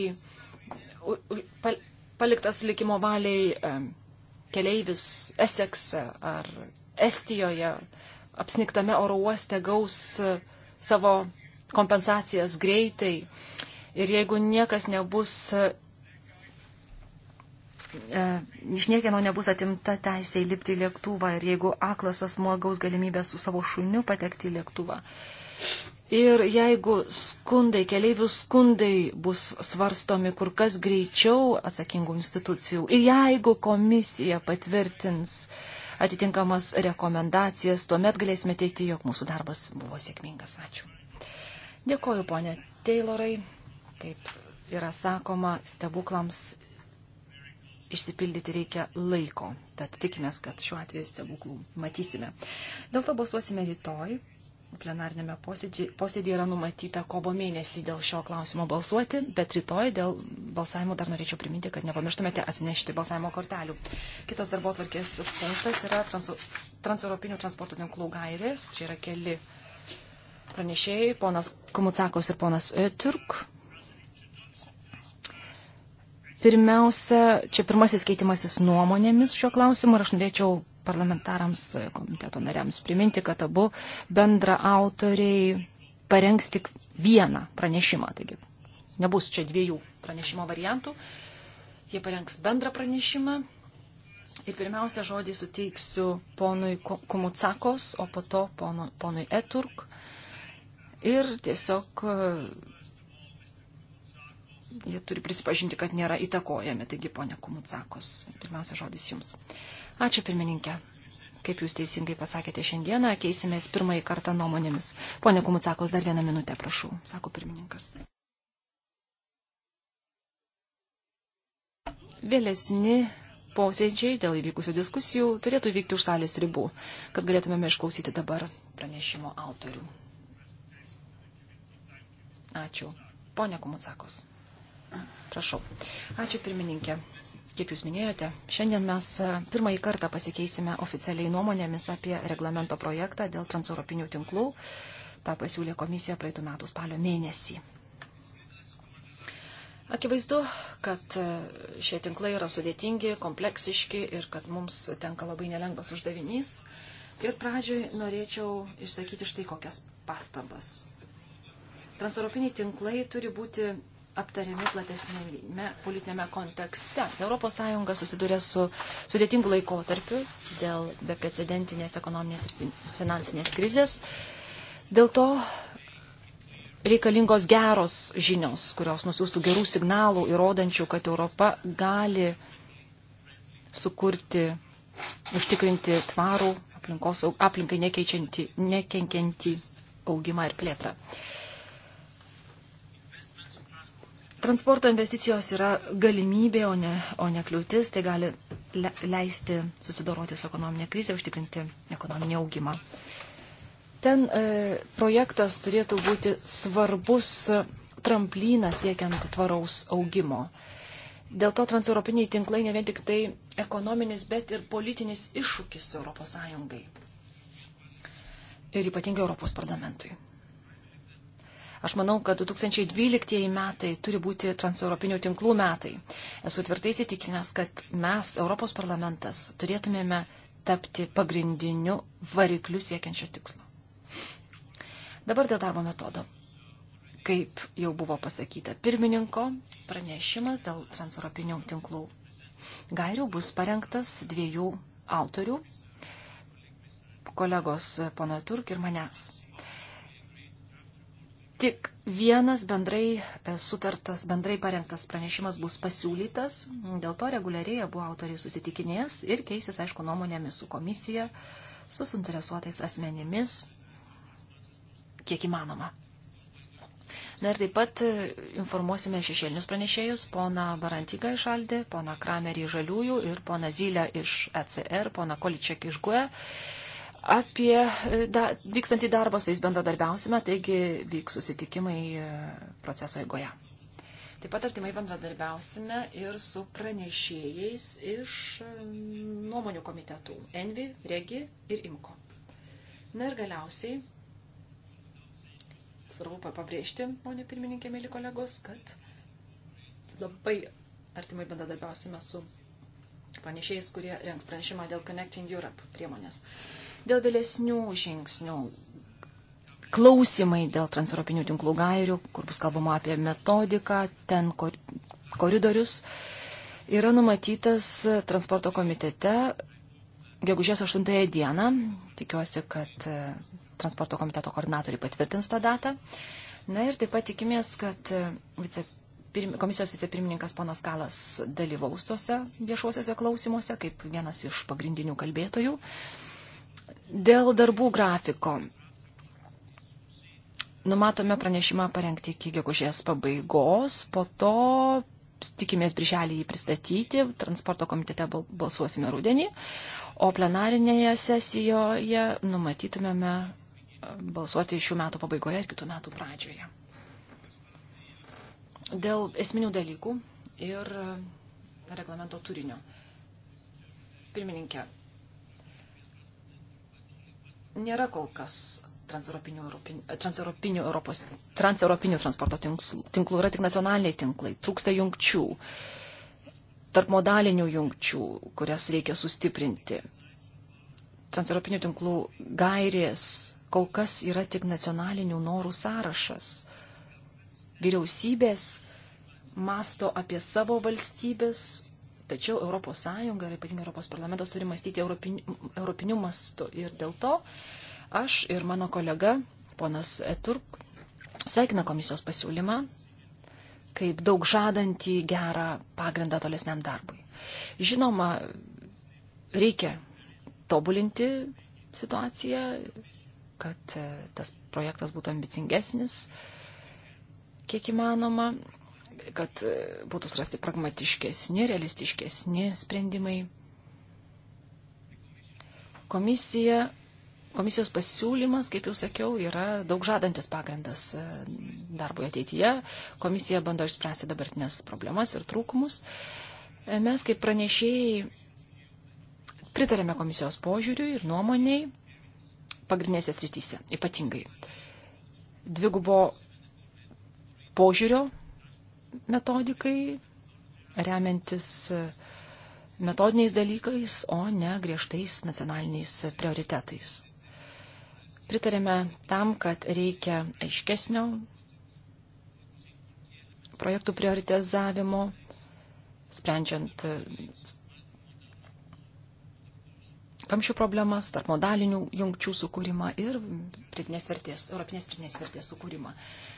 paliktas likimo valiai keleivis Esekse ar Estijoje apsniktame oro uoste gaus e, savo kompensacijas greitai ir jeigu niekas nebus e, e, iš niekieno nebus atimta teisė įlipti į lėktuvą ir jeigu aklas asmuo gaus galimybę su savo šuniu patekti į lėktuvą. Ir jeigu skundai, keleivių skundai bus svarstomi kur kas greičiau atsakingų institucijų, ir jeigu komisija patvirtins atitinkamas rekomendacijas, tuomet galėsime teikti, jog mūsų darbas buvo sėkmingas. Ačiū. Dėkoju, ponė Taylorai. Kaip yra sakoma, stebuklams išsipildyti reikia laiko. Tad tikimės, kad šiuo atveju stebuklų matysime. Dėl to balsuosime rytoj plenarnėme posėdėje yra numatyta kovo mėnesį dėl šio klausimo balsuoti, bet rytoj dėl balsavimo dar norėčiau priminti, kad nepamirštumėte atsinešti balsavimo kortelių. Kitas darbo atvarkės punktas yra trans, transeuropinių transporto tinklų gairės. Čia yra keli pranešėjai, ponas Komucakos ir ponas Öturk. Pirmiausia, čia pirmasis keitimasis nuomonėmis šiuo klausimu ir aš norėčiau parlamentarams, komiteto nariams priminti, kad abu bendra autoriai parengs tik vieną pranešimą. Taigi nebus čia dviejų pranešimo variantų. Jie parengs bendrą pranešimą. Ir pirmiausia, žodį suteiksiu ponui Komucakos, o po to pono, ponui Eturk. Ir tiesiog e, jie turi prisipažinti, kad nėra įtakojami. Taigi, ponia Komucakos, pirmiausia, žodis jums. Uh, Ačiū pirmininkė. Kaip jūs teisingai pasakėte šiandieną, keisimės pirmąjį kartą nuomonėmis. Pone Kumutsakos, dar vieną minutę, prašau, sako pirmininkas. Vėlesni posėdžiai dėl įvykusių diskusijų turėtų vykti už salės ribų, kad galėtumėme išklausyti dabar pranešimo autorių. Ačiū. Pone Kumutsakos. Prašau. Ačiū pirmininkė. Kaip Jūs minėjote, šiandien mes e, pirmąjį kartą pasikeisime oficialiai nuomonėmis apie reglamento projektą dėl transeuropinių tinklų. Ta pasiūlė komisija praeitų metų spalio mėnesį. Akivaizdu, kad e, šie tinklai yra sudėtingi, kompleksiški ir kad mums tenka labai nelengvas uždavinys. Ir pradžioj norėčiau išsakyti štai kokias pastabas. Transeuropiniai tinklai turi būti aptariami platesnėme politinėme kontekste. ES susiduria su sudėtingu laikotarpiu dėl beprecedentinės ekonominės ir finansinės krizės. Dėl to reikalingos geros žinios, kurios nusiųstų gerų signalų įrodančių, kad Europa gali sukurti, užtikrinti tvarų aplinkos, aplinkai nekeičiantį, nekenkiantį augimą ir plėtrą. Uh, Transporto investicijos yra galimybė, o ne, o ne kliūtis, tai gali le, leisti susidoroti su ekonominė krizė, užtikrinti ekonominį augimą. Ten e, projektas turėtų būti svarbus tramplynas siekiant tvaraus augimo. Dėl to transeuropiniai tinklai ne vien tik tai ekonominis, bet ir politinis iššūkis ES. Ir ypatingai Europos parlamentui. Aš manau, kad 2012 metai turi būti transeuropinių tinklų metai. Esu tvirtai įsitikinęs, kad mes, Europos parlamentas, turėtumėme tapti pagrindiniu varikliu siekiančio tikslo. Dabar dėl darbo metodo. Kaip jau buvo pasakyta, pirmininko pranešimas dėl transeuropinių tinklų gairių bus parengtas dviejų autorių, kolegos pono Turk ir manęs tik vienas bendrai e, sutartas, bendrai parengtas pranešimas bus pasiūlytas, dėl to reguliariai abu autoriai susitikinės ir keisis, aišku, nuomonėmis su komisija, su suinteresuotais asmenimis, kiek įmanoma. Na ir taip pat e, informuosime šešėlinius pranešėjus, pona Barantyga iš Aldė, pona Kramerį iš Žaliųjų ir pona Zylę iš ECR, pona Količiak iš GUE apie e, da, vykstantį darbą, su jais bendradarbiausime, taigi vyks susitikimai e, proceso eigoje. Taip pat artimai bendradarbiausime ir su pranešėjais iš e, nuomonių komitetų - Envi, Regi ir Imko. Na ir galiausiai, svarbu pabrėžti, ponė pirmininkė, mėly kolegos, kad labai artimai bendradarbiausime su pranešėjais, kurie rengs pranešimą dėl Connecting Europe priemonės. Uh, Dėl vėlesnių žingsnių klausimai dėl transeuropinių tinklų gairių, kur bus kalbama apie metodiką, ten koridorius, yra numatytas transporto komitete gegužės 8 dieną. Tikiuosi, kad e, transporto komiteto koordinatoriai patvirtins tą datą. Na ir taip pat tikimės, kad e, vice, komisijos vicepirmininkas ponas Kalas dalyvaus tuose viešuosiuose klausimuose kaip vienas iš pagrindinių kalbėtojų. Uh, Dėl darbų grafiko. Numatome pranešimą parengti iki gegužės pabaigos, po to tikimės brželį jį pristatyti, transporto komitete balsuosime rudenį, o plenarinėje sesijoje numatytumėme e, balsuoti šių metų pabaigoje ir kitų metų pradžioje. Dėl esminių dalykų ir e, reglamento turinio. Pirmininkė, nėra kol kas transeuropinių, europinių, e, transeuropinių, Europos, transeuropinių transporto tinklų, tinklų, yra tik nacionaliniai tinklai, trūksta jungčių, tarp modalinių jungčių, kurias reikia sustiprinti. Transeuropinių tinklų gairės kol kas yra tik nacionalinių norų sąrašas. Vyriausybės masto apie savo valstybės, Tačiau ES ir ypatingai Europos parlamentas turi mąstyti europiniu, europiniu mastu. Ir dėl to aš ir mano kolega, ponas Eturk, sveikina komisijos pasiūlymą kaip daug žadantį gerą pagrindą tolesniam darbui. Žinoma, reikia tobulinti situaciją, kad e, tas projektas būtų ambicingesnis, kiek įmanoma kad e, būtų surasti pragmatiškesni, realistiškesni sprendimai. Komisija, komisijos pasiūlymas, kaip jau sakiau, yra daug žadantis pagrindas e, darbui ateityje. Komisija bando išspręsti dabartinės problemas ir trūkumus. E, mes kaip pranešėjai pritarėme komisijos požiūriui ir nuomoniai pagrindinėse srityse, ypatingai. Dvigubo požiūrio metodikai, remiantis metodiniais dalykais, o ne griežtais nacionaliniais prioritetais. Pritarėme tam, kad reikia aiškesnio projektų prioritizavimo, sprendžiant kamščių problemas, tarp modalinių jungčių sukūrimą ir pritinės vertės, europinės pritinės vertės sukūrimą.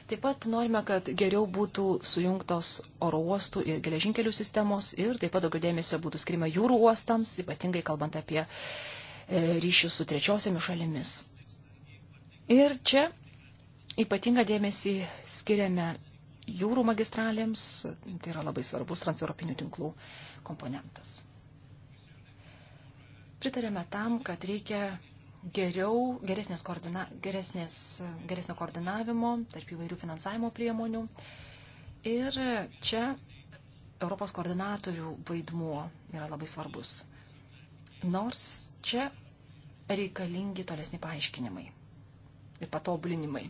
Taip pat norime, kad geriau būtų sujungtos oro uostų ir geležinkelių sistemos ir taip pat daugiau dėmesio būtų skirima jūrų uostams, ypatingai kalbant apie e, ryšius su trečiosiomis šalimis. Ir čia ypatingą dėmesį skiriame jūrų magistralėms, tai yra labai svarbus transeuropinių tinklų komponentas. Pritarėme tam, kad reikia geriau, geresnės koordina, geresnės, geresnio koordinavimo tarp įvairių finansavimo priemonių. Ir čia Europos koordinatorių vaidmuo yra labai svarbus. Nors čia reikalingi tolesni paaiškinimai ir patobulinimai.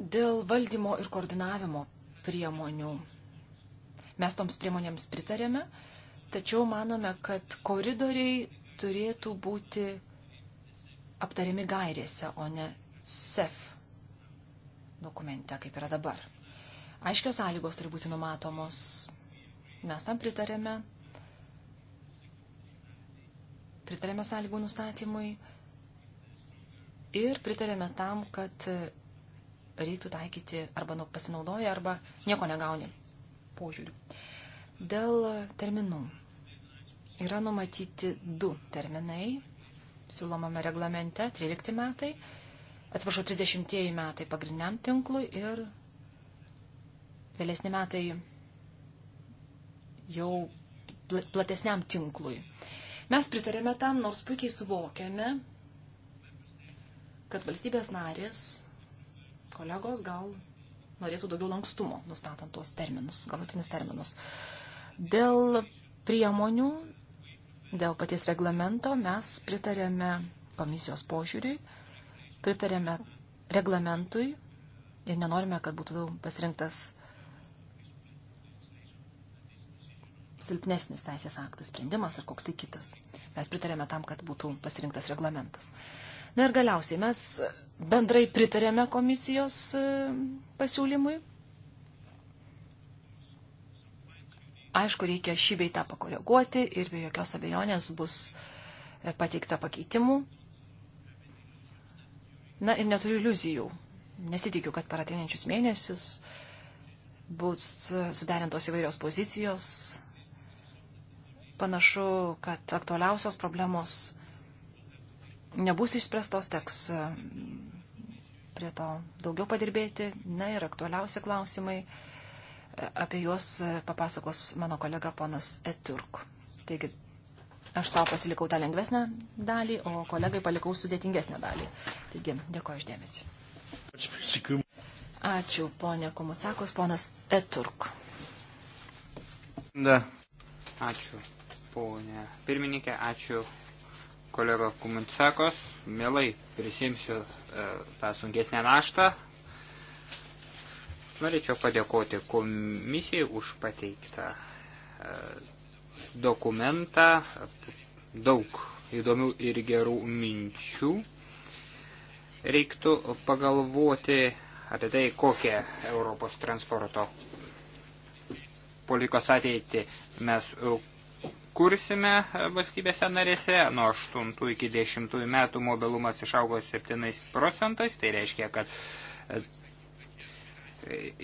Dėl valdymo ir koordinavimo priemonių mes toms priemonėms pritarėme Tačiau manome, kad koridoriai turėtų būti aptariami gairėse, o ne SEF dokumente, kaip yra dabar. Aiškios sąlygos turi būti numatomos. Mes tam pritarėme. Pritarėme sąlygų nustatymui ir pritarėme tam, kad reiktų taikyti arba nu pasinaudoja, arba nieko negauni požiūrių. Dėl terminų yra numatyti du terminai siūlomame reglamente 13 metai, atsiprašau, 30 metai pagrindiniam tinklui ir vėlesni metai jau platesniam tinklui. Mes pritarėme tam, nors puikiai suvokiame, kad valstybės narės, kolegos gal norėtų daugiau lankstumo, nustatant tuos terminus, galutinius terminus. Dėl priemonių Dėl paties reglamento mes pritarėme komisijos požiūriui, pritarėme reglamentui ir nenorime, kad būtų pasirinktas silpnesnis teisės aktas sprendimas ar koks tai kitas. Mes pritarėme tam, kad būtų pasirinktas reglamentas. Na ir galiausiai mes bendrai pritarėme komisijos e, pasiūlymui, Aišku, reikia šį beitą pakoreguoti ir be jokios abejonės bus e, pateikta pakeitimų. Na ir neturiu iliuzijų. Nesitikiu, kad per ateinančius mėnesius bus e, suderintos įvairios pozicijos. Panašu, kad aktualiausios problemos nebus išspręstos, teks e, prie to daugiau padirbėti. Na ir aktualiausi klausimai apie juos papasakos mano kolega ponas Eturk. Taigi, aš savo pasilikau tą lengvesnę dalį, o kolegai palikau sudėtingesnę dalį. Taigi, dėkoju išdėmesi. Ačiū, ponė Komucakos, ponas Eturk. Da. Ačiū, ponė pirmininkė, ačiū kolego Komucakos. Mielai prisimsiu e, tą sunkesnę naštą, Norėčiau padėkoti komisijai už pateiktą e, dokumentą, daug įdomių ir gerų minčių. Reiktų pagalvoti apie tai, kokią Europos transporto politikos ateitį mes kursime valstybėse narėse. Nuo 8 iki 10 metų mobilumas išaugo 7 procentais, tai reiškia, kad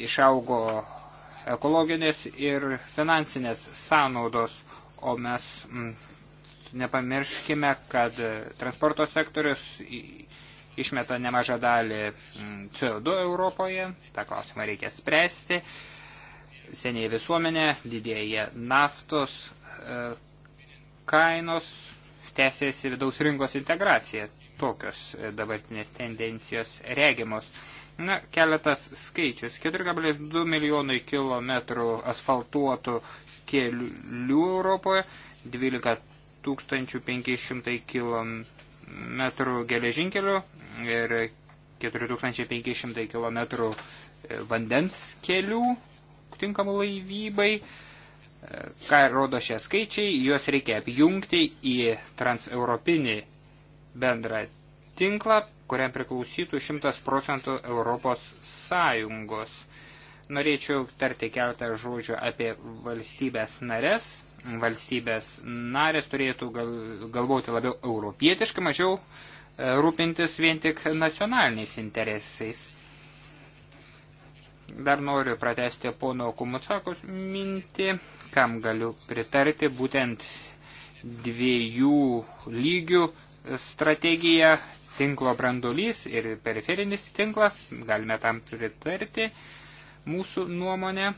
išaugo ekologinės ir finansinės sąnaudos, o mes mm, nepamirškime, kad transporto sektorius išmeta nemažą dalį mm, CO2 Europoje, tą klausimą reikia spręsti, seniai visuomenė, didėja naftos e, kainos, tęsėsi vidaus rinkos integracija, tokios dabartinės tendencijos regimos. Na, keletas skaičius. 4,2 milijonai kilometrų asfaltuotų kelių Europoje, 12 500 kilometrų geležinkelių ir 4500 kilometrų e, vandens kelių tinkamų laivybai. E, ką rodo šie skaičiai, juos reikia apjungti į transeuropinį bendrą tinklą kuriam priklausytų 100 procentų Europos Sąjungos. Norėčiau tarti keletą žodžių apie valstybės narės. Valstybės narės turėtų gal, galvoti labiau europietiškai, mažiau e, rūpintis vien tik nacionaliniais interesais. Dar noriu pratesti pono Kumutsakos mintį, kam galiu pritarti būtent dviejų lygių strategija tinklo brandolys ir periferinis tinklas, galime tam pritarti mūsų nuomonę.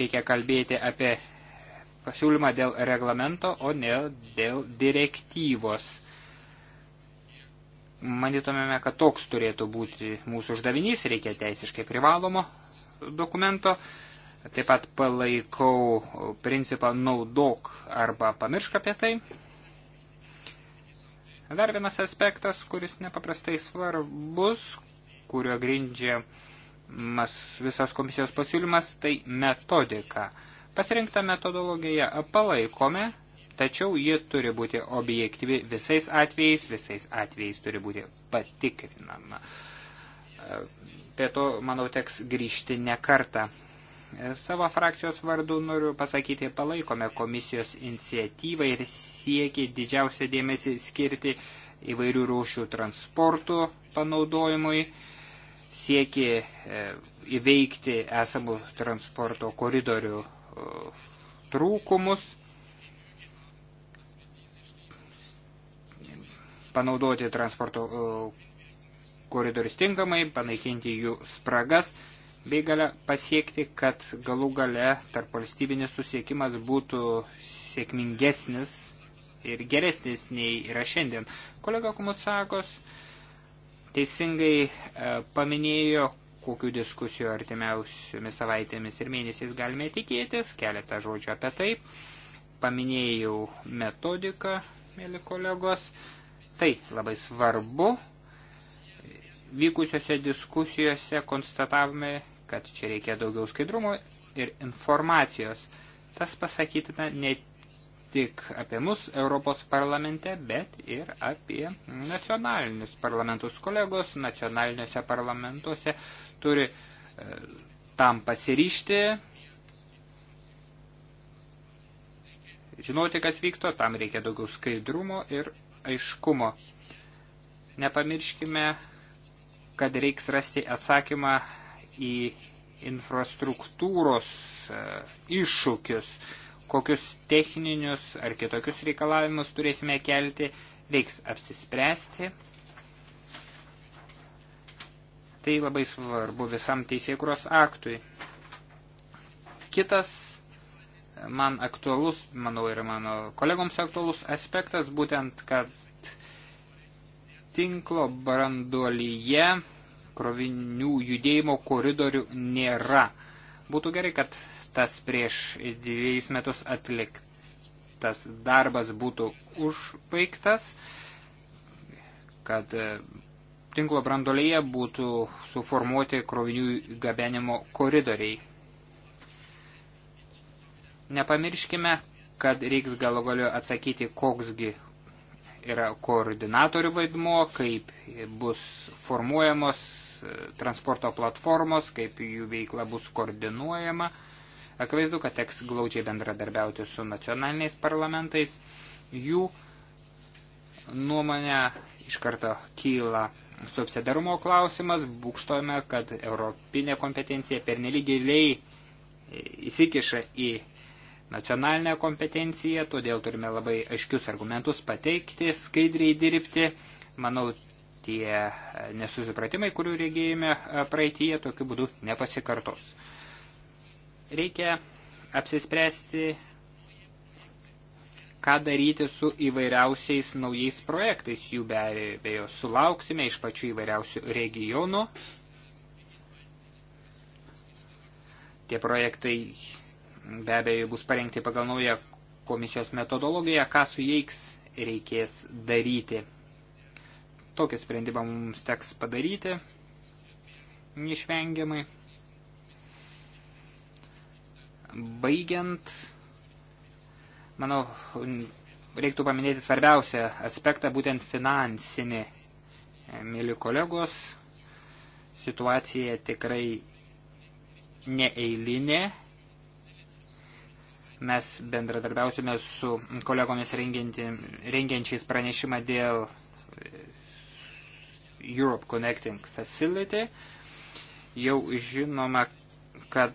Reikia kalbėti apie pasiūlymą dėl reglamento, o ne dėl direktyvos. Manytumėme, kad toks turėtų būti mūsų uždavinys, reikia teisiškai privalomo dokumento. Taip pat palaikau principą naudok arba pamiršk apie tai. Dar vienas aspektas, kuris nepaprastai svarbus, kurio grindžia visas komisijos pasiūlymas, tai metodika. Pasirinktą metodologiją palaikome, tačiau ji turi būti objektyvi visais atvejais, visais atvejais turi būti patikrinama. Prie to, manau, teks grįžti ne kartą. Savo frakcijos vardu noriu pasakyti, palaikome komisijos iniciatyvą ir siekį didžiausią dėmesį skirti įvairių rūšių transportų panaudojimui, siekį e, įveikti esamų transporto koridorių e, trūkumus, panaudoti transporto e, koridorius tinkamai, panaikinti jų spragas, bei gale pasiekti, kad galų gale tarp valstybinis susiekimas būtų sėkmingesnis ir geresnis nei yra šiandien. Kolega Kumutsakos teisingai e, paminėjo, kokių diskusijų artimiausiomis savaitėmis ir mėnesiais galime tikėtis, keletą žodžių apie tai. Paminėjau metodiką, mėly kolegos. Tai labai svarbu. Vykusiose diskusijose konstatavome, kad čia reikia daugiau skaidrumo ir informacijos. Tas pasakytina ne tik apie mus Europos parlamente, bet ir apie nacionalinius parlamentus. Kolegos nacionaliniuose parlamentuose turi e, tam pasiryšti, žinoti, kas vyksta, tam reikia daugiau skaidrumo ir aiškumo. Nepamirškime, kad reiks rasti atsakymą į infrastruktūros e, iššūkius, kokius techninius ar kitokius reikalavimus turėsime kelti, reiks apsispręsti. Tai labai svarbu visam teisėkuros aktui. Kitas man aktualus, manau, ir mano kolegoms aktualus aspektas, būtent, kad tinklo branduolyje krovinių judėjimo koridorių nėra. Būtų gerai, kad tas prieš dviejus metus atliktas darbas būtų užbaigtas, kad e, tinklo brandolyje būtų suformuoti krovinių gabenimo koridoriai. Nepamirškime, kad reiks galų galiu atsakyti, koksgi yra koordinatorių vaidmuo, kaip bus formuojamos transporto platformos, kaip jų veikla bus koordinuojama. Akivaizdu, kad teks glaudžiai bendradarbiauti su nacionaliniais parlamentais. Jų nuomonė iš karto kyla subsidarumo klausimas. Būkštojame, kad europinė kompetencija pernelyg giliai įsikiša į nacionalinę kompetenciją, todėl turime labai aiškius argumentus pateikti, skaidriai dirbti. Manau, tie nesusipratimai, kurių regėjome praeitie, tokiu būdu nepasikartos. Reikia apsispręsti, ką daryti su įvairiausiais naujais projektais. Jų be abejo sulauksime iš pačių įvairiausių regionų. Tie projektai be abejo bus parengti pagal naują komisijos metodologiją, ką su jais reikės daryti. Tokį sprendimą mums teks padaryti neišvengiamai. Baigiant, manau, reiktų paminėti svarbiausią aspektą, būtent finansinį. Mėly kolegos, situacija tikrai neeilinė. Mes bendradarbiausime su kolegomis rengiančiais pranešimą dėl Europe Connecting Facility. Jau žinoma, kad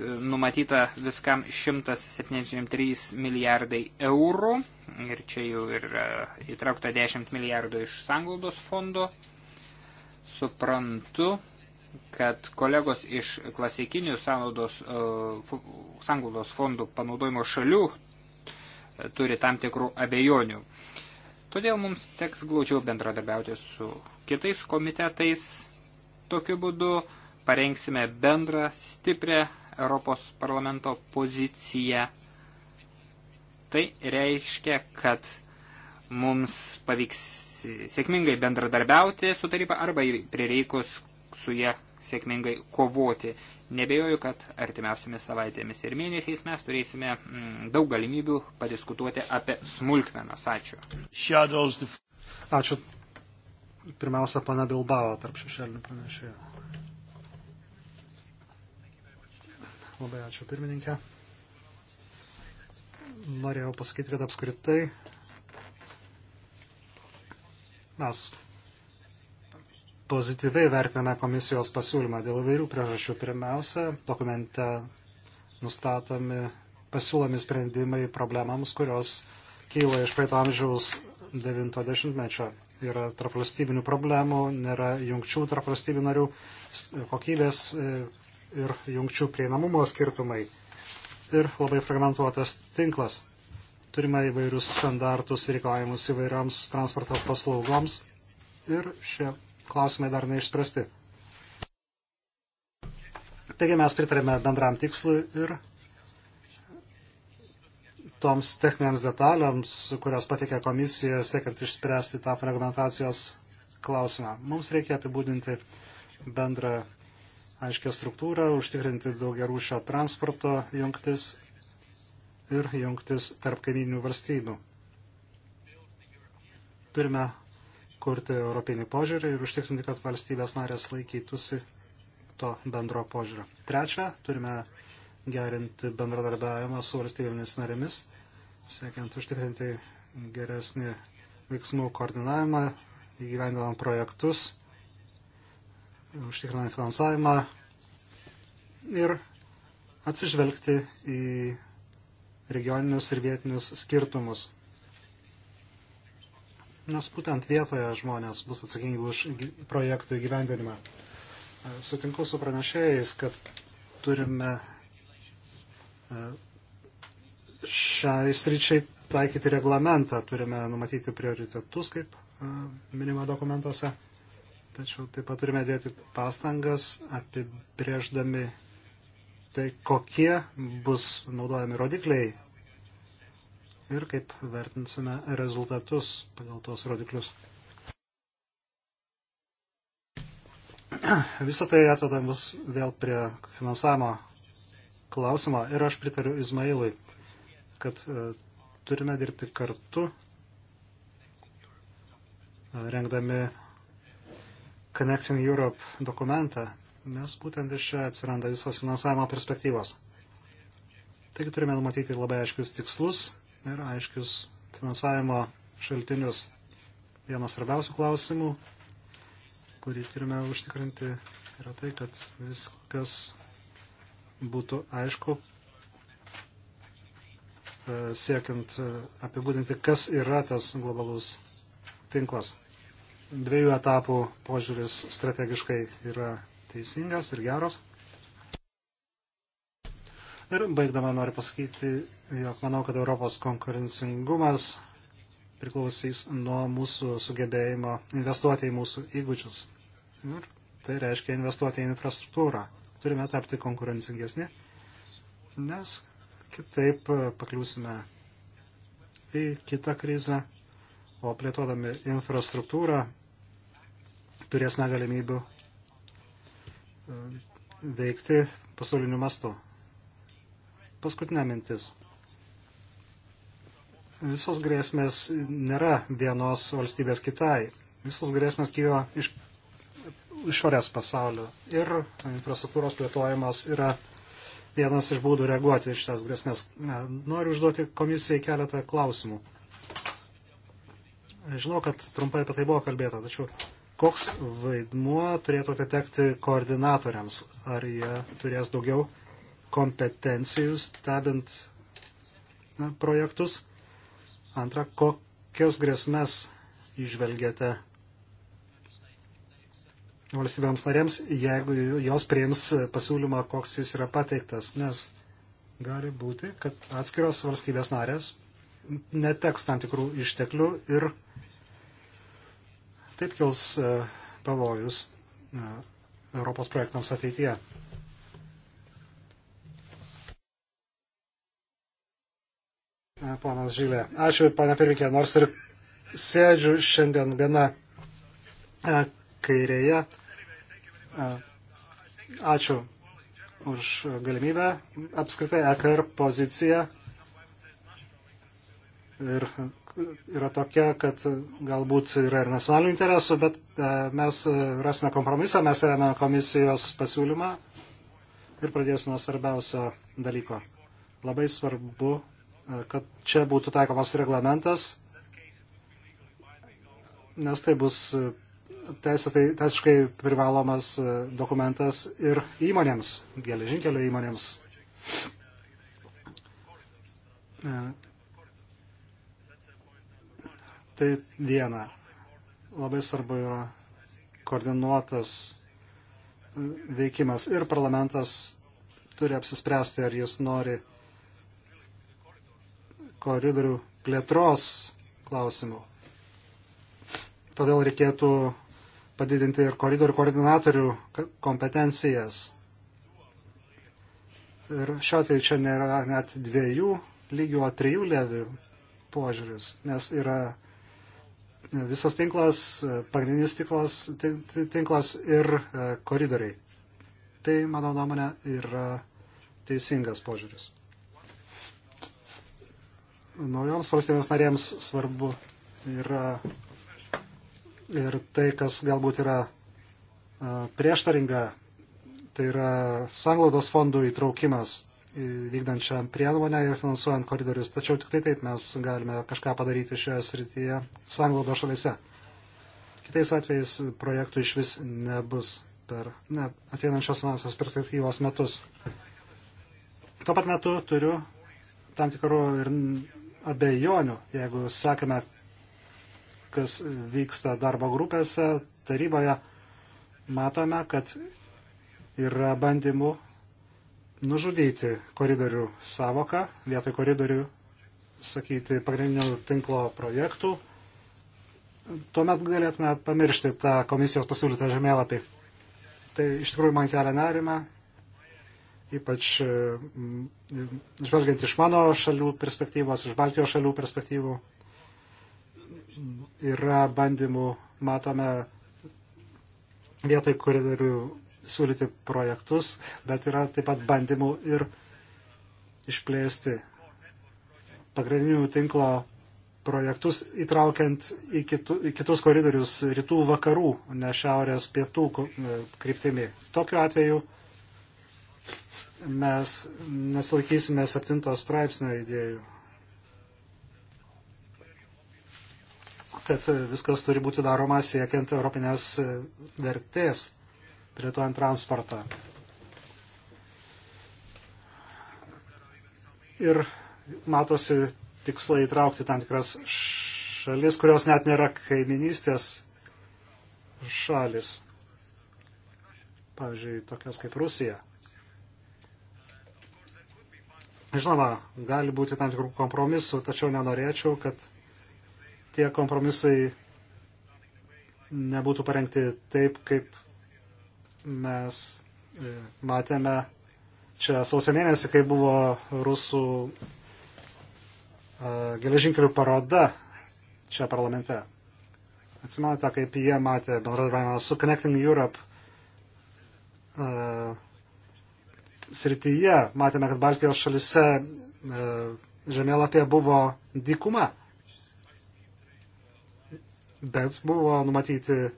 e, numatyta viskam 173 milijardai eurų ir čia jau ir e, įtraukta 10 milijardų iš sanglaudos fondo. Suprantu, kad kolegos iš klasikinių sanglaudos e, fondų panaudojimo šalių turi tam tikrų abejonių. Todėl mums teks glaudžiau bendradarbiauti su kitais komitetais. Tokiu būdu parengsime bendrą stiprią Europos parlamento poziciją. Tai reiškia, kad mums pavyks sėkmingai bendradarbiauti su taryba arba prireikus su jie sėkmingai kovoti. Nebejoju, kad artimiausiamis savaitėmis ir mėnesiais mes turėsime mm, daug galimybių padiskutuoti apie smulkmenas. Ačiū. Ačiū. Pirmiausia, pana Bilbao tarp šešėlinių pranešėjų. Labai ačiū, pirmininkė. Norėjau pasakyti, kad apskritai mes pozityviai vertiname komisijos pasiūlymą dėl įvairių priežasčių. Pirmiausia, dokumente nustatomi pasiūlomi sprendimai problemams, kurios kyla iš praeito amžiaus 90-mečio. Yra tarpvalstybinių problemų, nėra jungčių tarpvalstybių narių, kokybės e, ir jungčių prieinamumo skirtumai. Ir labai fragmentuotas tinklas. Turime įvairius standartus ir reikalavimus įvairioms transporto paslaugoms. Ir šie klausimai dar neišspręsti. Taigi mes pritarėme bendram tikslui ir toms techniniams detalėms, kurias patikė komisija, siekiant išspręsti tą fragmentacijos klausimą. Mums reikia apibūdinti bendrą aiškę struktūrą, užtikrinti daugia rūšio transporto jungtis ir jungtis tarp kaiminių valstybių. Turime kurti europinį požiūrį ir užtikrinti, kad valstybės narės laikytųsi to bendro požiūrio. Trečia, turime gerinti bendradarbiavimą su valstybėmis narėmis, siekiant užtikrinti geresnį veiksmų koordinavimą, įgyvendinant projektus, užtikrinant finansavimą ir atsižvelgti į regioninius ir vietinius skirtumus nes būtent vietoje žmonės bus atsakingi už projektų įgyvendinimą. E, sutinku su pranešėjais, kad turime e, šiai sričiai taikyti reglamentą, turime numatyti prioritetus, kaip e, minima dokumentuose, tačiau taip pat turime dėti pastangas apibrėždami tai, kokie bus naudojami rodikliai ir kaip vertinsime rezultatus pagal tuos rodiklius. Visą tai atveda mus vėl prie finansavimo klausimo ir aš pritariu Izmailui, kad e, turime dirbti kartu, e, rengdami Connecting Europe dokumentą, nes būtent iš čia atsiranda visos finansavimo perspektyvos. Taigi turime numatyti labai aiškius tikslus ir aiškius finansavimo šaltinius. Vienas svarbiausių klausimų, kurį turime užtikrinti, yra tai, kad viskas būtų aišku, e, siekiant e, apibūdinti, kas yra tas globalus tinklas. Dviejų etapų požiūris strategiškai yra teisingas ir geros. Ir baigdama noriu pasakyti, jog manau, kad Europos konkurencingumas priklausys nuo mūsų sugebėjimo investuoti į mūsų įgūdžius. Ir tai reiškia investuoti į infrastruktūrą. Turime tapti konkurencingesni, nes kitaip pakliūsime į kitą krizę, o plėtodami infrastruktūrą turėsime galimybių e, veikti pasauliniu mastu. Paskutinė mintis. Visos grėsmės nėra vienos valstybės kitai. Visos grėsmės kyla iš išorės pasaulio. Ir infrastruktūros plėtojimas yra vienas iš būdų reaguoti iš tas grėsmės. Noriu užduoti komisijai keletą klausimų. Žinau, kad trumpai apie tai buvo kalbėta, tačiau koks vaidmuo turėtų atitekti koordinatoriams? Ar jie turės daugiau kompetencijų stebint na, projektus. Antra, kokias grėsmes išvelgėte valstybėms narėms, jeigu jos priims pasiūlymą, koks jis yra pateiktas, nes gali būti, kad atskiros valstybės narės neteks tam tikrų išteklių ir taip kils e, pavojus e, Europos projektams ateityje. E, ponas Žylė. Ačiū, pana pirmininkė, nors ir sėdžiu šiandien gana e, kairėje. E, ačiū už galimybę. Apskritai, EKR pozicija ir yra tokia, kad galbūt yra ir nacionalinių interesų, bet mes rasime kompromisą, mes remiame komisijos pasiūlymą ir pradėsiu nuo svarbiausio dalyko. Labai svarbu kad čia būtų taikomas reglamentas, nes tai bus e, teisėtai, teisiškai privalomas e, dokumentas ir įmonėms, geležinkelio įmonėms. E, tai viena. Labai svarbu yra koordinuotas veikimas ir parlamentas turi apsispręsti, ar jis nori koridorių plėtros klausimų. Todėl reikėtų padidinti ir koridorių koordinatorių kompetencijas. Ir šiuo atveju čia nėra net dviejų lygių, o trijų levių požiūris, nes yra visas tinklas, pagrindinis tinklas, tinklas ir e, koridoriai. Tai, mano nuomonė, yra teisingas požiūris naujoms valstybėms narėms svarbu yra ir tai, kas galbūt yra e, prieštaringa, tai yra sanglaudos fondų įtraukimas vykdančią priemonę ir finansuojant koridorius. Tačiau tik tai taip mes galime kažką padaryti šioje srityje sanglaudo šalise. Kitais atvejais projektų iš vis nebus per ne, ateinančios finansinės perspektyvos metus. Tuo pat metu turiu tam tikrų ir abejonių, jeigu sakome, kas vyksta darbo grupėse, taryboje, matome, kad yra bandymų nužudyti koridorių savoką, vietoj koridorių sakyti pagrindinio tinklo projektų. Tuomet galėtume pamiršti tą komisijos pasiūlytą žemėlapį. Tai iš tikrųjų man kelia nerima ypač e, žvelgiant iš mano šalių perspektyvos, iš Baltijos šalių perspektyvų, yra bandymų, matome vietoj koridorių siūlyti projektus, bet yra taip pat bandymų ir išplėsti pagrindinių tinklo projektus, įtraukiant į, kitu, į kitus koridorius rytų vakarų, ne šiaurės pietų e, kryptimi. Tokiu atveju mes nesilaikysime septinto straipsnio idėjų. Kad viskas turi būti daroma siekiant europinės vertės, plėtojant transportą. Ir matosi tikslai įtraukti tam tikras šalis, kurios net nėra kaiminystės šalis. Pavyzdžiui, tokias kaip Rusija. Žinoma, gali būti tam tikrų kompromisų, tačiau nenorėčiau, kad tie kompromisai nebūtų parengti taip, kaip mes e, matėme čia sausio mėnesį, kai buvo rusų e, geležinkelių paroda čia parlamente. Atsimenote, kaip jie matė bendradarbiavimą su Connecting Europe e, srityje. Matėme, kad Baltijos šalise e, žemėlapė buvo dykuma, bet buvo numatyti,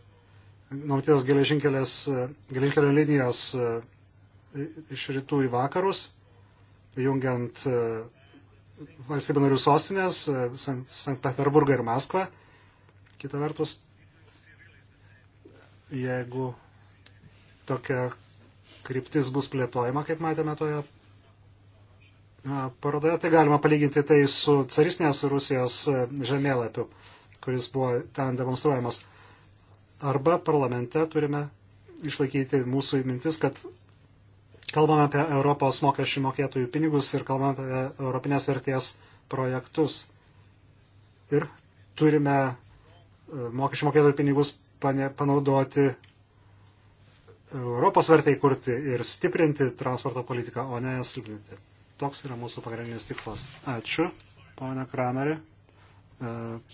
numatytos e, geležinkelio linijos e, iš rytų į vakarus, jungiant valstybių narių sostinės, Sankt Peterburgą ir Maskvą. Kita vertus, jeigu tokia kryptis bus plėtojama, kaip matėme toje parodoje. Tai galima palyginti tai su caristinės Rusijos e, žemėlapiu, kuris buvo ten demonstruojamas. Arba parlamente turime išlaikyti mūsų mintis, kad kalbame apie Europos mokesčių mokėtojų pinigus ir kalbame apie Europinės vertės projektus. Ir turime e, mokesčių mokėtojų pinigus panaudoti Europos vertai kurti ir stiprinti transporto politiką, o ne silpninti. Toks yra mūsų pagrindinis tikslas. Ačiū, ponia Kramerė. E,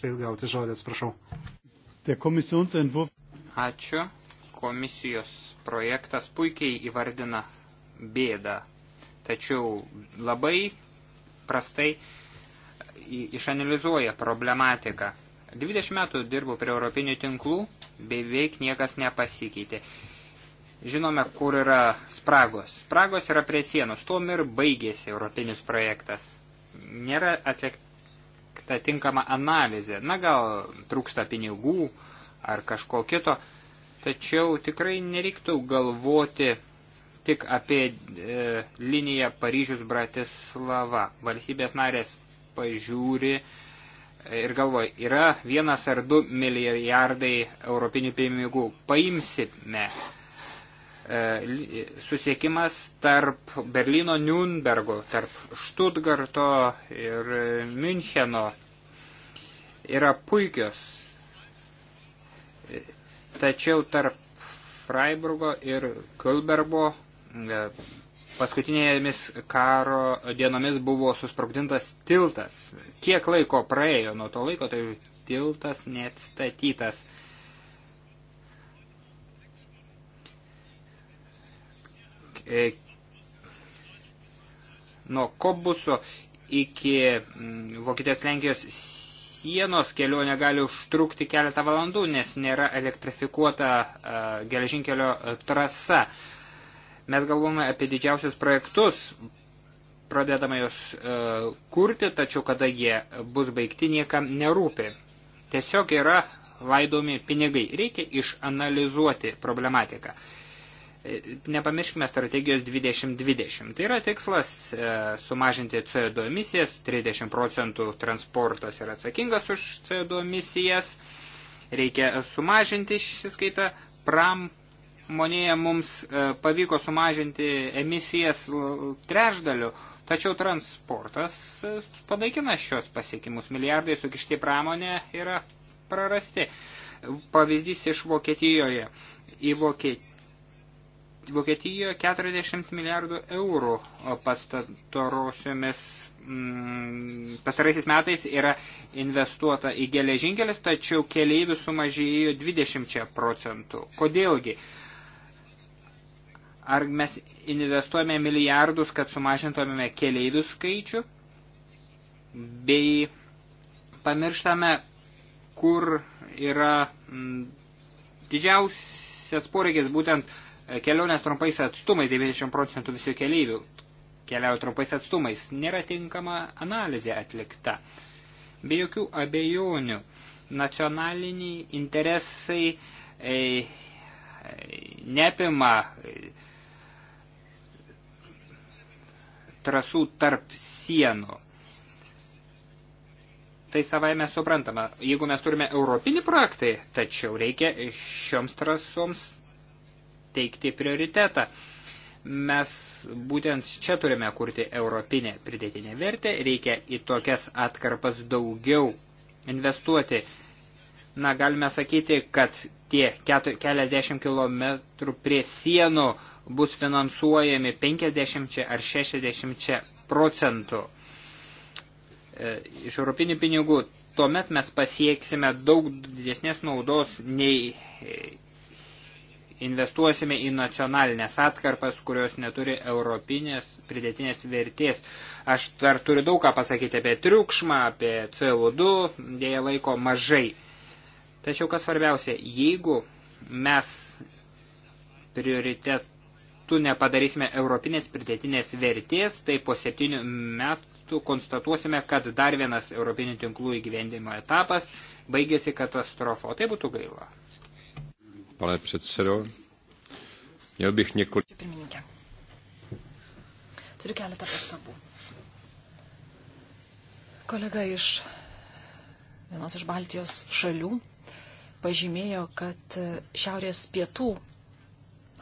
tai gauti žodį, atsiprašau. Ačiū. Komisijos projektas puikiai įvardina bėdą, tačiau labai prastai išanalizuoja problematiką. 20 metų dirbu prie europinių tinklų, beveik niekas nepasikeitė. Žinome, kur yra spragos. Spragos yra prie sienos. Tuom ir baigėsi europinis projektas. Nėra atlikta tinkama analizė. Na gal trūksta pinigų ar kažko kito. Tačiau tikrai nereiktų galvoti tik apie e, liniją Paryžius-Bratislava. Valstybės narės pažiūri ir galvoja, yra vienas ar du milijardai europinių pinigų. Paimsime E, susiekimas tarp Berlyno Nürnbergo, tarp Štutgarto ir e, Müncheno yra puikios. Tačiau tarp Freiburgo ir Kölbergo e, paskutinėmis karo dienomis buvo susprogdintas tiltas. Kiek laiko praėjo nuo to laiko, tai tiltas neatstatytas. statytas E, nuo Kobuso iki mm, Vokietijos Lenkijos sienos kelionė gali užtrukti keletą valandų, nes nėra elektrifikuota e, geležinkelio e, trasa. Mes galvome apie didžiausius projektus, pradedame juos kurti, tačiau kada jie bus baigti, niekam nerūpi. Tiesiog yra laidomi pinigai. Reikia išanalizuoti problematiką nepamirškime strategijos 2020. Tai yra tikslas e, sumažinti CO2 emisijas, 30 procentų transportas yra atsakingas už CO2 emisijas, reikia sumažinti šį skaitą, pramonėje mums e, pavyko sumažinti emisijas trešdaliu, tačiau transportas e, panaikina šios pasiekimus, milijardai sukišti pramonė yra prarasti. Pavyzdys iš Vokietijoje. Į Vokietiją Vokietijoje 40 milijardų eurų pastarosiomis mm, pastaraisiais metais yra investuota į geležinkelis, tačiau keleivių sumažėjo 20 procentų. Kodėlgi? Ar mes investuojame milijardus, kad sumažintumėme keleivių skaičių, bei pamirštame, kur yra mm, didžiausias poreikis būtent uh, Kelionės trumpais atstumais, 90 procentų visų keleivių keliauja trumpais atstumais, nėra tinkama analizė atlikta. Be jokių abejonių, nacionaliniai interesai e, e neapima e, trasų tarp sienų. Tai savai mes suprantama, jeigu mes turime europinį projektą, tačiau reikia šioms trasoms teikti prioritetą. Mes būtent čia turime kurti europinę pridėtinę vertę, reikia į tokias atkarpas daugiau investuoti. Na, galime sakyti, kad tie keliasdešimt kilometrų prie sienų bus finansuojami 50 ar 60 procentų e, iš europinių pinigų, tuomet mes pasieksime daug didesnės naudos nei e, investuosime į nacionalinės atkarpas, kurios neturi europinės pridėtinės vertės. Aš dar turiu daug ką pasakyti apie triukšmą, apie CO2, dėja laiko mažai. Tačiau kas svarbiausia, jeigu mes prioritetų nepadarysime europinės pridėtinės vertės, tai po septynių metų konstatuosime, kad dar vienas europinių tinklų įgyvendimo etapas baigėsi katastrofa. O tai būtų gaila pane předsedo. Měl bych několik. Pirmininkė. Turiu keletą pastabų. Kolega iš vienos iš Baltijos šalių pažymėjo, kad šiaurės pietų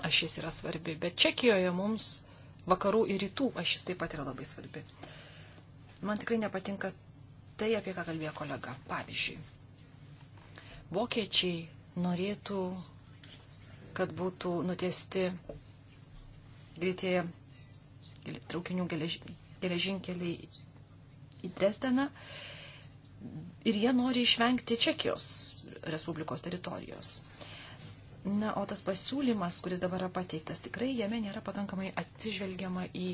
ašis yra svarbi, bet Čekijoje mums vakarų ir rytų ašis taip pat yra labai svarbi. Man tikrai nepatinka tai, apie ką kalbėjo kolega. Pavyzdžiui, vokiečiai norėtų kad būtų nutiesti greitieji traukinių geležinkeliai į Dresdeną. Ir jie nori išvengti Čekijos Respublikos teritorijos. Na, o tas pasiūlymas, kuris dabar yra pateiktas, tikrai jame nėra pakankamai atsižvelgiama į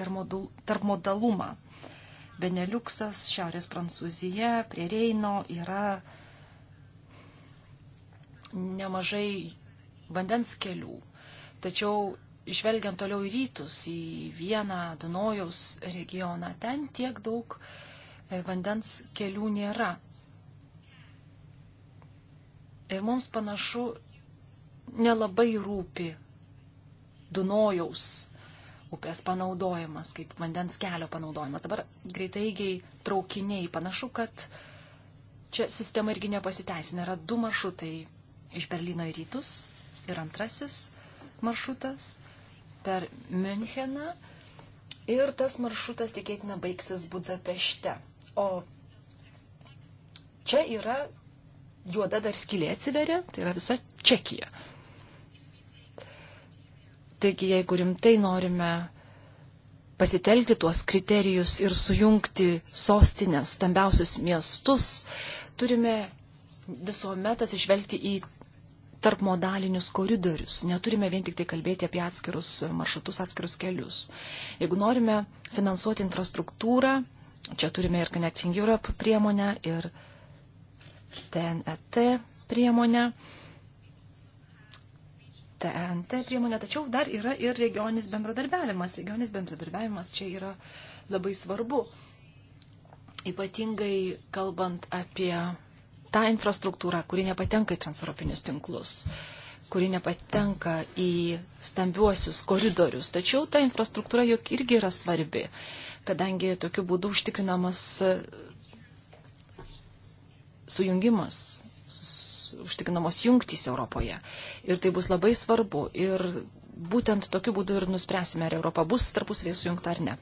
tarpmodalumą. Beneliuksas, Šiaurės Prancūzija, prie Reino yra nemažai vandens kelių. Tačiau žvelgiant toliau į rytus, į vieną Dunojaus regioną, ten tiek daug e, vandens kelių nėra. Ir mums panašu nelabai rūpi Dunojaus upės panaudojimas, kaip vandens kelio panaudojimas. Dabar greitaigiai traukiniai panašu, kad čia sistema irgi nepasiteisina. Yra du maršrutai iš Berlyno į rytus ir antrasis maršrutas per Müncheną ir tas maršrutas tikėtina baigsis Budapešte. O čia yra juoda dar skylė atsiveria, tai yra visa Čekija. Taigi, jeigu rimtai norime pasitelkti tuos kriterijus ir sujungti sostinės, stambiausius miestus, turime visuomet atsižvelgti į tarp modalinius koridorius. Neturime vien tik tai kalbėti apie atskirus maršrutus, atskirus kelius. Jeigu norime finansuoti infrastruktūrą, čia turime ir Connecting Europe priemonę, ir TNET priemonę. TNT priemonė, tačiau dar yra ir regioninis bendradarbiavimas. Regioninis bendradarbiavimas čia yra labai svarbu, ypatingai kalbant apie tą infrastruktūrą, kuri nepatenka į transeuropinius tinklus, kuri nepatenka į stambiuosius koridorius. Tačiau ta infrastruktūra juk irgi yra svarbi, kadangi tokiu būdu užtikrinamas sujungimas užtikrinamos jungtys Europoje. Ir tai bus labai svarbu. Ir būtent tokiu būdu ir nuspręsime, ar Europa bus tarpusavėje sujungta ar ne.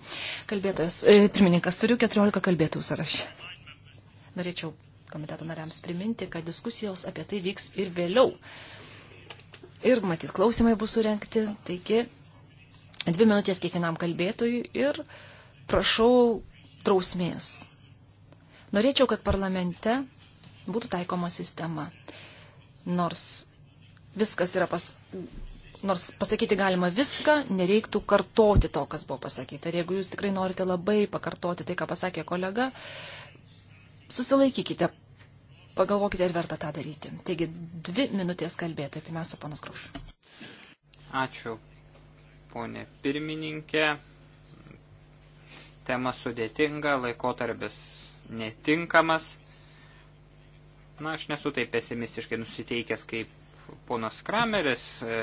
Kalbėtojas, e, pirmininkas, turiu 14 kalbėtojų sąrašą. Norėčiau komiteto nariams priminti, kad diskusijos apie tai vyks ir vėliau. Ir matyt, klausimai bus surenkti. Taigi, dvi minutės kiekvienam kalbėtojui ir prašau trausmės. Norėčiau, kad parlamente būtų taikoma sistema. Nors viskas yra pas. Nors pasakyti galima viską, nereiktų kartoti to, kas buvo pasakyta. Ir jeigu jūs tikrai norite labai pakartoti tai, ką pasakė kolega, susilaikykite Pagalvokite, ar verta tą daryti. Taigi, dvi minutės kalbėtojai. Pirmiausia, panas Graušas. Ačiū, ponė pirmininkė. Tema sudėtinga, laikotarpis netinkamas. Na, aš nesu taip pesimistiškai nusiteikęs kaip ponas Krameris, e,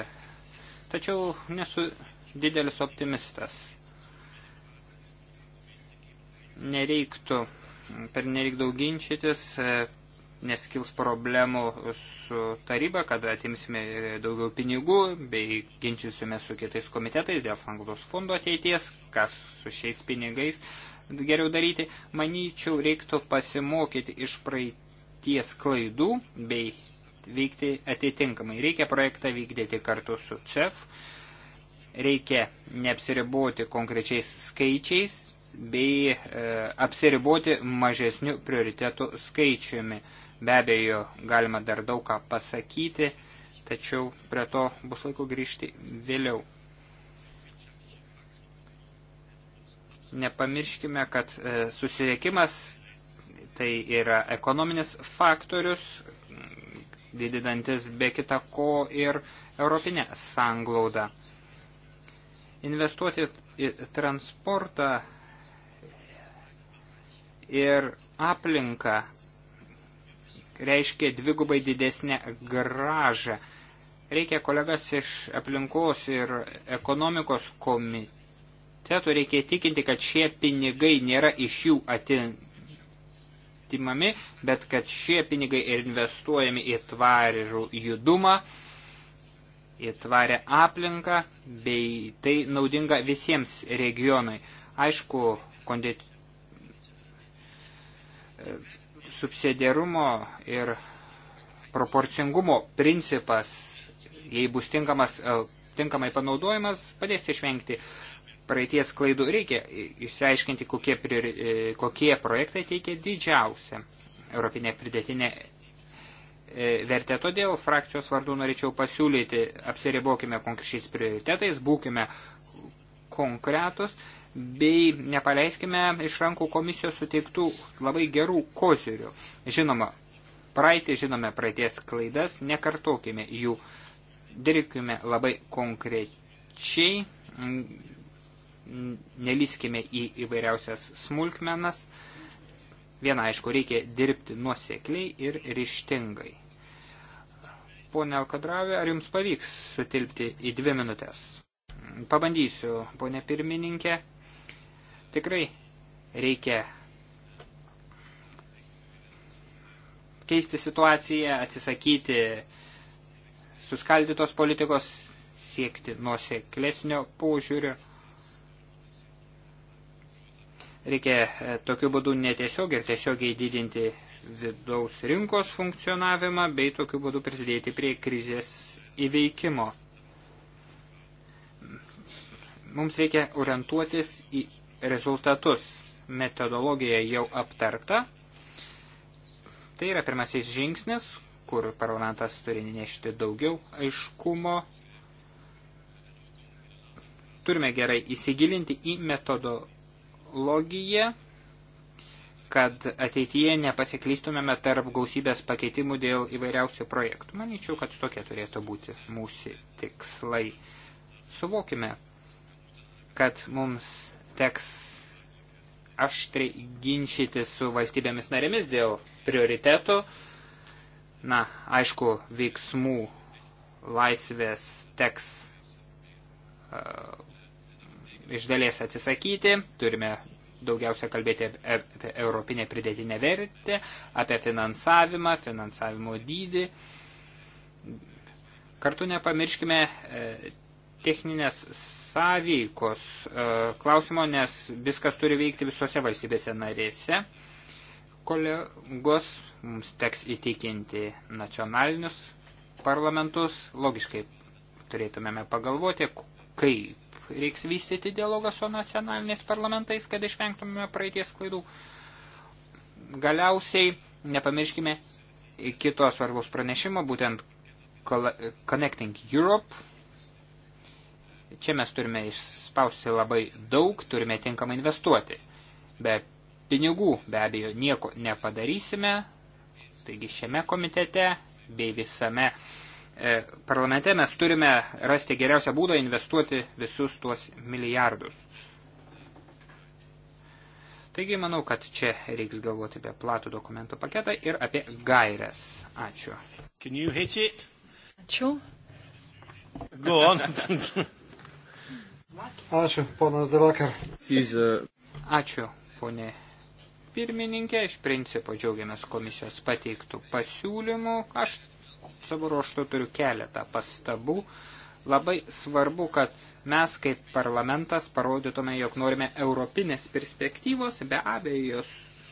tačiau nesu didelis optimistas. Nereiktų per nereik daug ginčytis, e, nes kils problemų su taryba, kad atimsime daugiau pinigų bei ginčysime su kitais komitetais dėl sanglaudos fondo ateities, kas su šiais pinigais geriau daryti. Manyčiau, reiktų pasimokyti iš praeities klaidų bei veikti atitinkamai. Reikia projektą vykdyti kartu su CEF, reikia neapsiriboti konkrečiais skaičiais bei e, apsiriboti mažesnių prioritetų skaičiumi Be abejo, galima dar daug ką pasakyti, tačiau prie to bus laiko grįžti vėliau. Nepamirškime, kad e, susiriekimas tai yra ekonominis faktorius, didinantis be kita ko ir europinę sanglaudą. Investuoti į transportą ir aplinką reiškia dvigubai didesnę gražą. Reikia kolegas iš aplinkos ir ekonomikos komitetų, reikia tikinti, kad šie pinigai nėra iš jų atimami, bet kad šie pinigai ir investuojami į tvarų judumą, į tvarę aplinką, bei tai naudinga visiems regionui. Aišku, kondit subsidiarumo ir proporcingumo principas, jei bus tinkamas, e, tinkamai panaudojimas, padės išvengti praeities klaidų. Reikia išsiaiškinti, kokie, priori, e, kokie projektai teikia didžiausią europinę pridėtinę e, vertę. Todėl frakcijos vardu norėčiau pasiūlyti, apsiribokime konkrečiais prioritetais, būkime konkretus bei nepaleiskime iš rankų komisijos suteiktų labai gerų kozirių. Žinoma, praeitį žinome praeities klaidas, nekartokime jų, dirbkime labai konkrečiai, neliskime į įvairiausias smulkmenas. Viena aišku, reikia dirbti nuosekliai ir ryštingai. Pone Alkadravė, ar jums pavyks sutilpti į dvi minutės? Pabandysiu, ponė pirmininkė. Tikrai reikia keisti situaciją, atsisakyti suskaldytos politikos, siekti nuoseklesnio požiūrio. Reikia e, tokiu būdu netiesiog ir tiesiogiai didinti vidaus rinkos funkcionavimą bei tokiu būdu prisidėti prie krizės įveikimo. Mums reikia orientuotis į rezultatus. Metodologija jau aptarta. Tai yra pirmasis žingsnis, kur parlamentas turi nešti daugiau aiškumo. Turime gerai įsigilinti į metodologiją, kad ateityje nepasiklystumėme tarp gausybės pakeitimų dėl įvairiausių projektų. Manyčiau, kad tokie turėtų būti mūsų tikslai. Suvokime, kad mums teks aštriai ginčyti su valstybėmis narėmis dėl prioritetų. Na, aišku, veiksmų laisvės teks uh, iš dalies atsisakyti. Turime daugiausia kalbėti apie europinę pridėtinę vertę, apie finansavimą, finansavimo dydį. Kartu nepamirškime e, techninės sąveikos e, klausimo, nes viskas turi veikti visose valstybėse narėse. Kolegos mums teks įtikinti nacionalinius parlamentus, logiškai turėtumėme pagalvoti, kaip reiks vystyti dialogą su nacionaliniais parlamentais, kad išvengtumėme praeities klaidų. Galiausiai nepamirškime kito svarbus pranešimo, būtent Connecting Europe Čia mes turime išspausti labai daug, turime tinkamai investuoti. Be pinigų be abejo nieko nepadarysime, taigi šiame komitete bei visame e, parlamente mes turime rasti geriausią būdą investuoti visus tuos milijardus. Taigi manau, kad čia reiks galvoti apie platų dokumentų paketą ir apie gairias. Ačiū. Ačiū. Go on. Ačiū, ponas Devakar. Ačiū, ponė pirmininkė. Iš principo džiaugiamės komisijos pateiktų pasiūlymų. Aš savo ruoštų turiu keletą pastabų. Labai svarbu, kad mes kaip parlamentas parodytume, jog norime europinės perspektyvos, be abejo,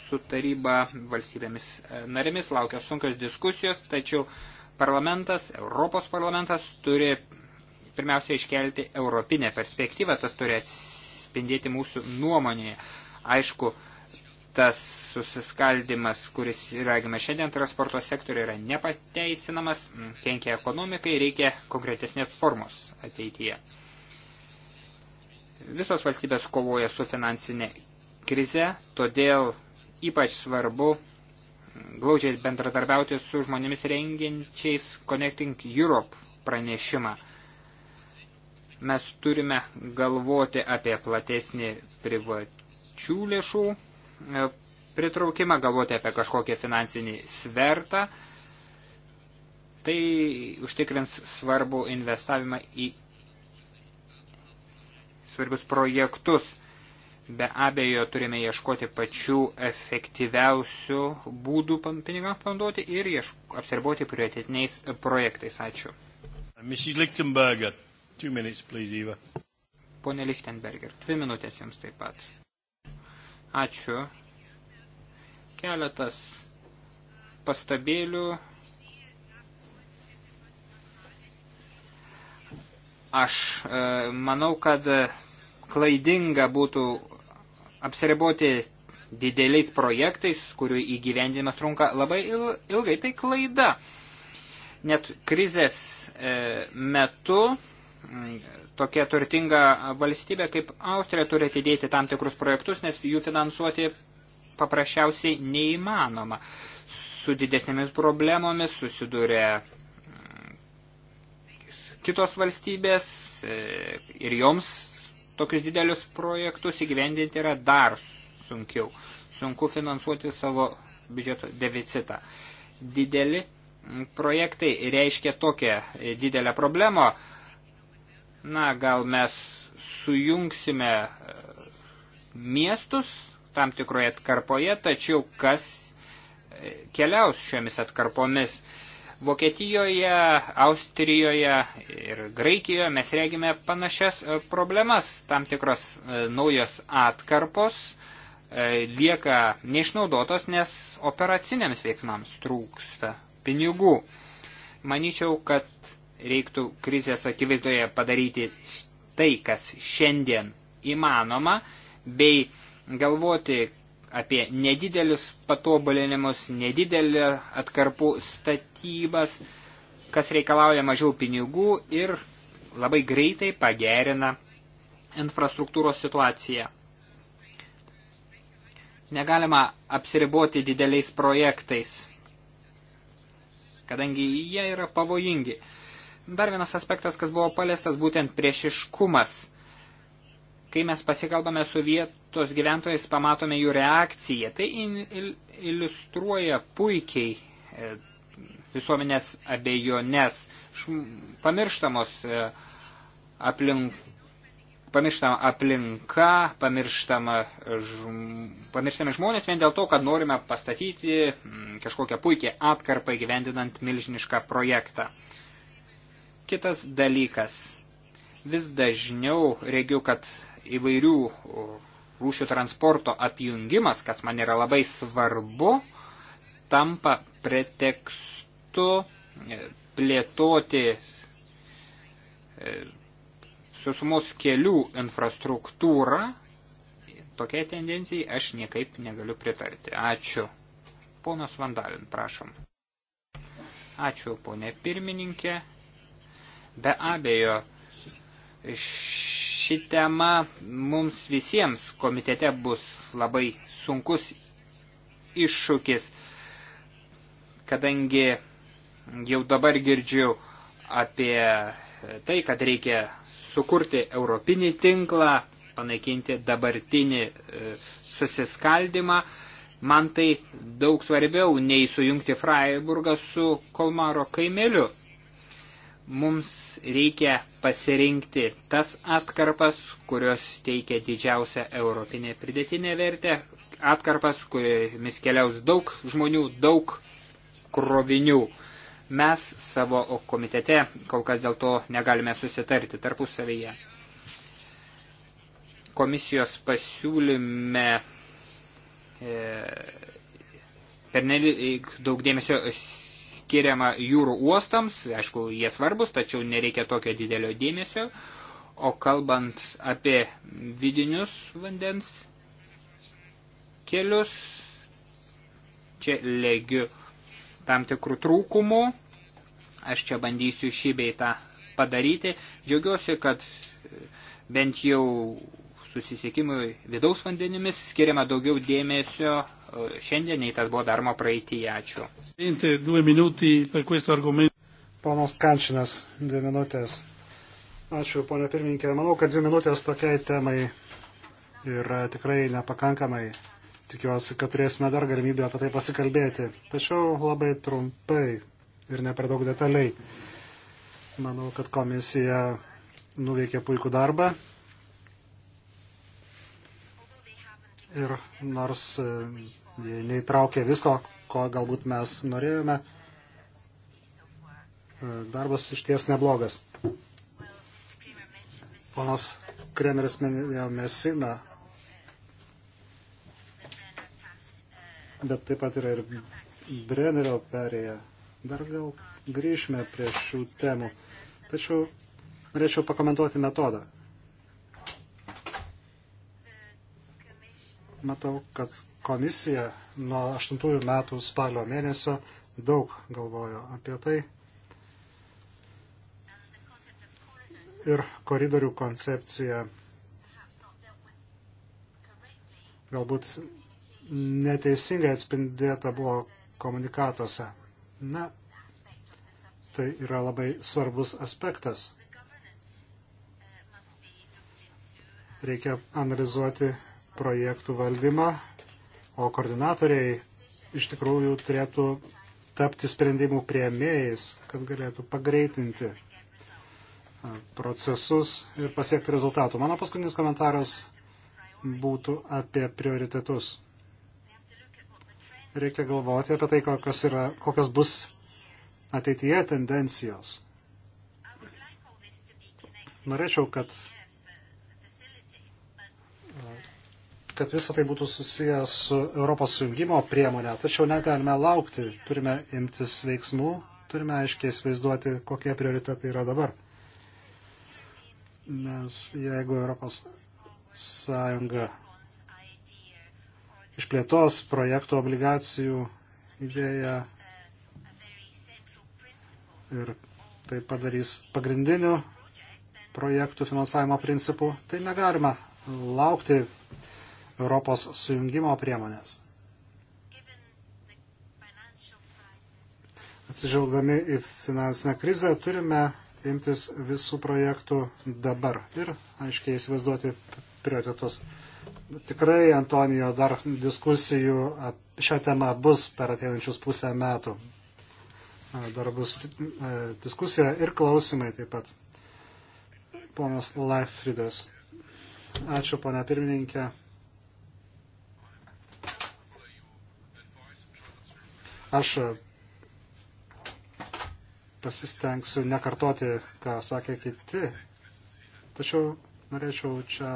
su taryba valstybėmis e, narėmis laukia sunkios diskusijos, tačiau parlamentas, Europos parlamentas turi pirmiausia iškelti europinę perspektyvą, tas turi atspindėti mūsų nuomonėje. Aišku, tas susiskaldimas, kuris regime šiandien transporto sektoriu, yra nepateisinamas, kenkia ekonomikai, reikia konkretesnės formos ateityje. Visos valstybės kovoja su finansinė krize, todėl ypač svarbu glaudžiai bendradarbiauti su žmonėmis rengiančiais Connecting Europe pranešimą. Mes turime galvoti apie platesnį privačių lėšų e, pritraukimą, galvoti apie kažkokį finansinį svertą. Tai užtikrins svarbų investavimą į svarbius projektus. Be abejo, turime ieškoti pačių efektyviausių būdų pinigams panaudoti ir apsirboti prioritetiniais projektais. Ačiū. Mrs. Lichtenberger. Two minutes, please, Eva. Pone Lichtenberger, dvi minutės jums taip pat. Ačiū. Keletas pastabėlių. Aš e, manau, kad klaidinga būtų apsiriboti dideliais projektais, kurių įgyvendinimas trunka labai ilgai, tai klaida. Net krizės e, metu tokia turtinga valstybė kaip Austrija turi atidėti tam tikrus projektus, nes jų finansuoti paprasčiausiai neįmanoma. Su didesnėmis problemomis susiduria mm, kitos valstybės e, ir joms tokius didelius projektus įgyvendinti yra dar sunkiau. Sunku finansuoti savo biudžeto deficitą. Dideli mm, projektai reiškia tokią didelę problemą, Na, gal mes sujungsime e, miestus tam tikroje atkarpoje, tačiau kas e, keliaus šiomis atkarpomis. Vokietijoje, Austrijoje ir Graikijoje mes regime panašias e, problemas, tam tikros naujos atkarpos lieka neišnaudotos, nes operaciniams veiksmams trūksta pinigų. Maničiau, kad reiktų krizės akivaizdoje padaryti tai, kas šiandien įmanoma, bei galvoti apie nedidelius patobulinimus, nedidelį atkarpų statybas, kas reikalauja mažiau pinigų ir labai greitai pagerina infrastruktūros situaciją. Negalima apsiriboti dideliais projektais, kadangi jie yra pavojingi. Dar vienas aspektas, kas buvo paliestas, būtent priešiškumas. Kai mes pasikalbame su vietos gyventojais, pamatome jų reakciją. Tai in, il, iliustruoja puikiai e, visuomenės abejonės. Pamirštamos e, aplink, pamirštama aplinka, pamirštama, žm, pamirštami žmonės vien dėl to, kad norime pastatyti m, kažkokią puikią atkarpą įgyvendinant milžinišką projektą. E, Kitas dalykas. Vis dažniau regiu, kad įvairių rūšių transporto apjungimas, kas man yra labai svarbu, tampa pretekstu e, plėtoti e, susumos kelių infrastruktūrą. Tokiai tendencijai aš niekaip negaliu pritarti. Ačiū. Ponas Vandalin, prašom. Ačiū, ponė pirmininkė. Be abejo, ši tema mums visiems komitete bus labai sunkus iššūkis, kadangi jau dabar girdžiu apie tai, kad reikia sukurti europinį tinklą, panaikinti dabartinį e, susiskaldimą. Man tai daug svarbiau nei sujungti Freiburgą su Kolmaro kaimeliu mums reikia pasirinkti tas atkarpas, kurios teikia didžiausią europinę pridėtinę vertę, atkarpas, kuriomis keliaus daug žmonių, daug krovinių. Mes savo komitete kol kas dėl to negalime susitarti tarpusavyje. Komisijos pasiūlyme e, pernelyg daug dėmesio skiriama jūrų uostams, aišku, jie svarbus, tačiau nereikia tokio didelio dėmesio, o kalbant apie vidinius vandens kelius, čia legiu tam tikrų trūkumų, aš čia bandysiu šį bei tą padaryti. Džiaugiuosi, kad bent jau susisiekimui vidaus vandenimis skiriama daugiau dėmesio šiandien, nei tas buvo daroma praeitį. Ačiū. Ponas Kančinas, dvi minutės. Ačiū, ponė pirmininkė. Manau, kad dvi minutės tokiai temai yra tikrai nepakankamai. Tikiuosi, kad turėsime dar galimybę apie tai pasikalbėti. Tačiau labai trumpai ir ne per daug detaliai. Manau, kad komisija nuveikė puikų darbą. ir nors e, neįtraukė visko, ko galbūt mes norėjome, e, darbas iš ties neblogas. Ponas Kremeris minėjo Mesiną, bet taip pat yra ir Brennerio perėja. Dar gal grįžime prie šių temų. Tačiau norėčiau pakomentuoti metodą. matau, kad komisija nuo 8 metų spalio mėnesio daug galvojo apie tai. Ir koridorių koncepcija galbūt neteisingai atspindėta buvo komunikatuose. Na, tai yra labai svarbus aspektas. Reikia analizuoti projektų valdymą, o koordinatoriai iš tikrųjų turėtų tapti sprendimų prieimėjais, kad galėtų pagreitinti procesus ir pasiekti rezultatų. Mano paskutinis komentaras būtų apie prioritetus. Reikia galvoti apie tai, kokios, yra, kokios bus ateityje tendencijos. Norėčiau, kad kad visa tai būtų susijęs su Europos sujungimo priemonė. Tačiau negalime laukti, turime imtis veiksmų, turime aiškiai įsivaizduoti, kokie prioritetai yra dabar. Nes jeigu Europos sąjunga išplėtos projektų obligacijų idėją ir tai padarys pagrindiniu projektų finansavimo principu, tai negalima laukti, Europos sujungimo priemonės. Atsižvelgdami į finansinę krizę turime imtis visų projektų dabar ir aiškiai įsivaizduoti prioritetus. Tikrai, Antonijo, dar diskusijų šią temą bus per ateinančius pusę metų. Dar bus e, diskusija ir klausimai taip pat. Ponas Leifridas. Ačiū, ponia pirmininkė. Aš e, pasistengsiu nekartoti, ką sakė kiti, tačiau norėčiau čia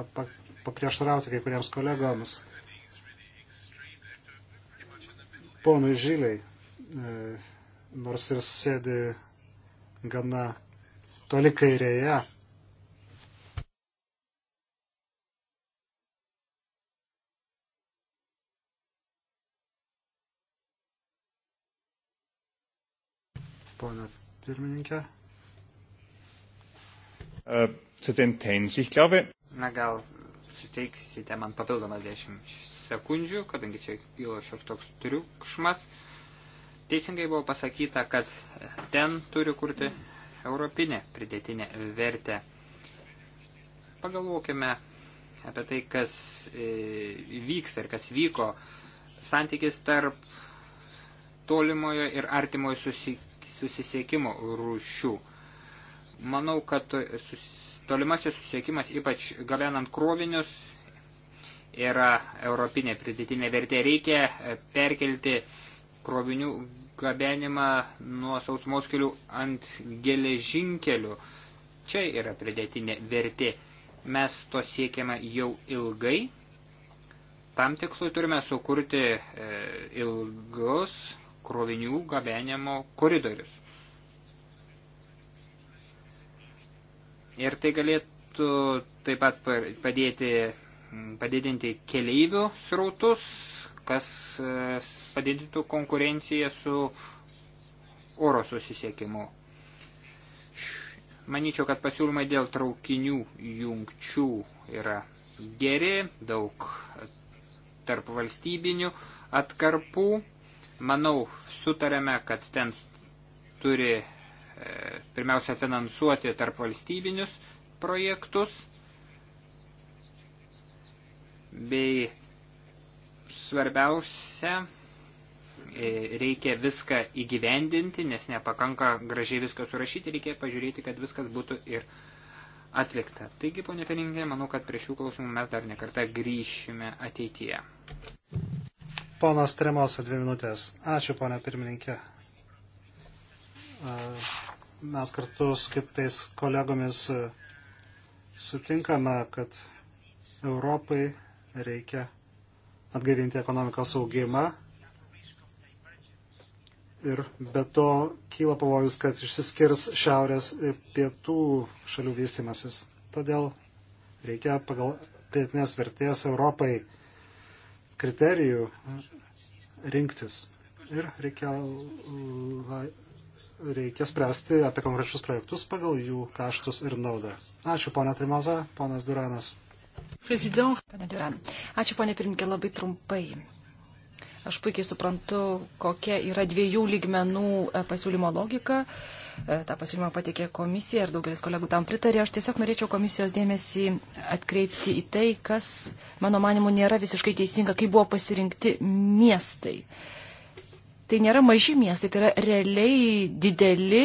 paprieštarauti kai kuriems kolegoms. Ponui Žyliai, e, nors ir sėdi gana toli kairėje, ponia pirmininkė. E, Na gal suteiksite man papildomas 10 sekundžių, kadangi čia kilo šiek toks triukšmas. Teisingai buvo pasakyta, kad ten turi kurti europinę pridėtinę vertę. Pagalvokime apie tai, kas e, vyksta ir kas vyko santykis tarp tolimojo ir artimojo susikirtimo susisiekimo rūšių. Manau, kad tolimasis susiekimas, ypač gabenant krovinius, yra europinė pridėtinė vertė. Reikia e, perkelti krovinių gabenimą nuo sausmos kelių ant geležinkelių. Čia yra pridėtinė vertė. Mes to siekiame jau ilgai. Tam tikslui turime sukurti e, ilgus krovinių gabenimo koridorius. Ir tai galėtų taip pat padėti padidinti keleivių srautus, kas e, padidintų konkurenciją su oro susisiekimu. Manyčiau, kad pasiūlymai dėl traukinių jungčių yra geri, daug tarp valstybinių atkarpų. Manau, sutarėme, kad ten turi e, pirmiausia finansuoti tarp valstybinius projektus bei svarbiausia e, reikia viską įgyvendinti, nes nepakanka gražiai viską surašyti, reikia pažiūrėti, kad viskas būtų ir atlikta. Taigi, ponė Felinkė, manau, kad prie šių klausimų mes dar nekartą grįšime ateityje. Ponas Tremosa, dvi minutės. Ačiū, ponė pirmininkė. Mes kartu su kitais kolegomis sutinkame, kad Europai reikia atgaivinti ekonomikos augimą. Ir be to kyla pavojus, kad išsiskirs šiaurės ir pietų šalių vystimasis. Todėl reikia pagal pietinės vertės Europai kriterijų rinktis. Ir reikia, reikia spręsti apie konkrečius projektus pagal jų kaštus ir naudą. Ačiū, ponia Trimoza, ponas Duranas. Prezident. Pane Duran, ačiū, ponė pirmininkė, labai trumpai. Aš puikiai suprantu, kokia yra dviejų lygmenų e, pasiūlymo logika. E, Ta pasiūlymą patikė komisija ir daugelis kolegų tam pritarė. Aš tiesiog norėčiau komisijos dėmesį atkreipti į tai, kas, mano manimu, nėra visiškai teisinga, kaip buvo pasirinkti miestai. Tai nėra maži miestai, tai yra realiai dideli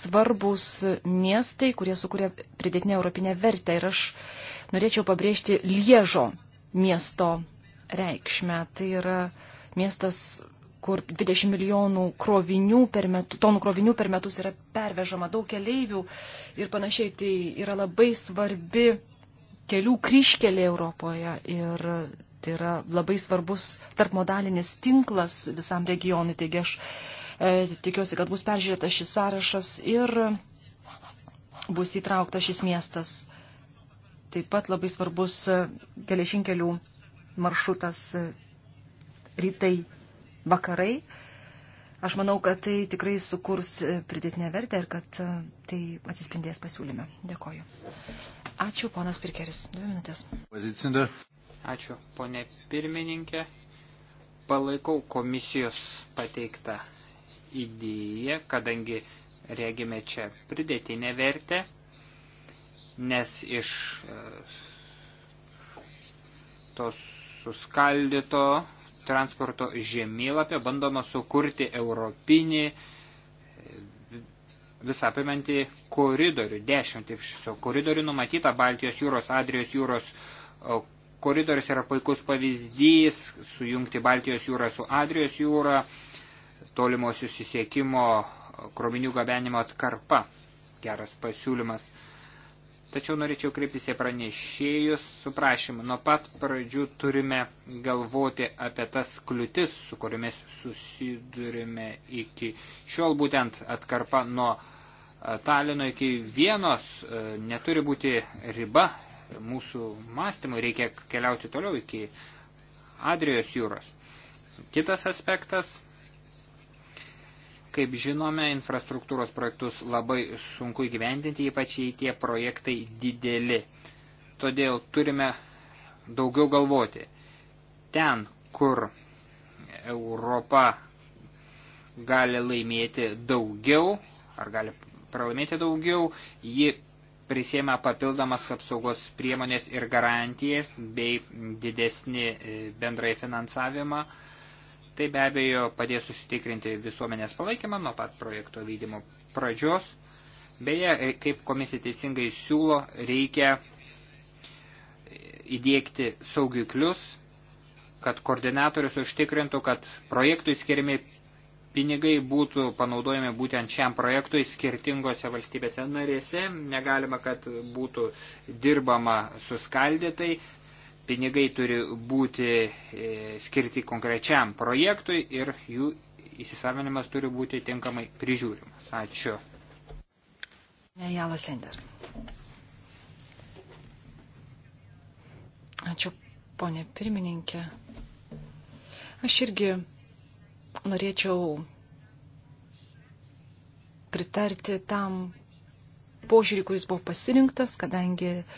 svarbus miestai, kurie sukuria pridėtinę europinę vertę. Ir aš norėčiau pabrėžti Liežo miesto reikšmę. Tai yra miestas, kur 20 milijonų krovinių per metu, tonų krovinių per metus yra pervežama daug keleivių ir panašiai. Tai yra labai svarbi kelių kryškelė Europoje ir tai yra labai svarbus tarpmodalinis tinklas visam regionui. Taigi aš e, tikiuosi, kad bus peržiūrėtas šis sąrašas ir bus įtrauktas šis miestas. Taip pat labai svarbus e, geležinkelių maršrutas e, rytai, vakarai. Aš manau, kad tai tikrai sukurs e, pridėtinę vertę ir kad e, tai atsispindės pasiūlyme. Dėkoju. Ačiū, ponas Pirkeris. Dvi minutės. Ačiū, ponė pirmininkė. Palaikau komisijos pateiktą idėją, kadangi regime čia pridėtinę vertę, nes iš e, tos suskaldyto transporto žemėlapio bandoma sukurti europinį visapimantį koridorių, dešimt iš šio koridorių numatyta Baltijos jūros, Adrijos jūros koridorius yra puikus pavyzdys sujungti Baltijos jūrą su Adrijos jūra, tolimo susisiekimo krovinių gabenimo atkarpa. Geras pasiūlymas. Tačiau norėčiau kreiptis į pranešėjus su prašymu. Nuo pat pradžių turime galvoti apie tas kliūtis, su kuriomis susidurime iki šiol būtent atkarpa nuo e, Talino iki Vienos e, neturi būti riba mūsų mąstymui, reikia keliauti toliau iki Adrijos jūros. Kitas aspektas Kaip žinome, infrastruktūros projektus labai sunku įgyvendinti, ypač jei tie projektai dideli. Todėl turime daugiau galvoti. Ten, kur Europa gali laimėti daugiau, ar gali pralaimėti daugiau, ji prisėmė papildomas apsaugos priemonės ir garantijas bei didesnį e, bendrai finansavimą. Uh, Tai be abejo padės susitikrinti visuomenės palaikymą nuo pat projekto vykdymo pradžios. Beje, e, kaip komisija teisingai siūlo, reikia įdėkti saugiklius, kad koordinatorius užtikrintų, kad projektui skirimi pinigai būtų panaudojami būtent šiam projektui skirtingose valstybėse narėse. Negalima, kad būtų dirbama suskaldytai. Pinigai turi būti e, skirti konkrečiam projektui ir jų įsisavinimas turi būti tinkamai prižiūrimas. Ačiū. E, Jalas Lender. Ačiū, ponė pirmininkė. Aš irgi norėčiau pritarti tam požiūrį, kuris buvo pasirinktas, kadangi uh,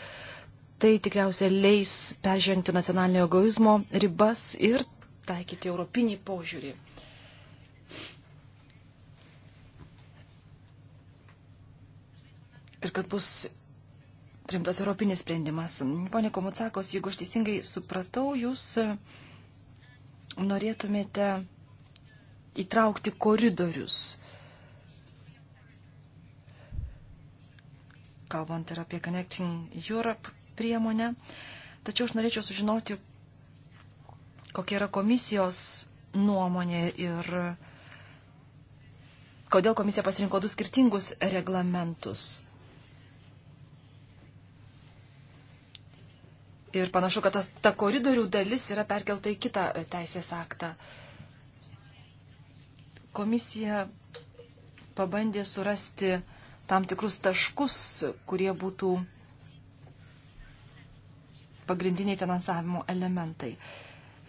tai tikriausiai leis peržengti nacionalinio egoizmo ribas ir taikyti europinį požiūrį. Ir kad bus primtas europinis sprendimas. Pone Komutsakos, jeigu aš teisingai supratau, jūs e, norėtumėte įtraukti koridorius. Kalbant ir apie Connecting Europe priemonę. Tačiau aš norėčiau sužinoti, kokia yra komisijos nuomonė ir kodėl komisija pasirinko du skirtingus reglamentus. Ir panašu, kad tas, ta koridorių dalis yra perkelta į kitą teisės aktą. Komisija pabandė surasti tam tikrus taškus, kurie būtų pagrindiniai finansavimo elementai.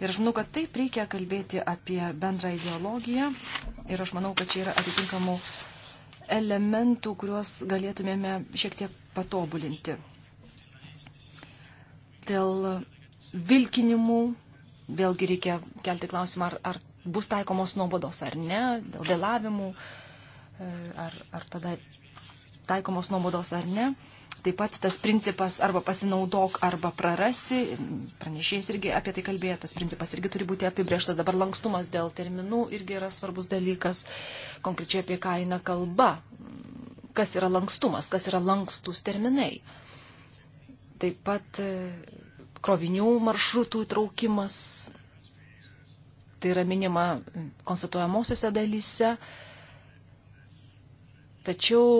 Ir aš manau, kad taip reikia kalbėti apie bendrą ideologiją ir aš manau, kad čia yra atitinkamų elementų, kuriuos galėtumėme šiek tiek patobulinti. Dėl vilkinimų vėlgi reikia kelti klausimą, ar, ar bus taikomos nuobodos ar ne, dėl vėlavimų, e, ar, ar tada taikomos nuobodos ar ne taip pat tas principas arba pasinaudok, arba prarasi, pranešėjas irgi apie tai kalbėjo, tas principas irgi turi būti apibrieštas. Dabar lankstumas dėl terminų irgi yra svarbus dalykas, konkrečiai apie ką eina kalba, kas yra lankstumas, kas yra lankstus terminai. Taip pat e, krovinių maršrutų įtraukimas, tai yra minima konstatuojamosiose dalyse. Tačiau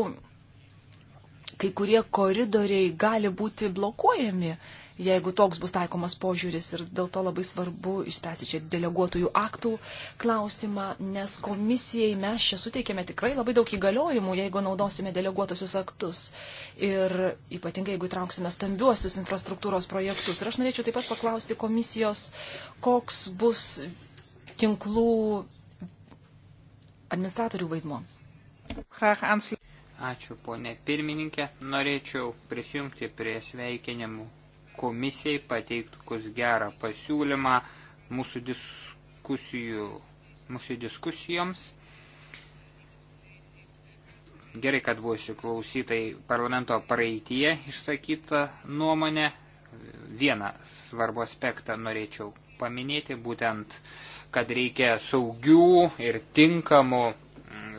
kai kurie koridoriai gali būti blokuojami, jeigu toks bus taikomas požiūris. Ir dėl to labai svarbu išspręsti čia deleguotojų aktų klausimą, nes komisijai mes čia suteikėme tikrai labai daug įgaliojimų, jeigu naudosime deleguotosius aktus. Ir ypatingai, jeigu įtrauksime stambiuosius infrastruktūros projektus. Ir aš norėčiau taip pat paklausti komisijos, koks bus tinklų administratorių vaidmo. Graag aansluiten Ačiū, ponė pirmininkė. Norėčiau prisijungti prie sveikinimų komisijai pateiktus gerą pasiūlymą mūsų, diskusijų, mūsų diskusijoms. Gerai, kad buvo įsiklausytai parlamento praeitie išsakyta nuomonė. Vieną svarbų aspektą norėčiau paminėti, būtent, kad reikia saugių ir tinkamų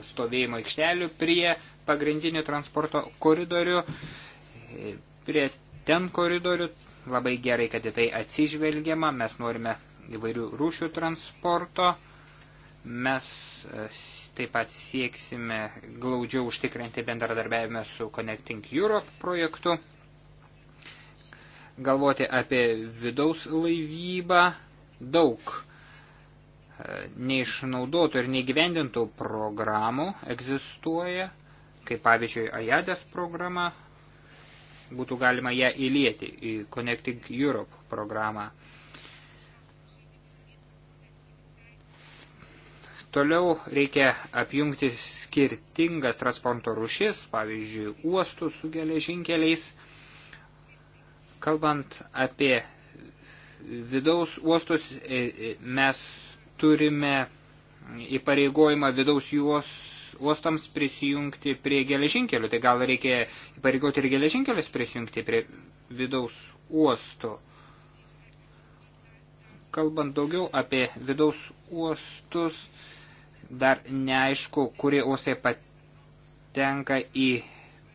stovėjimo aikštelių prie pagrindinį transporto koridorių prie ten koridorių. Labai gerai, kad į tai atsižvelgiama. Mes norime įvairių rūšių transporto. Mes e, taip pat sieksime glaudžiau užtikrinti bendradarbiavimą su Connecting Europe projektu, galvoti apie vidaus laivybą, daug e, neišnaudotų ir neįgyvendintų programų egzistuoja, kaip pavyzdžiui AJADES programa, būtų galima ją įlieti į Connecting Europe programą. Toliau reikia apjungti skirtingas transporto rušis, pavyzdžiui, uostus su geležinkeliais. Kalbant apie vidaus uostus, e, e, mes turime įpareigojimą vidaus juos uostams prisijungti prie geležinkelių. Tai gal reikia įpareigoti ir geležinkelius prisijungti prie vidaus uosto. Kalbant daugiau apie vidaus uostus, dar neaišku, kurie uostai patenka į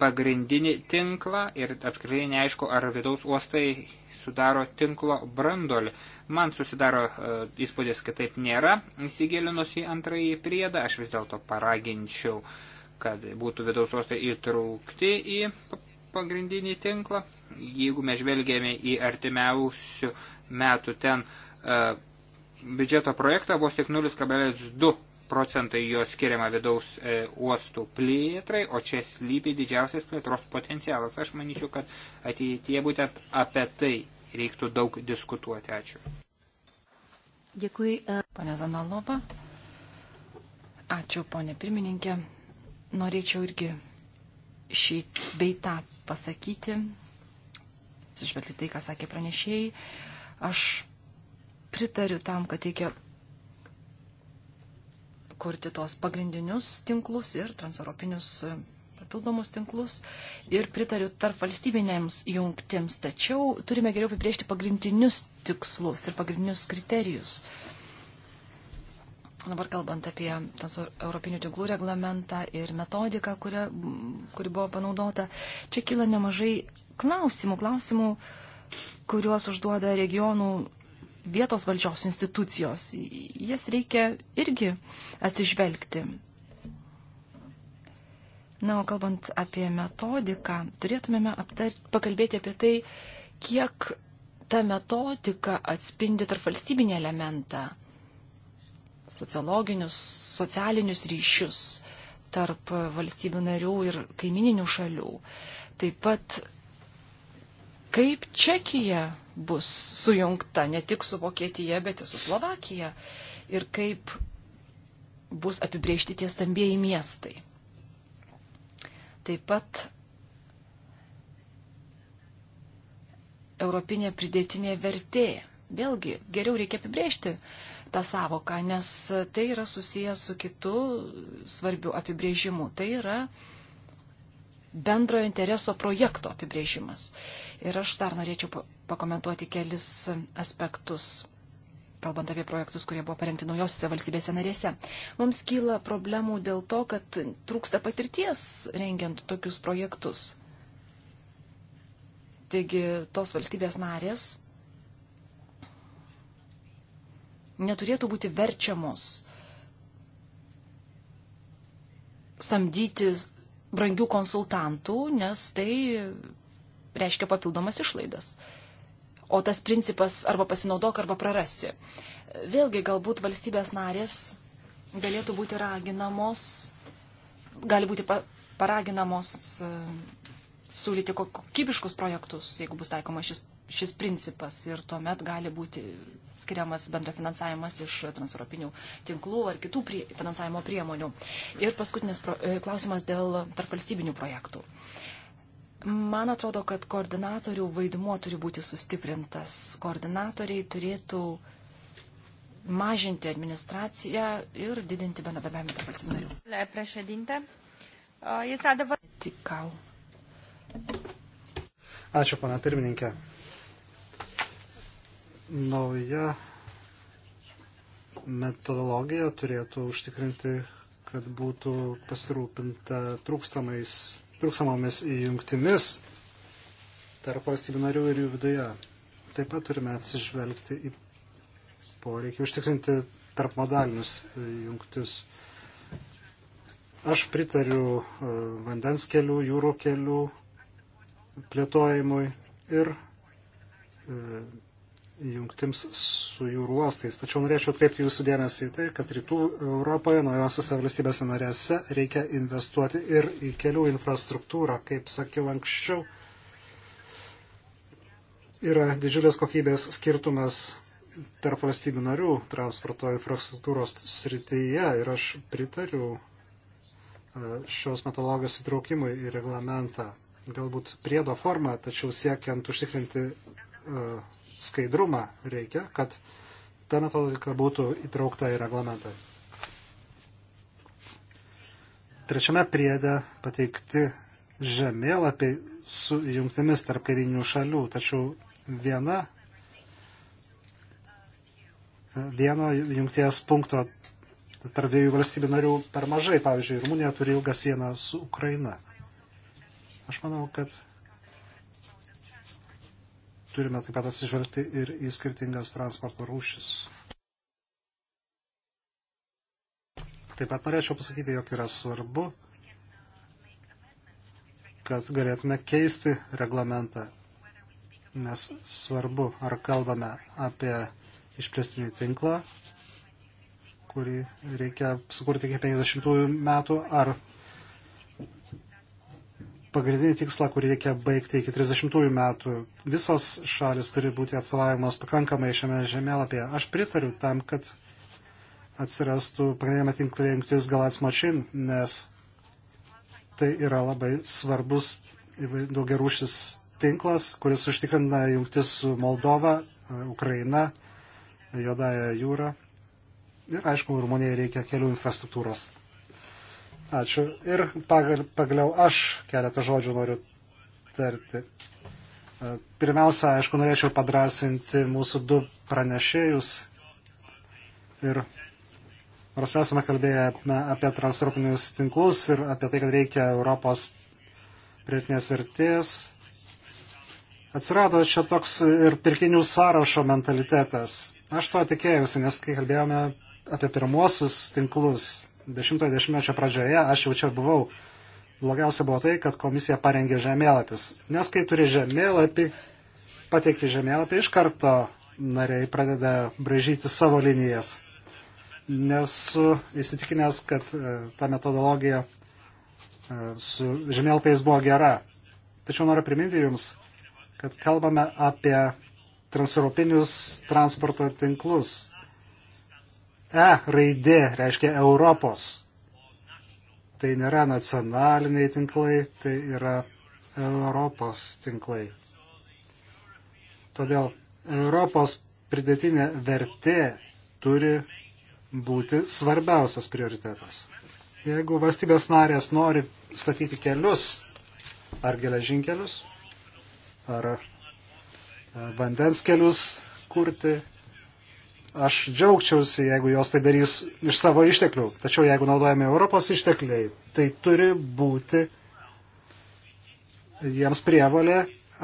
pagrindinį tinklą ir apskritai neaišku, ar vidaus uostai sudaro tinklo brandolį. Man susidaro e, įspūdis, kad taip nėra. Įsigilinus į antrąjį priedą, aš vis dėlto paraginčiau, kad būtų vidaus uostai įtraukti į pagrindinį tinklą. Jeigu mes žvelgėme į artimiausių metų ten e, biudžeto projektą, vos tik 0,2 procentai jo skiriama vidaus e, uostų plėtrai, o čia slypi didžiausias plėtros potencialas. Aš manyčiau, kad ateityje būtent apie tai reiktų daug diskutuoti. Ačiū. Dėkui, e, ponė Zanalova. Ačiū, ponė pirmininkė. Norėčiau irgi šį beitą pasakyti, atsižvelgti tai, ką sakė pranešėjai. Aš pritariu tam, kad reikia kurti tos pagrindinius tinklus ir transeuropinius e, papildomus tinklus ir pritariu tarp valstybinėms jungtims, tačiau turime geriau apibriežti pagrindinius tikslus ir pagrindinius kriterijus. Dabar kalbant apie tas Europinių tinklų reglamentą ir metodiką, kuria, kuri buvo panaudota, čia kyla nemažai klausimų, klausimų, kuriuos užduoda regionų vietos valdžios institucijos. Jas reikia irgi atsižvelgti. Na, o kalbant apie metodiką, turėtumėme aptar, pakalbėti apie tai, kiek ta metodika atspindi tarp valstybinį elementą, sociologinius, socialinius ryšius tarp valstybių narių ir kaimininių šalių. Taip pat kaip Čekija bus sujungta ne tik su Vokietija, bet ir su Slovakija ir kaip bus apibriežti tie stambieji miestai. Taip pat europinė pridėtinė vertė. Vėlgi, geriau reikia apibriežti tą savoką, nes tai yra susijęs su kitu svarbiu apibrėžimu. Tai yra uh, bendrojo intereso projekto apibrėžimas. Ir aš dar norėčiau pakomentuoti kelis aspektus, kalbant apie projektus, kurie buvo parengti naujosiuose valstybėse narėse. Mums kyla problemų dėl to, kad trūksta patirties rengiant tokius projektus. Taigi tos valstybės narės neturėtų būti verčiamos samdyti brangių konsultantų, nes tai reiškia papildomas išlaidas. O tas principas arba pasinaudok, arba prarasi. Vėlgi galbūt valstybės narės galėtų būti raginamos, gali būti pa, paraginamos e, siūlyti kokybiškus projektus, jeigu bus taikomas šis šis principas ir tuomet gali būti skiriamas bendrafinansavimas iš transeuropinių tinklų ar kitų prie, finansavimo priemonių. Ir paskutinis pro, e, klausimas dėl tarpvalstybinių projektų. Man atrodo, kad koordinatorių vaidmuo turi būti sustiprintas. Koordinatoriai turėtų mažinti administraciją ir didinti bendradarbiavimą tarp valstybių narių. Le președinte, este adevărat. Ticau. Ačiū, pana pirmininkė nauja metodologija turėtų užtikrinti, kad būtų pasirūpinta trūkstamomis jungtimis tarp valstybių narių ir jų viduje. Taip pat turime atsižvelgti į poreikį užtikrinti tarp modalinius jungtis. Aš pritariu e, vandens kelių, jūrų kelių plėtojimui ir e, jungtims su jūrų uostais. Tačiau norėčiau atkreipti jūsų dėmesį į tai, kad rytų Europoje, naujosiuose valstybėse narėse reikia investuoti ir į kelių infrastruktūrą. Kaip sakiau anksčiau, yra didžiulės kokybės skirtumas tarp valstybių narių transporto infrastruktūros srityje ir aš pritariu e, šios metodologijos įtraukimui į reglamentą. Galbūt priedo formą, tačiau siekiant užtikrinti uh, skaidrumą reikia, kad ta metodika būtų įtraukta į reglamentą. Trečiame priede pateikti žemėlapiai su jungtimis tarp kairinių šalių, tačiau viena, vieno jungties punkto tarp dviejų valstybių narių per mažai. Pavyzdžiui, Rumunija turi ilgą sieną su Ukraina. Aš manau, kad turime taip pat atsižvelgti ir į skirtingas transporto rūšis. Taip pat norėčiau pasakyti, jog yra svarbu, kad galėtume keisti reglamentą, nes svarbu, ar kalbame apie išplėstinį tinklą, kurį reikia sukurti iki 50 metų, ar pagrindinį tikslą, kurį reikia baigti iki 30 metų. Visos šalis turi būti atstovavimas pakankamai šiame žemėlapyje. Aš pritariu tam, kad atsirastų pagrindinėme tinklė jungtis Galatsmo Čin, nes tai yra labai svarbus daugiarūšis tinklas, kuris užtikrina jungtis su Moldova, Ukraina, Jodaja jūra. Ir aišku, Rumunijai reikia kelių infrastruktūros. Ačiū. Ir pagal, pagaliau aš keletą žodžių noriu tarti. E, pirmiausia, aišku, norėčiau padrasinti mūsų du pranešėjus. Ir nors esame kalbėję apie transeuropinius tinklus ir apie tai, kad reikia Europos prietinės vertės, atsirado čia toks ir pirkinių sąrašo mentalitetas. Aš to tikėjausi, nes kai kalbėjome apie pirmuosius tinklus, dešimtojo dešimtmečio pradžioje, aš jau čia buvau, blogiausia buvo tai, kad komisija parengė žemėlapius. Nes kai turi žemėlapį, pateikti žemėlapį, iš karto nariai pradeda bražyti savo linijas. Nesu įsitikinęs, kad e, ta metodologija e, su žemėlapiais buvo gera. Tačiau noriu priminti Jums, kad kalbame apie transeuropinius transporto tinklus, E raidė reiškia Europos. Tai nėra nacionaliniai tinklai, tai yra Europos tinklai. Todėl Europos pridėtinė vertė turi būti svarbiausias prioritetas. Jeigu valstybės narės nori statyti kelius ar geležinkelius, ar e, vandens kelius kurti, Aš džiaugčiausi, jeigu jos tai darys iš savo išteklių. Tačiau jeigu naudojami Europos ištekliai, tai turi būti jiems prievalė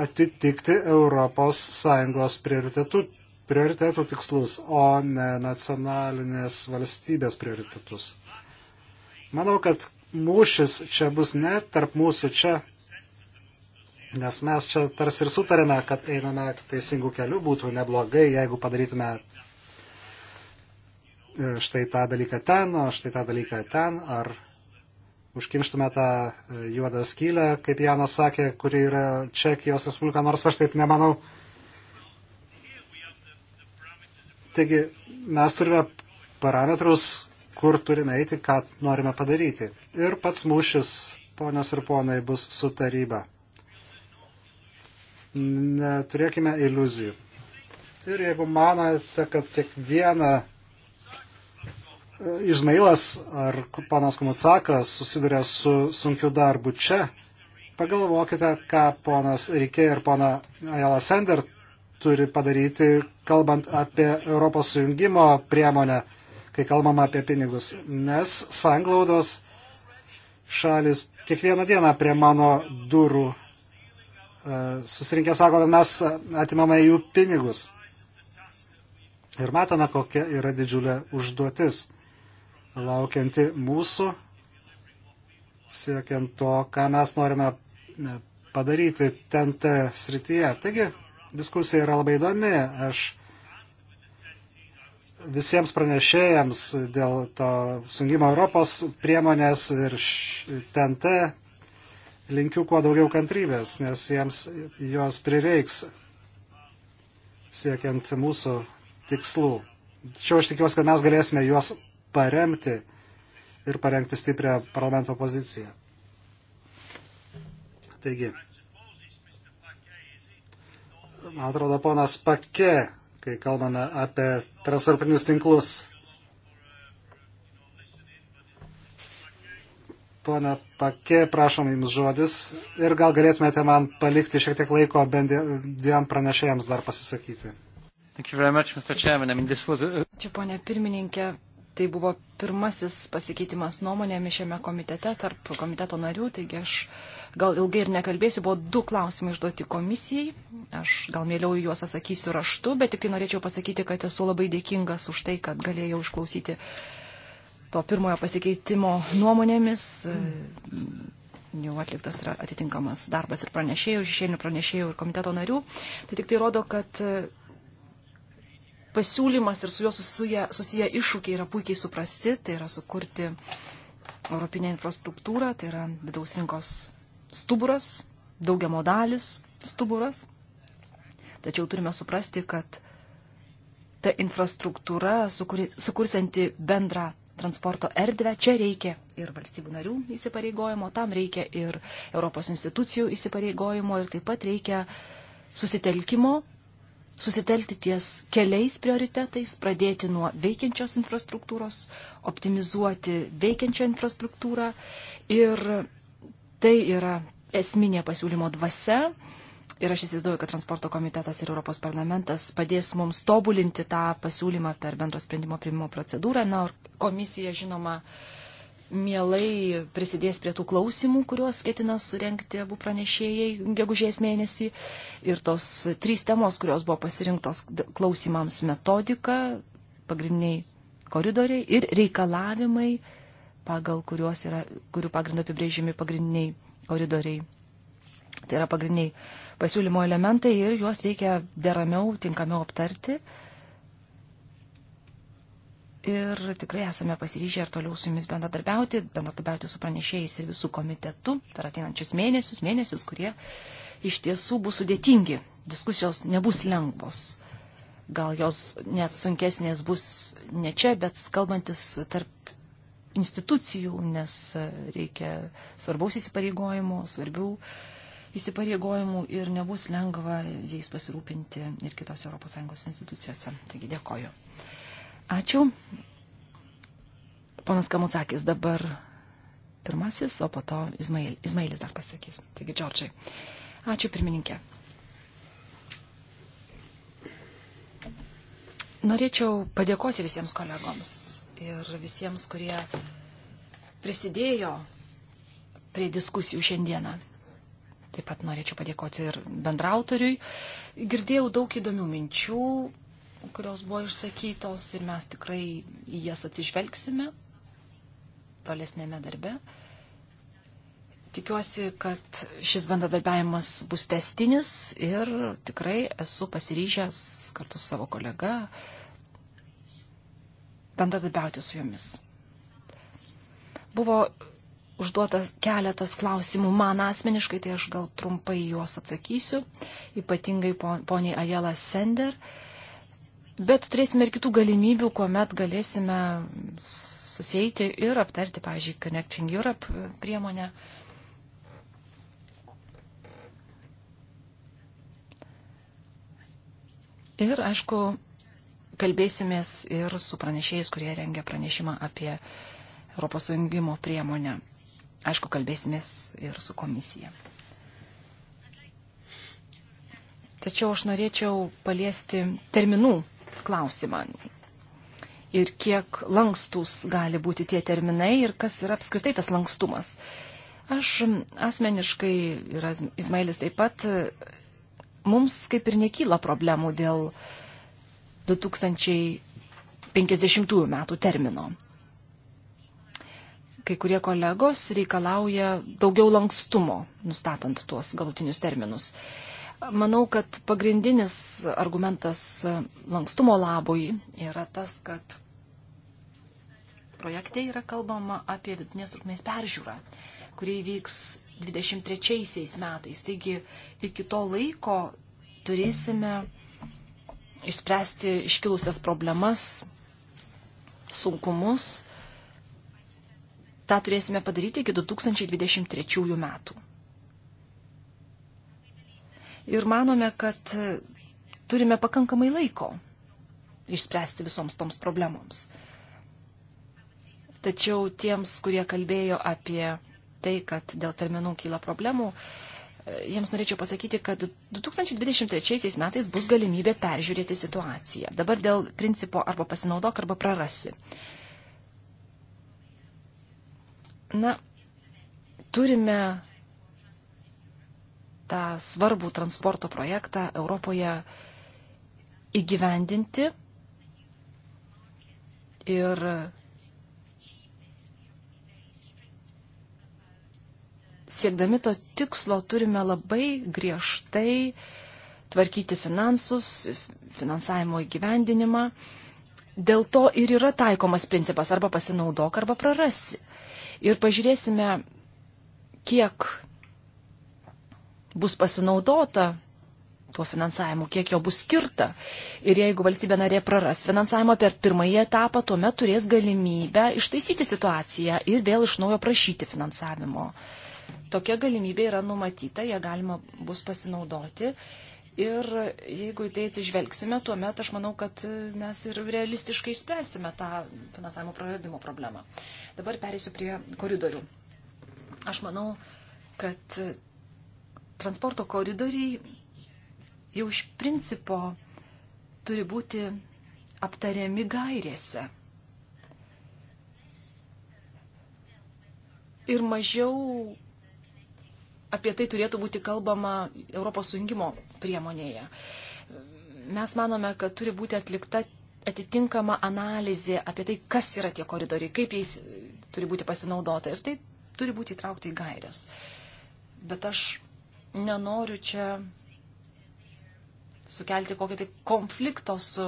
atitikti ES prioritetų, prioritetų tikslus, o ne nacionalinės valstybės prioritetus. Manau, kad mūšis čia bus ne tarp mūsų čia, nes mes čia tarsi ir sutarėme, kad einame teisingų kelių, būtų neblogai, jeigu padarytume štai tą dalyką ten, o štai tą dalyką ten, ar užkimštume tą e, juodą skylę, kaip Janas sakė, kuri yra Čekijos Respublika, nors aš taip nemanau. Taigi mes turime parametrus, kur turime eiti, ką norime padaryti. Ir pats mūšis, ponios ir ponai, bus su taryba. Neturėkime iliuzijų. Ir jeigu manote, kad tik vieną Izmailas ar ponas Kumutsakas susiduria su sunkiu darbu čia, pagalvokite, ką ponas Rikė ir pona Ayala Sender turi padaryti, kalbant apie Europos sujungimo priemonę, kai kalbam apie pinigus. Nes sanglaudos šalis kiekvieną dieną prie mano durų e, susirinkę sako, kad mes atimame jų pinigus. Ir matome, kokia yra didžiulė užduotis laukianti mūsų, siekiant to, ką mes norime e, padaryti TNT srityje. Taigi, diskusija yra labai įdomi. Aš visiems pranešėjams dėl to sungimo Europos priemonės ir TNT linkiu kuo daugiau kantrybės, nes jiems jos prireiks siekiant mūsų tikslų. Tačiau aš tikiuosi, kad mes galėsime juos paremti ir parengti stiprią parlamento poziciją. Taigi, man atrodo, ponas Pake, kai kalbame apie transarpinius tinklus. Pone Pake, prašom Jums žodis ir gal galėtumėte man palikti šiek tiek laiko bent dviem pranešėjams dar pasisakyti. Much, I mean, a... Čia, ponė pirmininkė, Tai buvo pirmasis pasikeitimas nuomonėmis šiame komitete tarp komiteto narių, taigi aš gal ilgai ir nekalbėsiu, buvo du klausimai išduoti komisijai, aš gal mėliau juos atsakysiu raštu, bet tik tai norėčiau pasakyti, kad esu labai dėkingas už tai, kad galėjau išklausyti to pirmojo pasikeitimo nuomonėmis. Jau atliktas yra atitinkamas darbas ir pranešėjų, šešėlinių pranešėjų ir komiteto narių. Tai tik tai rodo, kad pasiūlymas ir su juo susiję, susiję iššūkiai yra puikiai suprasti, tai yra sukurti europinę infrastruktūrą, tai yra vidaus rinkos stuburas, daugiamodalis stuburas. Tačiau turime suprasti, kad ta infrastruktūra, sukursianti bendrą transporto erdvę, čia reikia ir valstybių narių įsipareigojimo, tam reikia ir Europos institucijų įsipareigojimo ir taip pat reikia susitelkimo susitelkti ties keliais prioritetais, pradėti nuo veikiančios infrastruktūros, optimizuoti veikiančią infrastruktūrą ir tai yra esminė pasiūlymo dvasia. Ir aš įsivaizduoju, kad transporto komitetas ir Europos parlamentas padės mums tobulinti tą pasiūlymą per bendro sprendimo priimimo procedūrą. Na, ir komisija, žinoma, uh, mielai prisidės prie tų klausimų, kuriuos ketina surenkti abu pranešėjai gegužės mėnesį. Ir tos trys temos, kurios buvo pasirinktos klausimams - metodika, pagrindiniai koridoriai ir reikalavimai, pagal kuriuos yra, kurių pagrindu apibrėžimi pagrindiniai koridoriai. Tai yra pagrindiniai pasiūlymo elementai ir juos reikia deramiau, tinkamiau aptarti. Uh, ir tikrai esame pasiryžę ir toliau su jumis bendradarbiauti, bendradarbiauti su pranešėjais ir visų komitetų per ateinančius mėnesius, mėnesius, kurie iš tiesų bus sudėtingi. Diskusijos nebus lengvos. Gal jos net sunkesnės bus ne čia, bet kalbantis tarp institucijų, nes reikia svarbaus įsipareigojimo, svarbių įsipareigojimų ir nebus lengva jais pasirūpinti ir kitose ES institucijose. Taigi dėkoju. Ačiū. Ponas Kamucakis dabar pirmasis, o po to Izmail, Izmailis dar pasakys. Taigi, Džordžiai. Ačiū, pirmininkė. Norėčiau padėkoti visiems kolegoms ir visiems, kurie prisidėjo prie diskusijų šiandieną. Taip pat norėčiau padėkoti ir bendrautoriui. Girdėjau daug įdomių minčių, kurios buvo išsakytos ir mes tikrai į jas atsižvelgsime tolesnėme darbe. Tikiuosi, kad šis bendradarbiavimas bus testinis ir tikrai esu pasiryžęs kartu su savo kolega bendradarbiauti su jumis. Buvo užduota keletas klausimų man asmeniškai, tai aš gal trumpai juos atsakysiu, ypatingai poniai Ajela Sender. Uh, Bet turėsime ir kitų galimybių, kuomet galėsime susėti ir aptarti, pavyzdžiui, Connecting Europe priemonę. Ir, aišku, kalbėsimės ir su pranešėjais, kurie rengia pranešimą apie Europos sujungimo priemonę. Aišku, kalbėsimės ir su komisija. Tačiau aš norėčiau paliesti terminų klausimą. Ir kiek lankstus gali būti tie terminai ir kas yra apskritai tas lankstumas. Aš asmeniškai ir Izmailis taip pat, mums kaip ir nekyla problemų dėl 2050 metų termino. Kai kurie kolegos reikalauja daugiau lankstumo, nustatant tuos galutinius terminus. Manau, kad pagrindinis argumentas lankstumo labui yra tas, kad projekte yra kalbama apie vidutinės trukmės peržiūrą, kurie vyks 23 metais. Taigi iki to laiko turėsime išspręsti iškilusias problemas, sunkumus. Ta turėsime padaryti iki 2023 metų ir manome, kad turime pakankamai laiko išspręsti visoms toms problemoms. Tačiau tiems, kurie kalbėjo apie tai, kad dėl terminų kyla problemų, jiems norėčiau pasakyti, kad 2023 metais bus galimybė peržiūrėti situaciją. Dabar dėl principo arba pasinaudok, arba prarasi. Na, turime tą svarbų transporto projektą Europoje įgyvendinti ir siekdami to tikslo turime labai griežtai tvarkyti finansus, finansavimo įgyvendinimą. Dėl to ir yra taikomas principas arba pasinaudok, arba prarasi. Ir pažiūrėsime, kiek bus pasinaudota tuo finansavimu, kiek jo bus skirta. Ir jeigu valstybė narė praras finansavimą per pirmąjį etapą, tuomet turės galimybę ištaisyti situaciją ir vėl iš naujo prašyti finansavimo. Tokia galimybė yra numatyta, ją galima bus pasinaudoti. Ir jeigu į tai atsižvelgsime, tuomet aš manau, kad mes ir realistiškai išspręsime tą finansavimo praradimo problemą. Dabar perėsiu prie koridorių. Aš manau, kad transporto koridoriai jau iš principo turi būti aptariami gairėse. Ir mažiau apie tai turėtų būti kalbama Europos sujungimo priemonėje. Mes manome, kad turi būti atlikta atitinkama analizė apie tai, kas yra tie koridoriai, kaip jais turi būti pasinaudota. Ir tai turi būti įtraukta į gairias. Bet aš nenoriu čia sukelti kokį tai konflikto su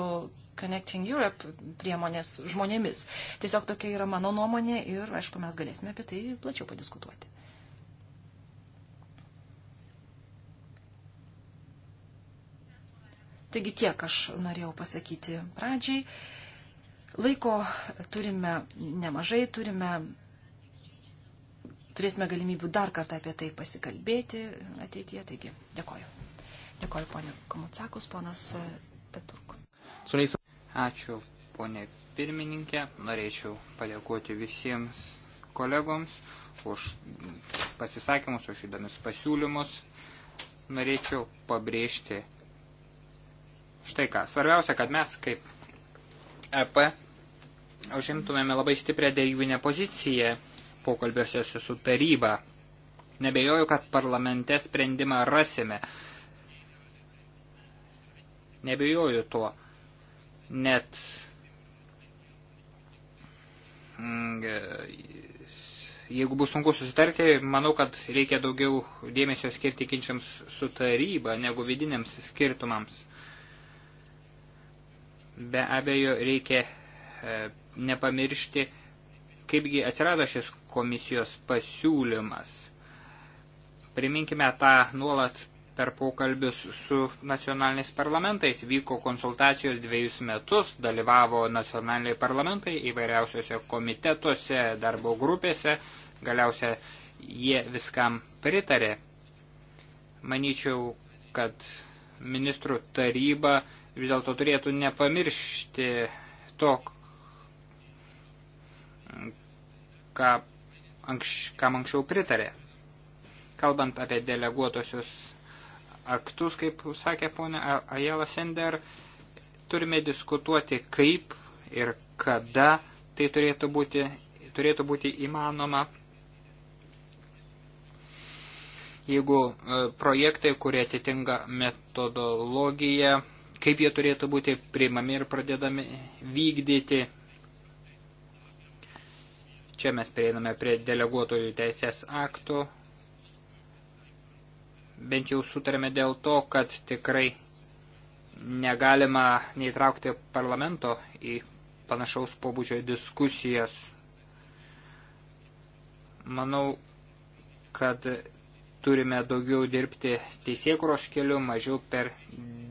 Connecting Europe priemonės žmonėmis. Tiesiog tokia yra mano nuomonė ir, aišku, mes galėsime apie tai plačiau padiskutuoti. Taigi tiek aš norėjau pasakyti pradžiai. Laiko turime nemažai, turime turėsime galimybių dar kartą apie tai pasikalbėti ateityje. Taigi, dėkoju. Dėkoju, ponė Komucakus, ponas e, Turk. Ačiū, ponė pirmininkė. Norėčiau padėkoti visiems kolegoms už pasisakymus, už įdomius pasiūlymus. Norėčiau pabrėžti štai ką. Svarbiausia, kad mes kaip EP užimtumėme labai stiprią dėrybinę poziciją pokalbiuose su taryba. Nebejoju, kad parlamente sprendimą rasime. Nebejoju tuo. Net mm, jeigu bus sunku susitarti, manau, kad reikia daugiau dėmesio skirti kinčiams su taryba negu vidiniams skirtumams. Be abejo, reikia e, nepamiršti, kaipgi atsirado šis komisijos pasiūlymas. Priminkime tą nuolat per pokalbius su nacionaliniais parlamentais. Vyko konsultacijos dviejus metus, dalyvavo nacionaliniai parlamentai įvairiausiose komitetuose, darbo grupėse, galiausia jie viskam pritarė. Manyčiau, kad ministrų taryba vis dėlto turėtų nepamiršti to, ką anks, kam anksčiau pritarė. Kalbant apie deleguotosius aktus, kaip sakė ponia Ajala Sender, turime diskutuoti, kaip ir kada tai turėtų būti, turėtų būti įmanoma. Jeigu e, projektai, kurie atitinka metodologiją, kaip jie turėtų būti priimami ir pradedami vykdyti, Čia mes prieiname prie deleguotojų teisės aktų. Bent jau sutarėme dėl to, kad tikrai negalima neįtraukti parlamento į panašaus pobūdžio diskusijas. Manau, kad turime daugiau dirbti teisėkuros keliu, mažiau per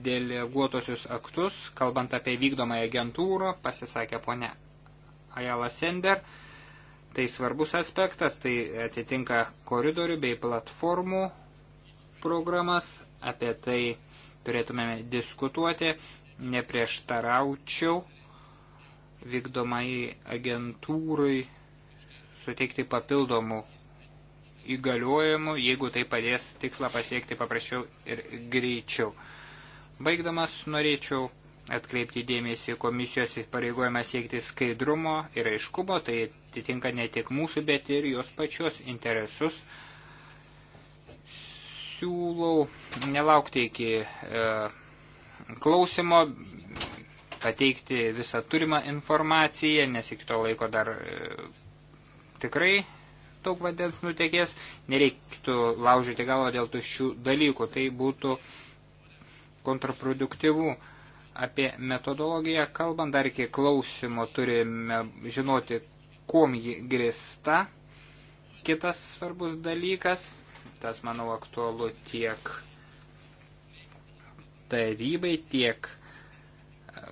deleguotosius aktus. Kalbant apie vykdomąją agentūrą, pasisakė ponia Ajala Sender. Tai svarbus aspektas, tai atitinka koridorių bei platformų programas, apie tai turėtumėme diskutuoti, neprieštaraučiau vykdomai agentūrai suteikti papildomų įgaliojimų, jeigu tai padės tikslą pasiekti paprasčiau ir greičiau. Baigdamas norėčiau atkreipti dėmesį komisijos įpareigojimą siekti skaidrumo ir aiškumo, tai atitinka ne tik mūsų, bet ir jos pačios interesus. Siūlau nelaukti iki e, klausimo, pateikti visą turimą informaciją, nes iki to laiko dar e, tikrai daug vandens nutekės, nereiktų laužyti galvą dėl tuščių dalykų, tai būtų kontraproduktyvų apie metodologiją kalbant, dar iki klausimo turime žinoti, kuom ji grįsta. Kitas svarbus dalykas, tas manau aktualu tiek tarybai, tiek e,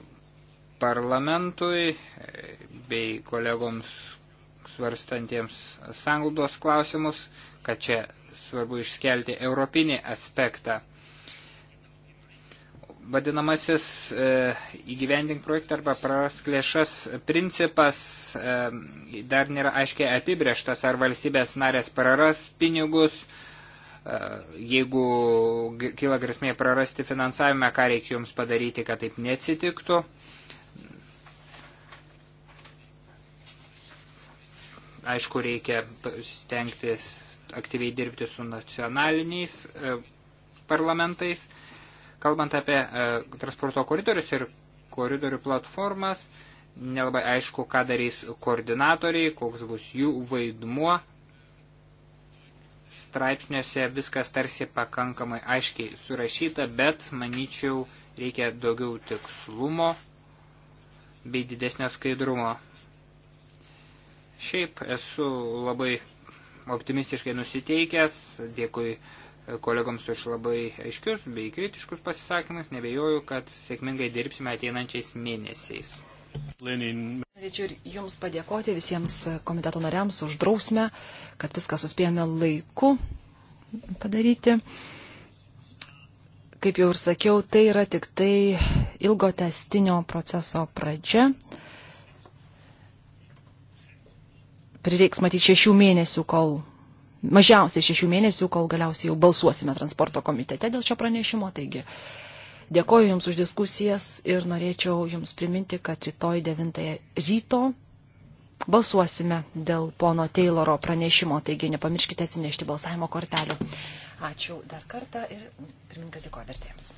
parlamentui e, bei kolegoms svarstantiems sanglaudos klausimus, kad čia svarbu išskelti europinį aspektą vadinamasis e, įgyvendink projektą arba prarask lėšas principas e, dar nėra aiškiai apibrieštas, ar valstybės narės praras pinigus, e, jeigu kyla grėsmė prarasti finansavimą, ką reikia jums padaryti, kad taip neatsitiktų. Aišku, reikia stengtis aktyviai dirbti su nacionaliniais e, parlamentais. E, Kalbant apie e, transporto koridorius ir koridorių platformas, nelabai aišku, ką darys koordinatoriai, koks bus jų vaidmuo. Straipsniuose viskas tarsi pakankamai aiškiai surašyta, bet, manyčiau, reikia daugiau tikslumo bei didesnio skaidrumo. Šiaip esu labai optimistiškai nusiteikęs, dėkui kolegoms už labai aiškius bei kritiškus pasisakymus. Nebejoju, kad sėkmingai dirbsime ateinančiais mėnesiais. Lenin. Norėčiau ir Jums padėkoti visiems komiteto nariams už drausmę, kad viską suspėjome laiku padaryti. Kaip jau ir sakiau, tai yra tik tai ilgo testinio proceso pradžia. Prireiks matyti šešių mėnesių, kol mažiausiai šešių mėnesių, kol galiausiai jau balsuosime transporto komitete dėl šio pranešimo. Taigi dėkoju Jums už diskusijas ir norėčiau Jums priminti, kad rytoj 9 ryto balsuosime dėl pono Tayloro pranešimo, taigi nepamirškite atsinešti balsavimo kortelių. Ačiū dar kartą ir pirmininkas dėkoja vertėjams.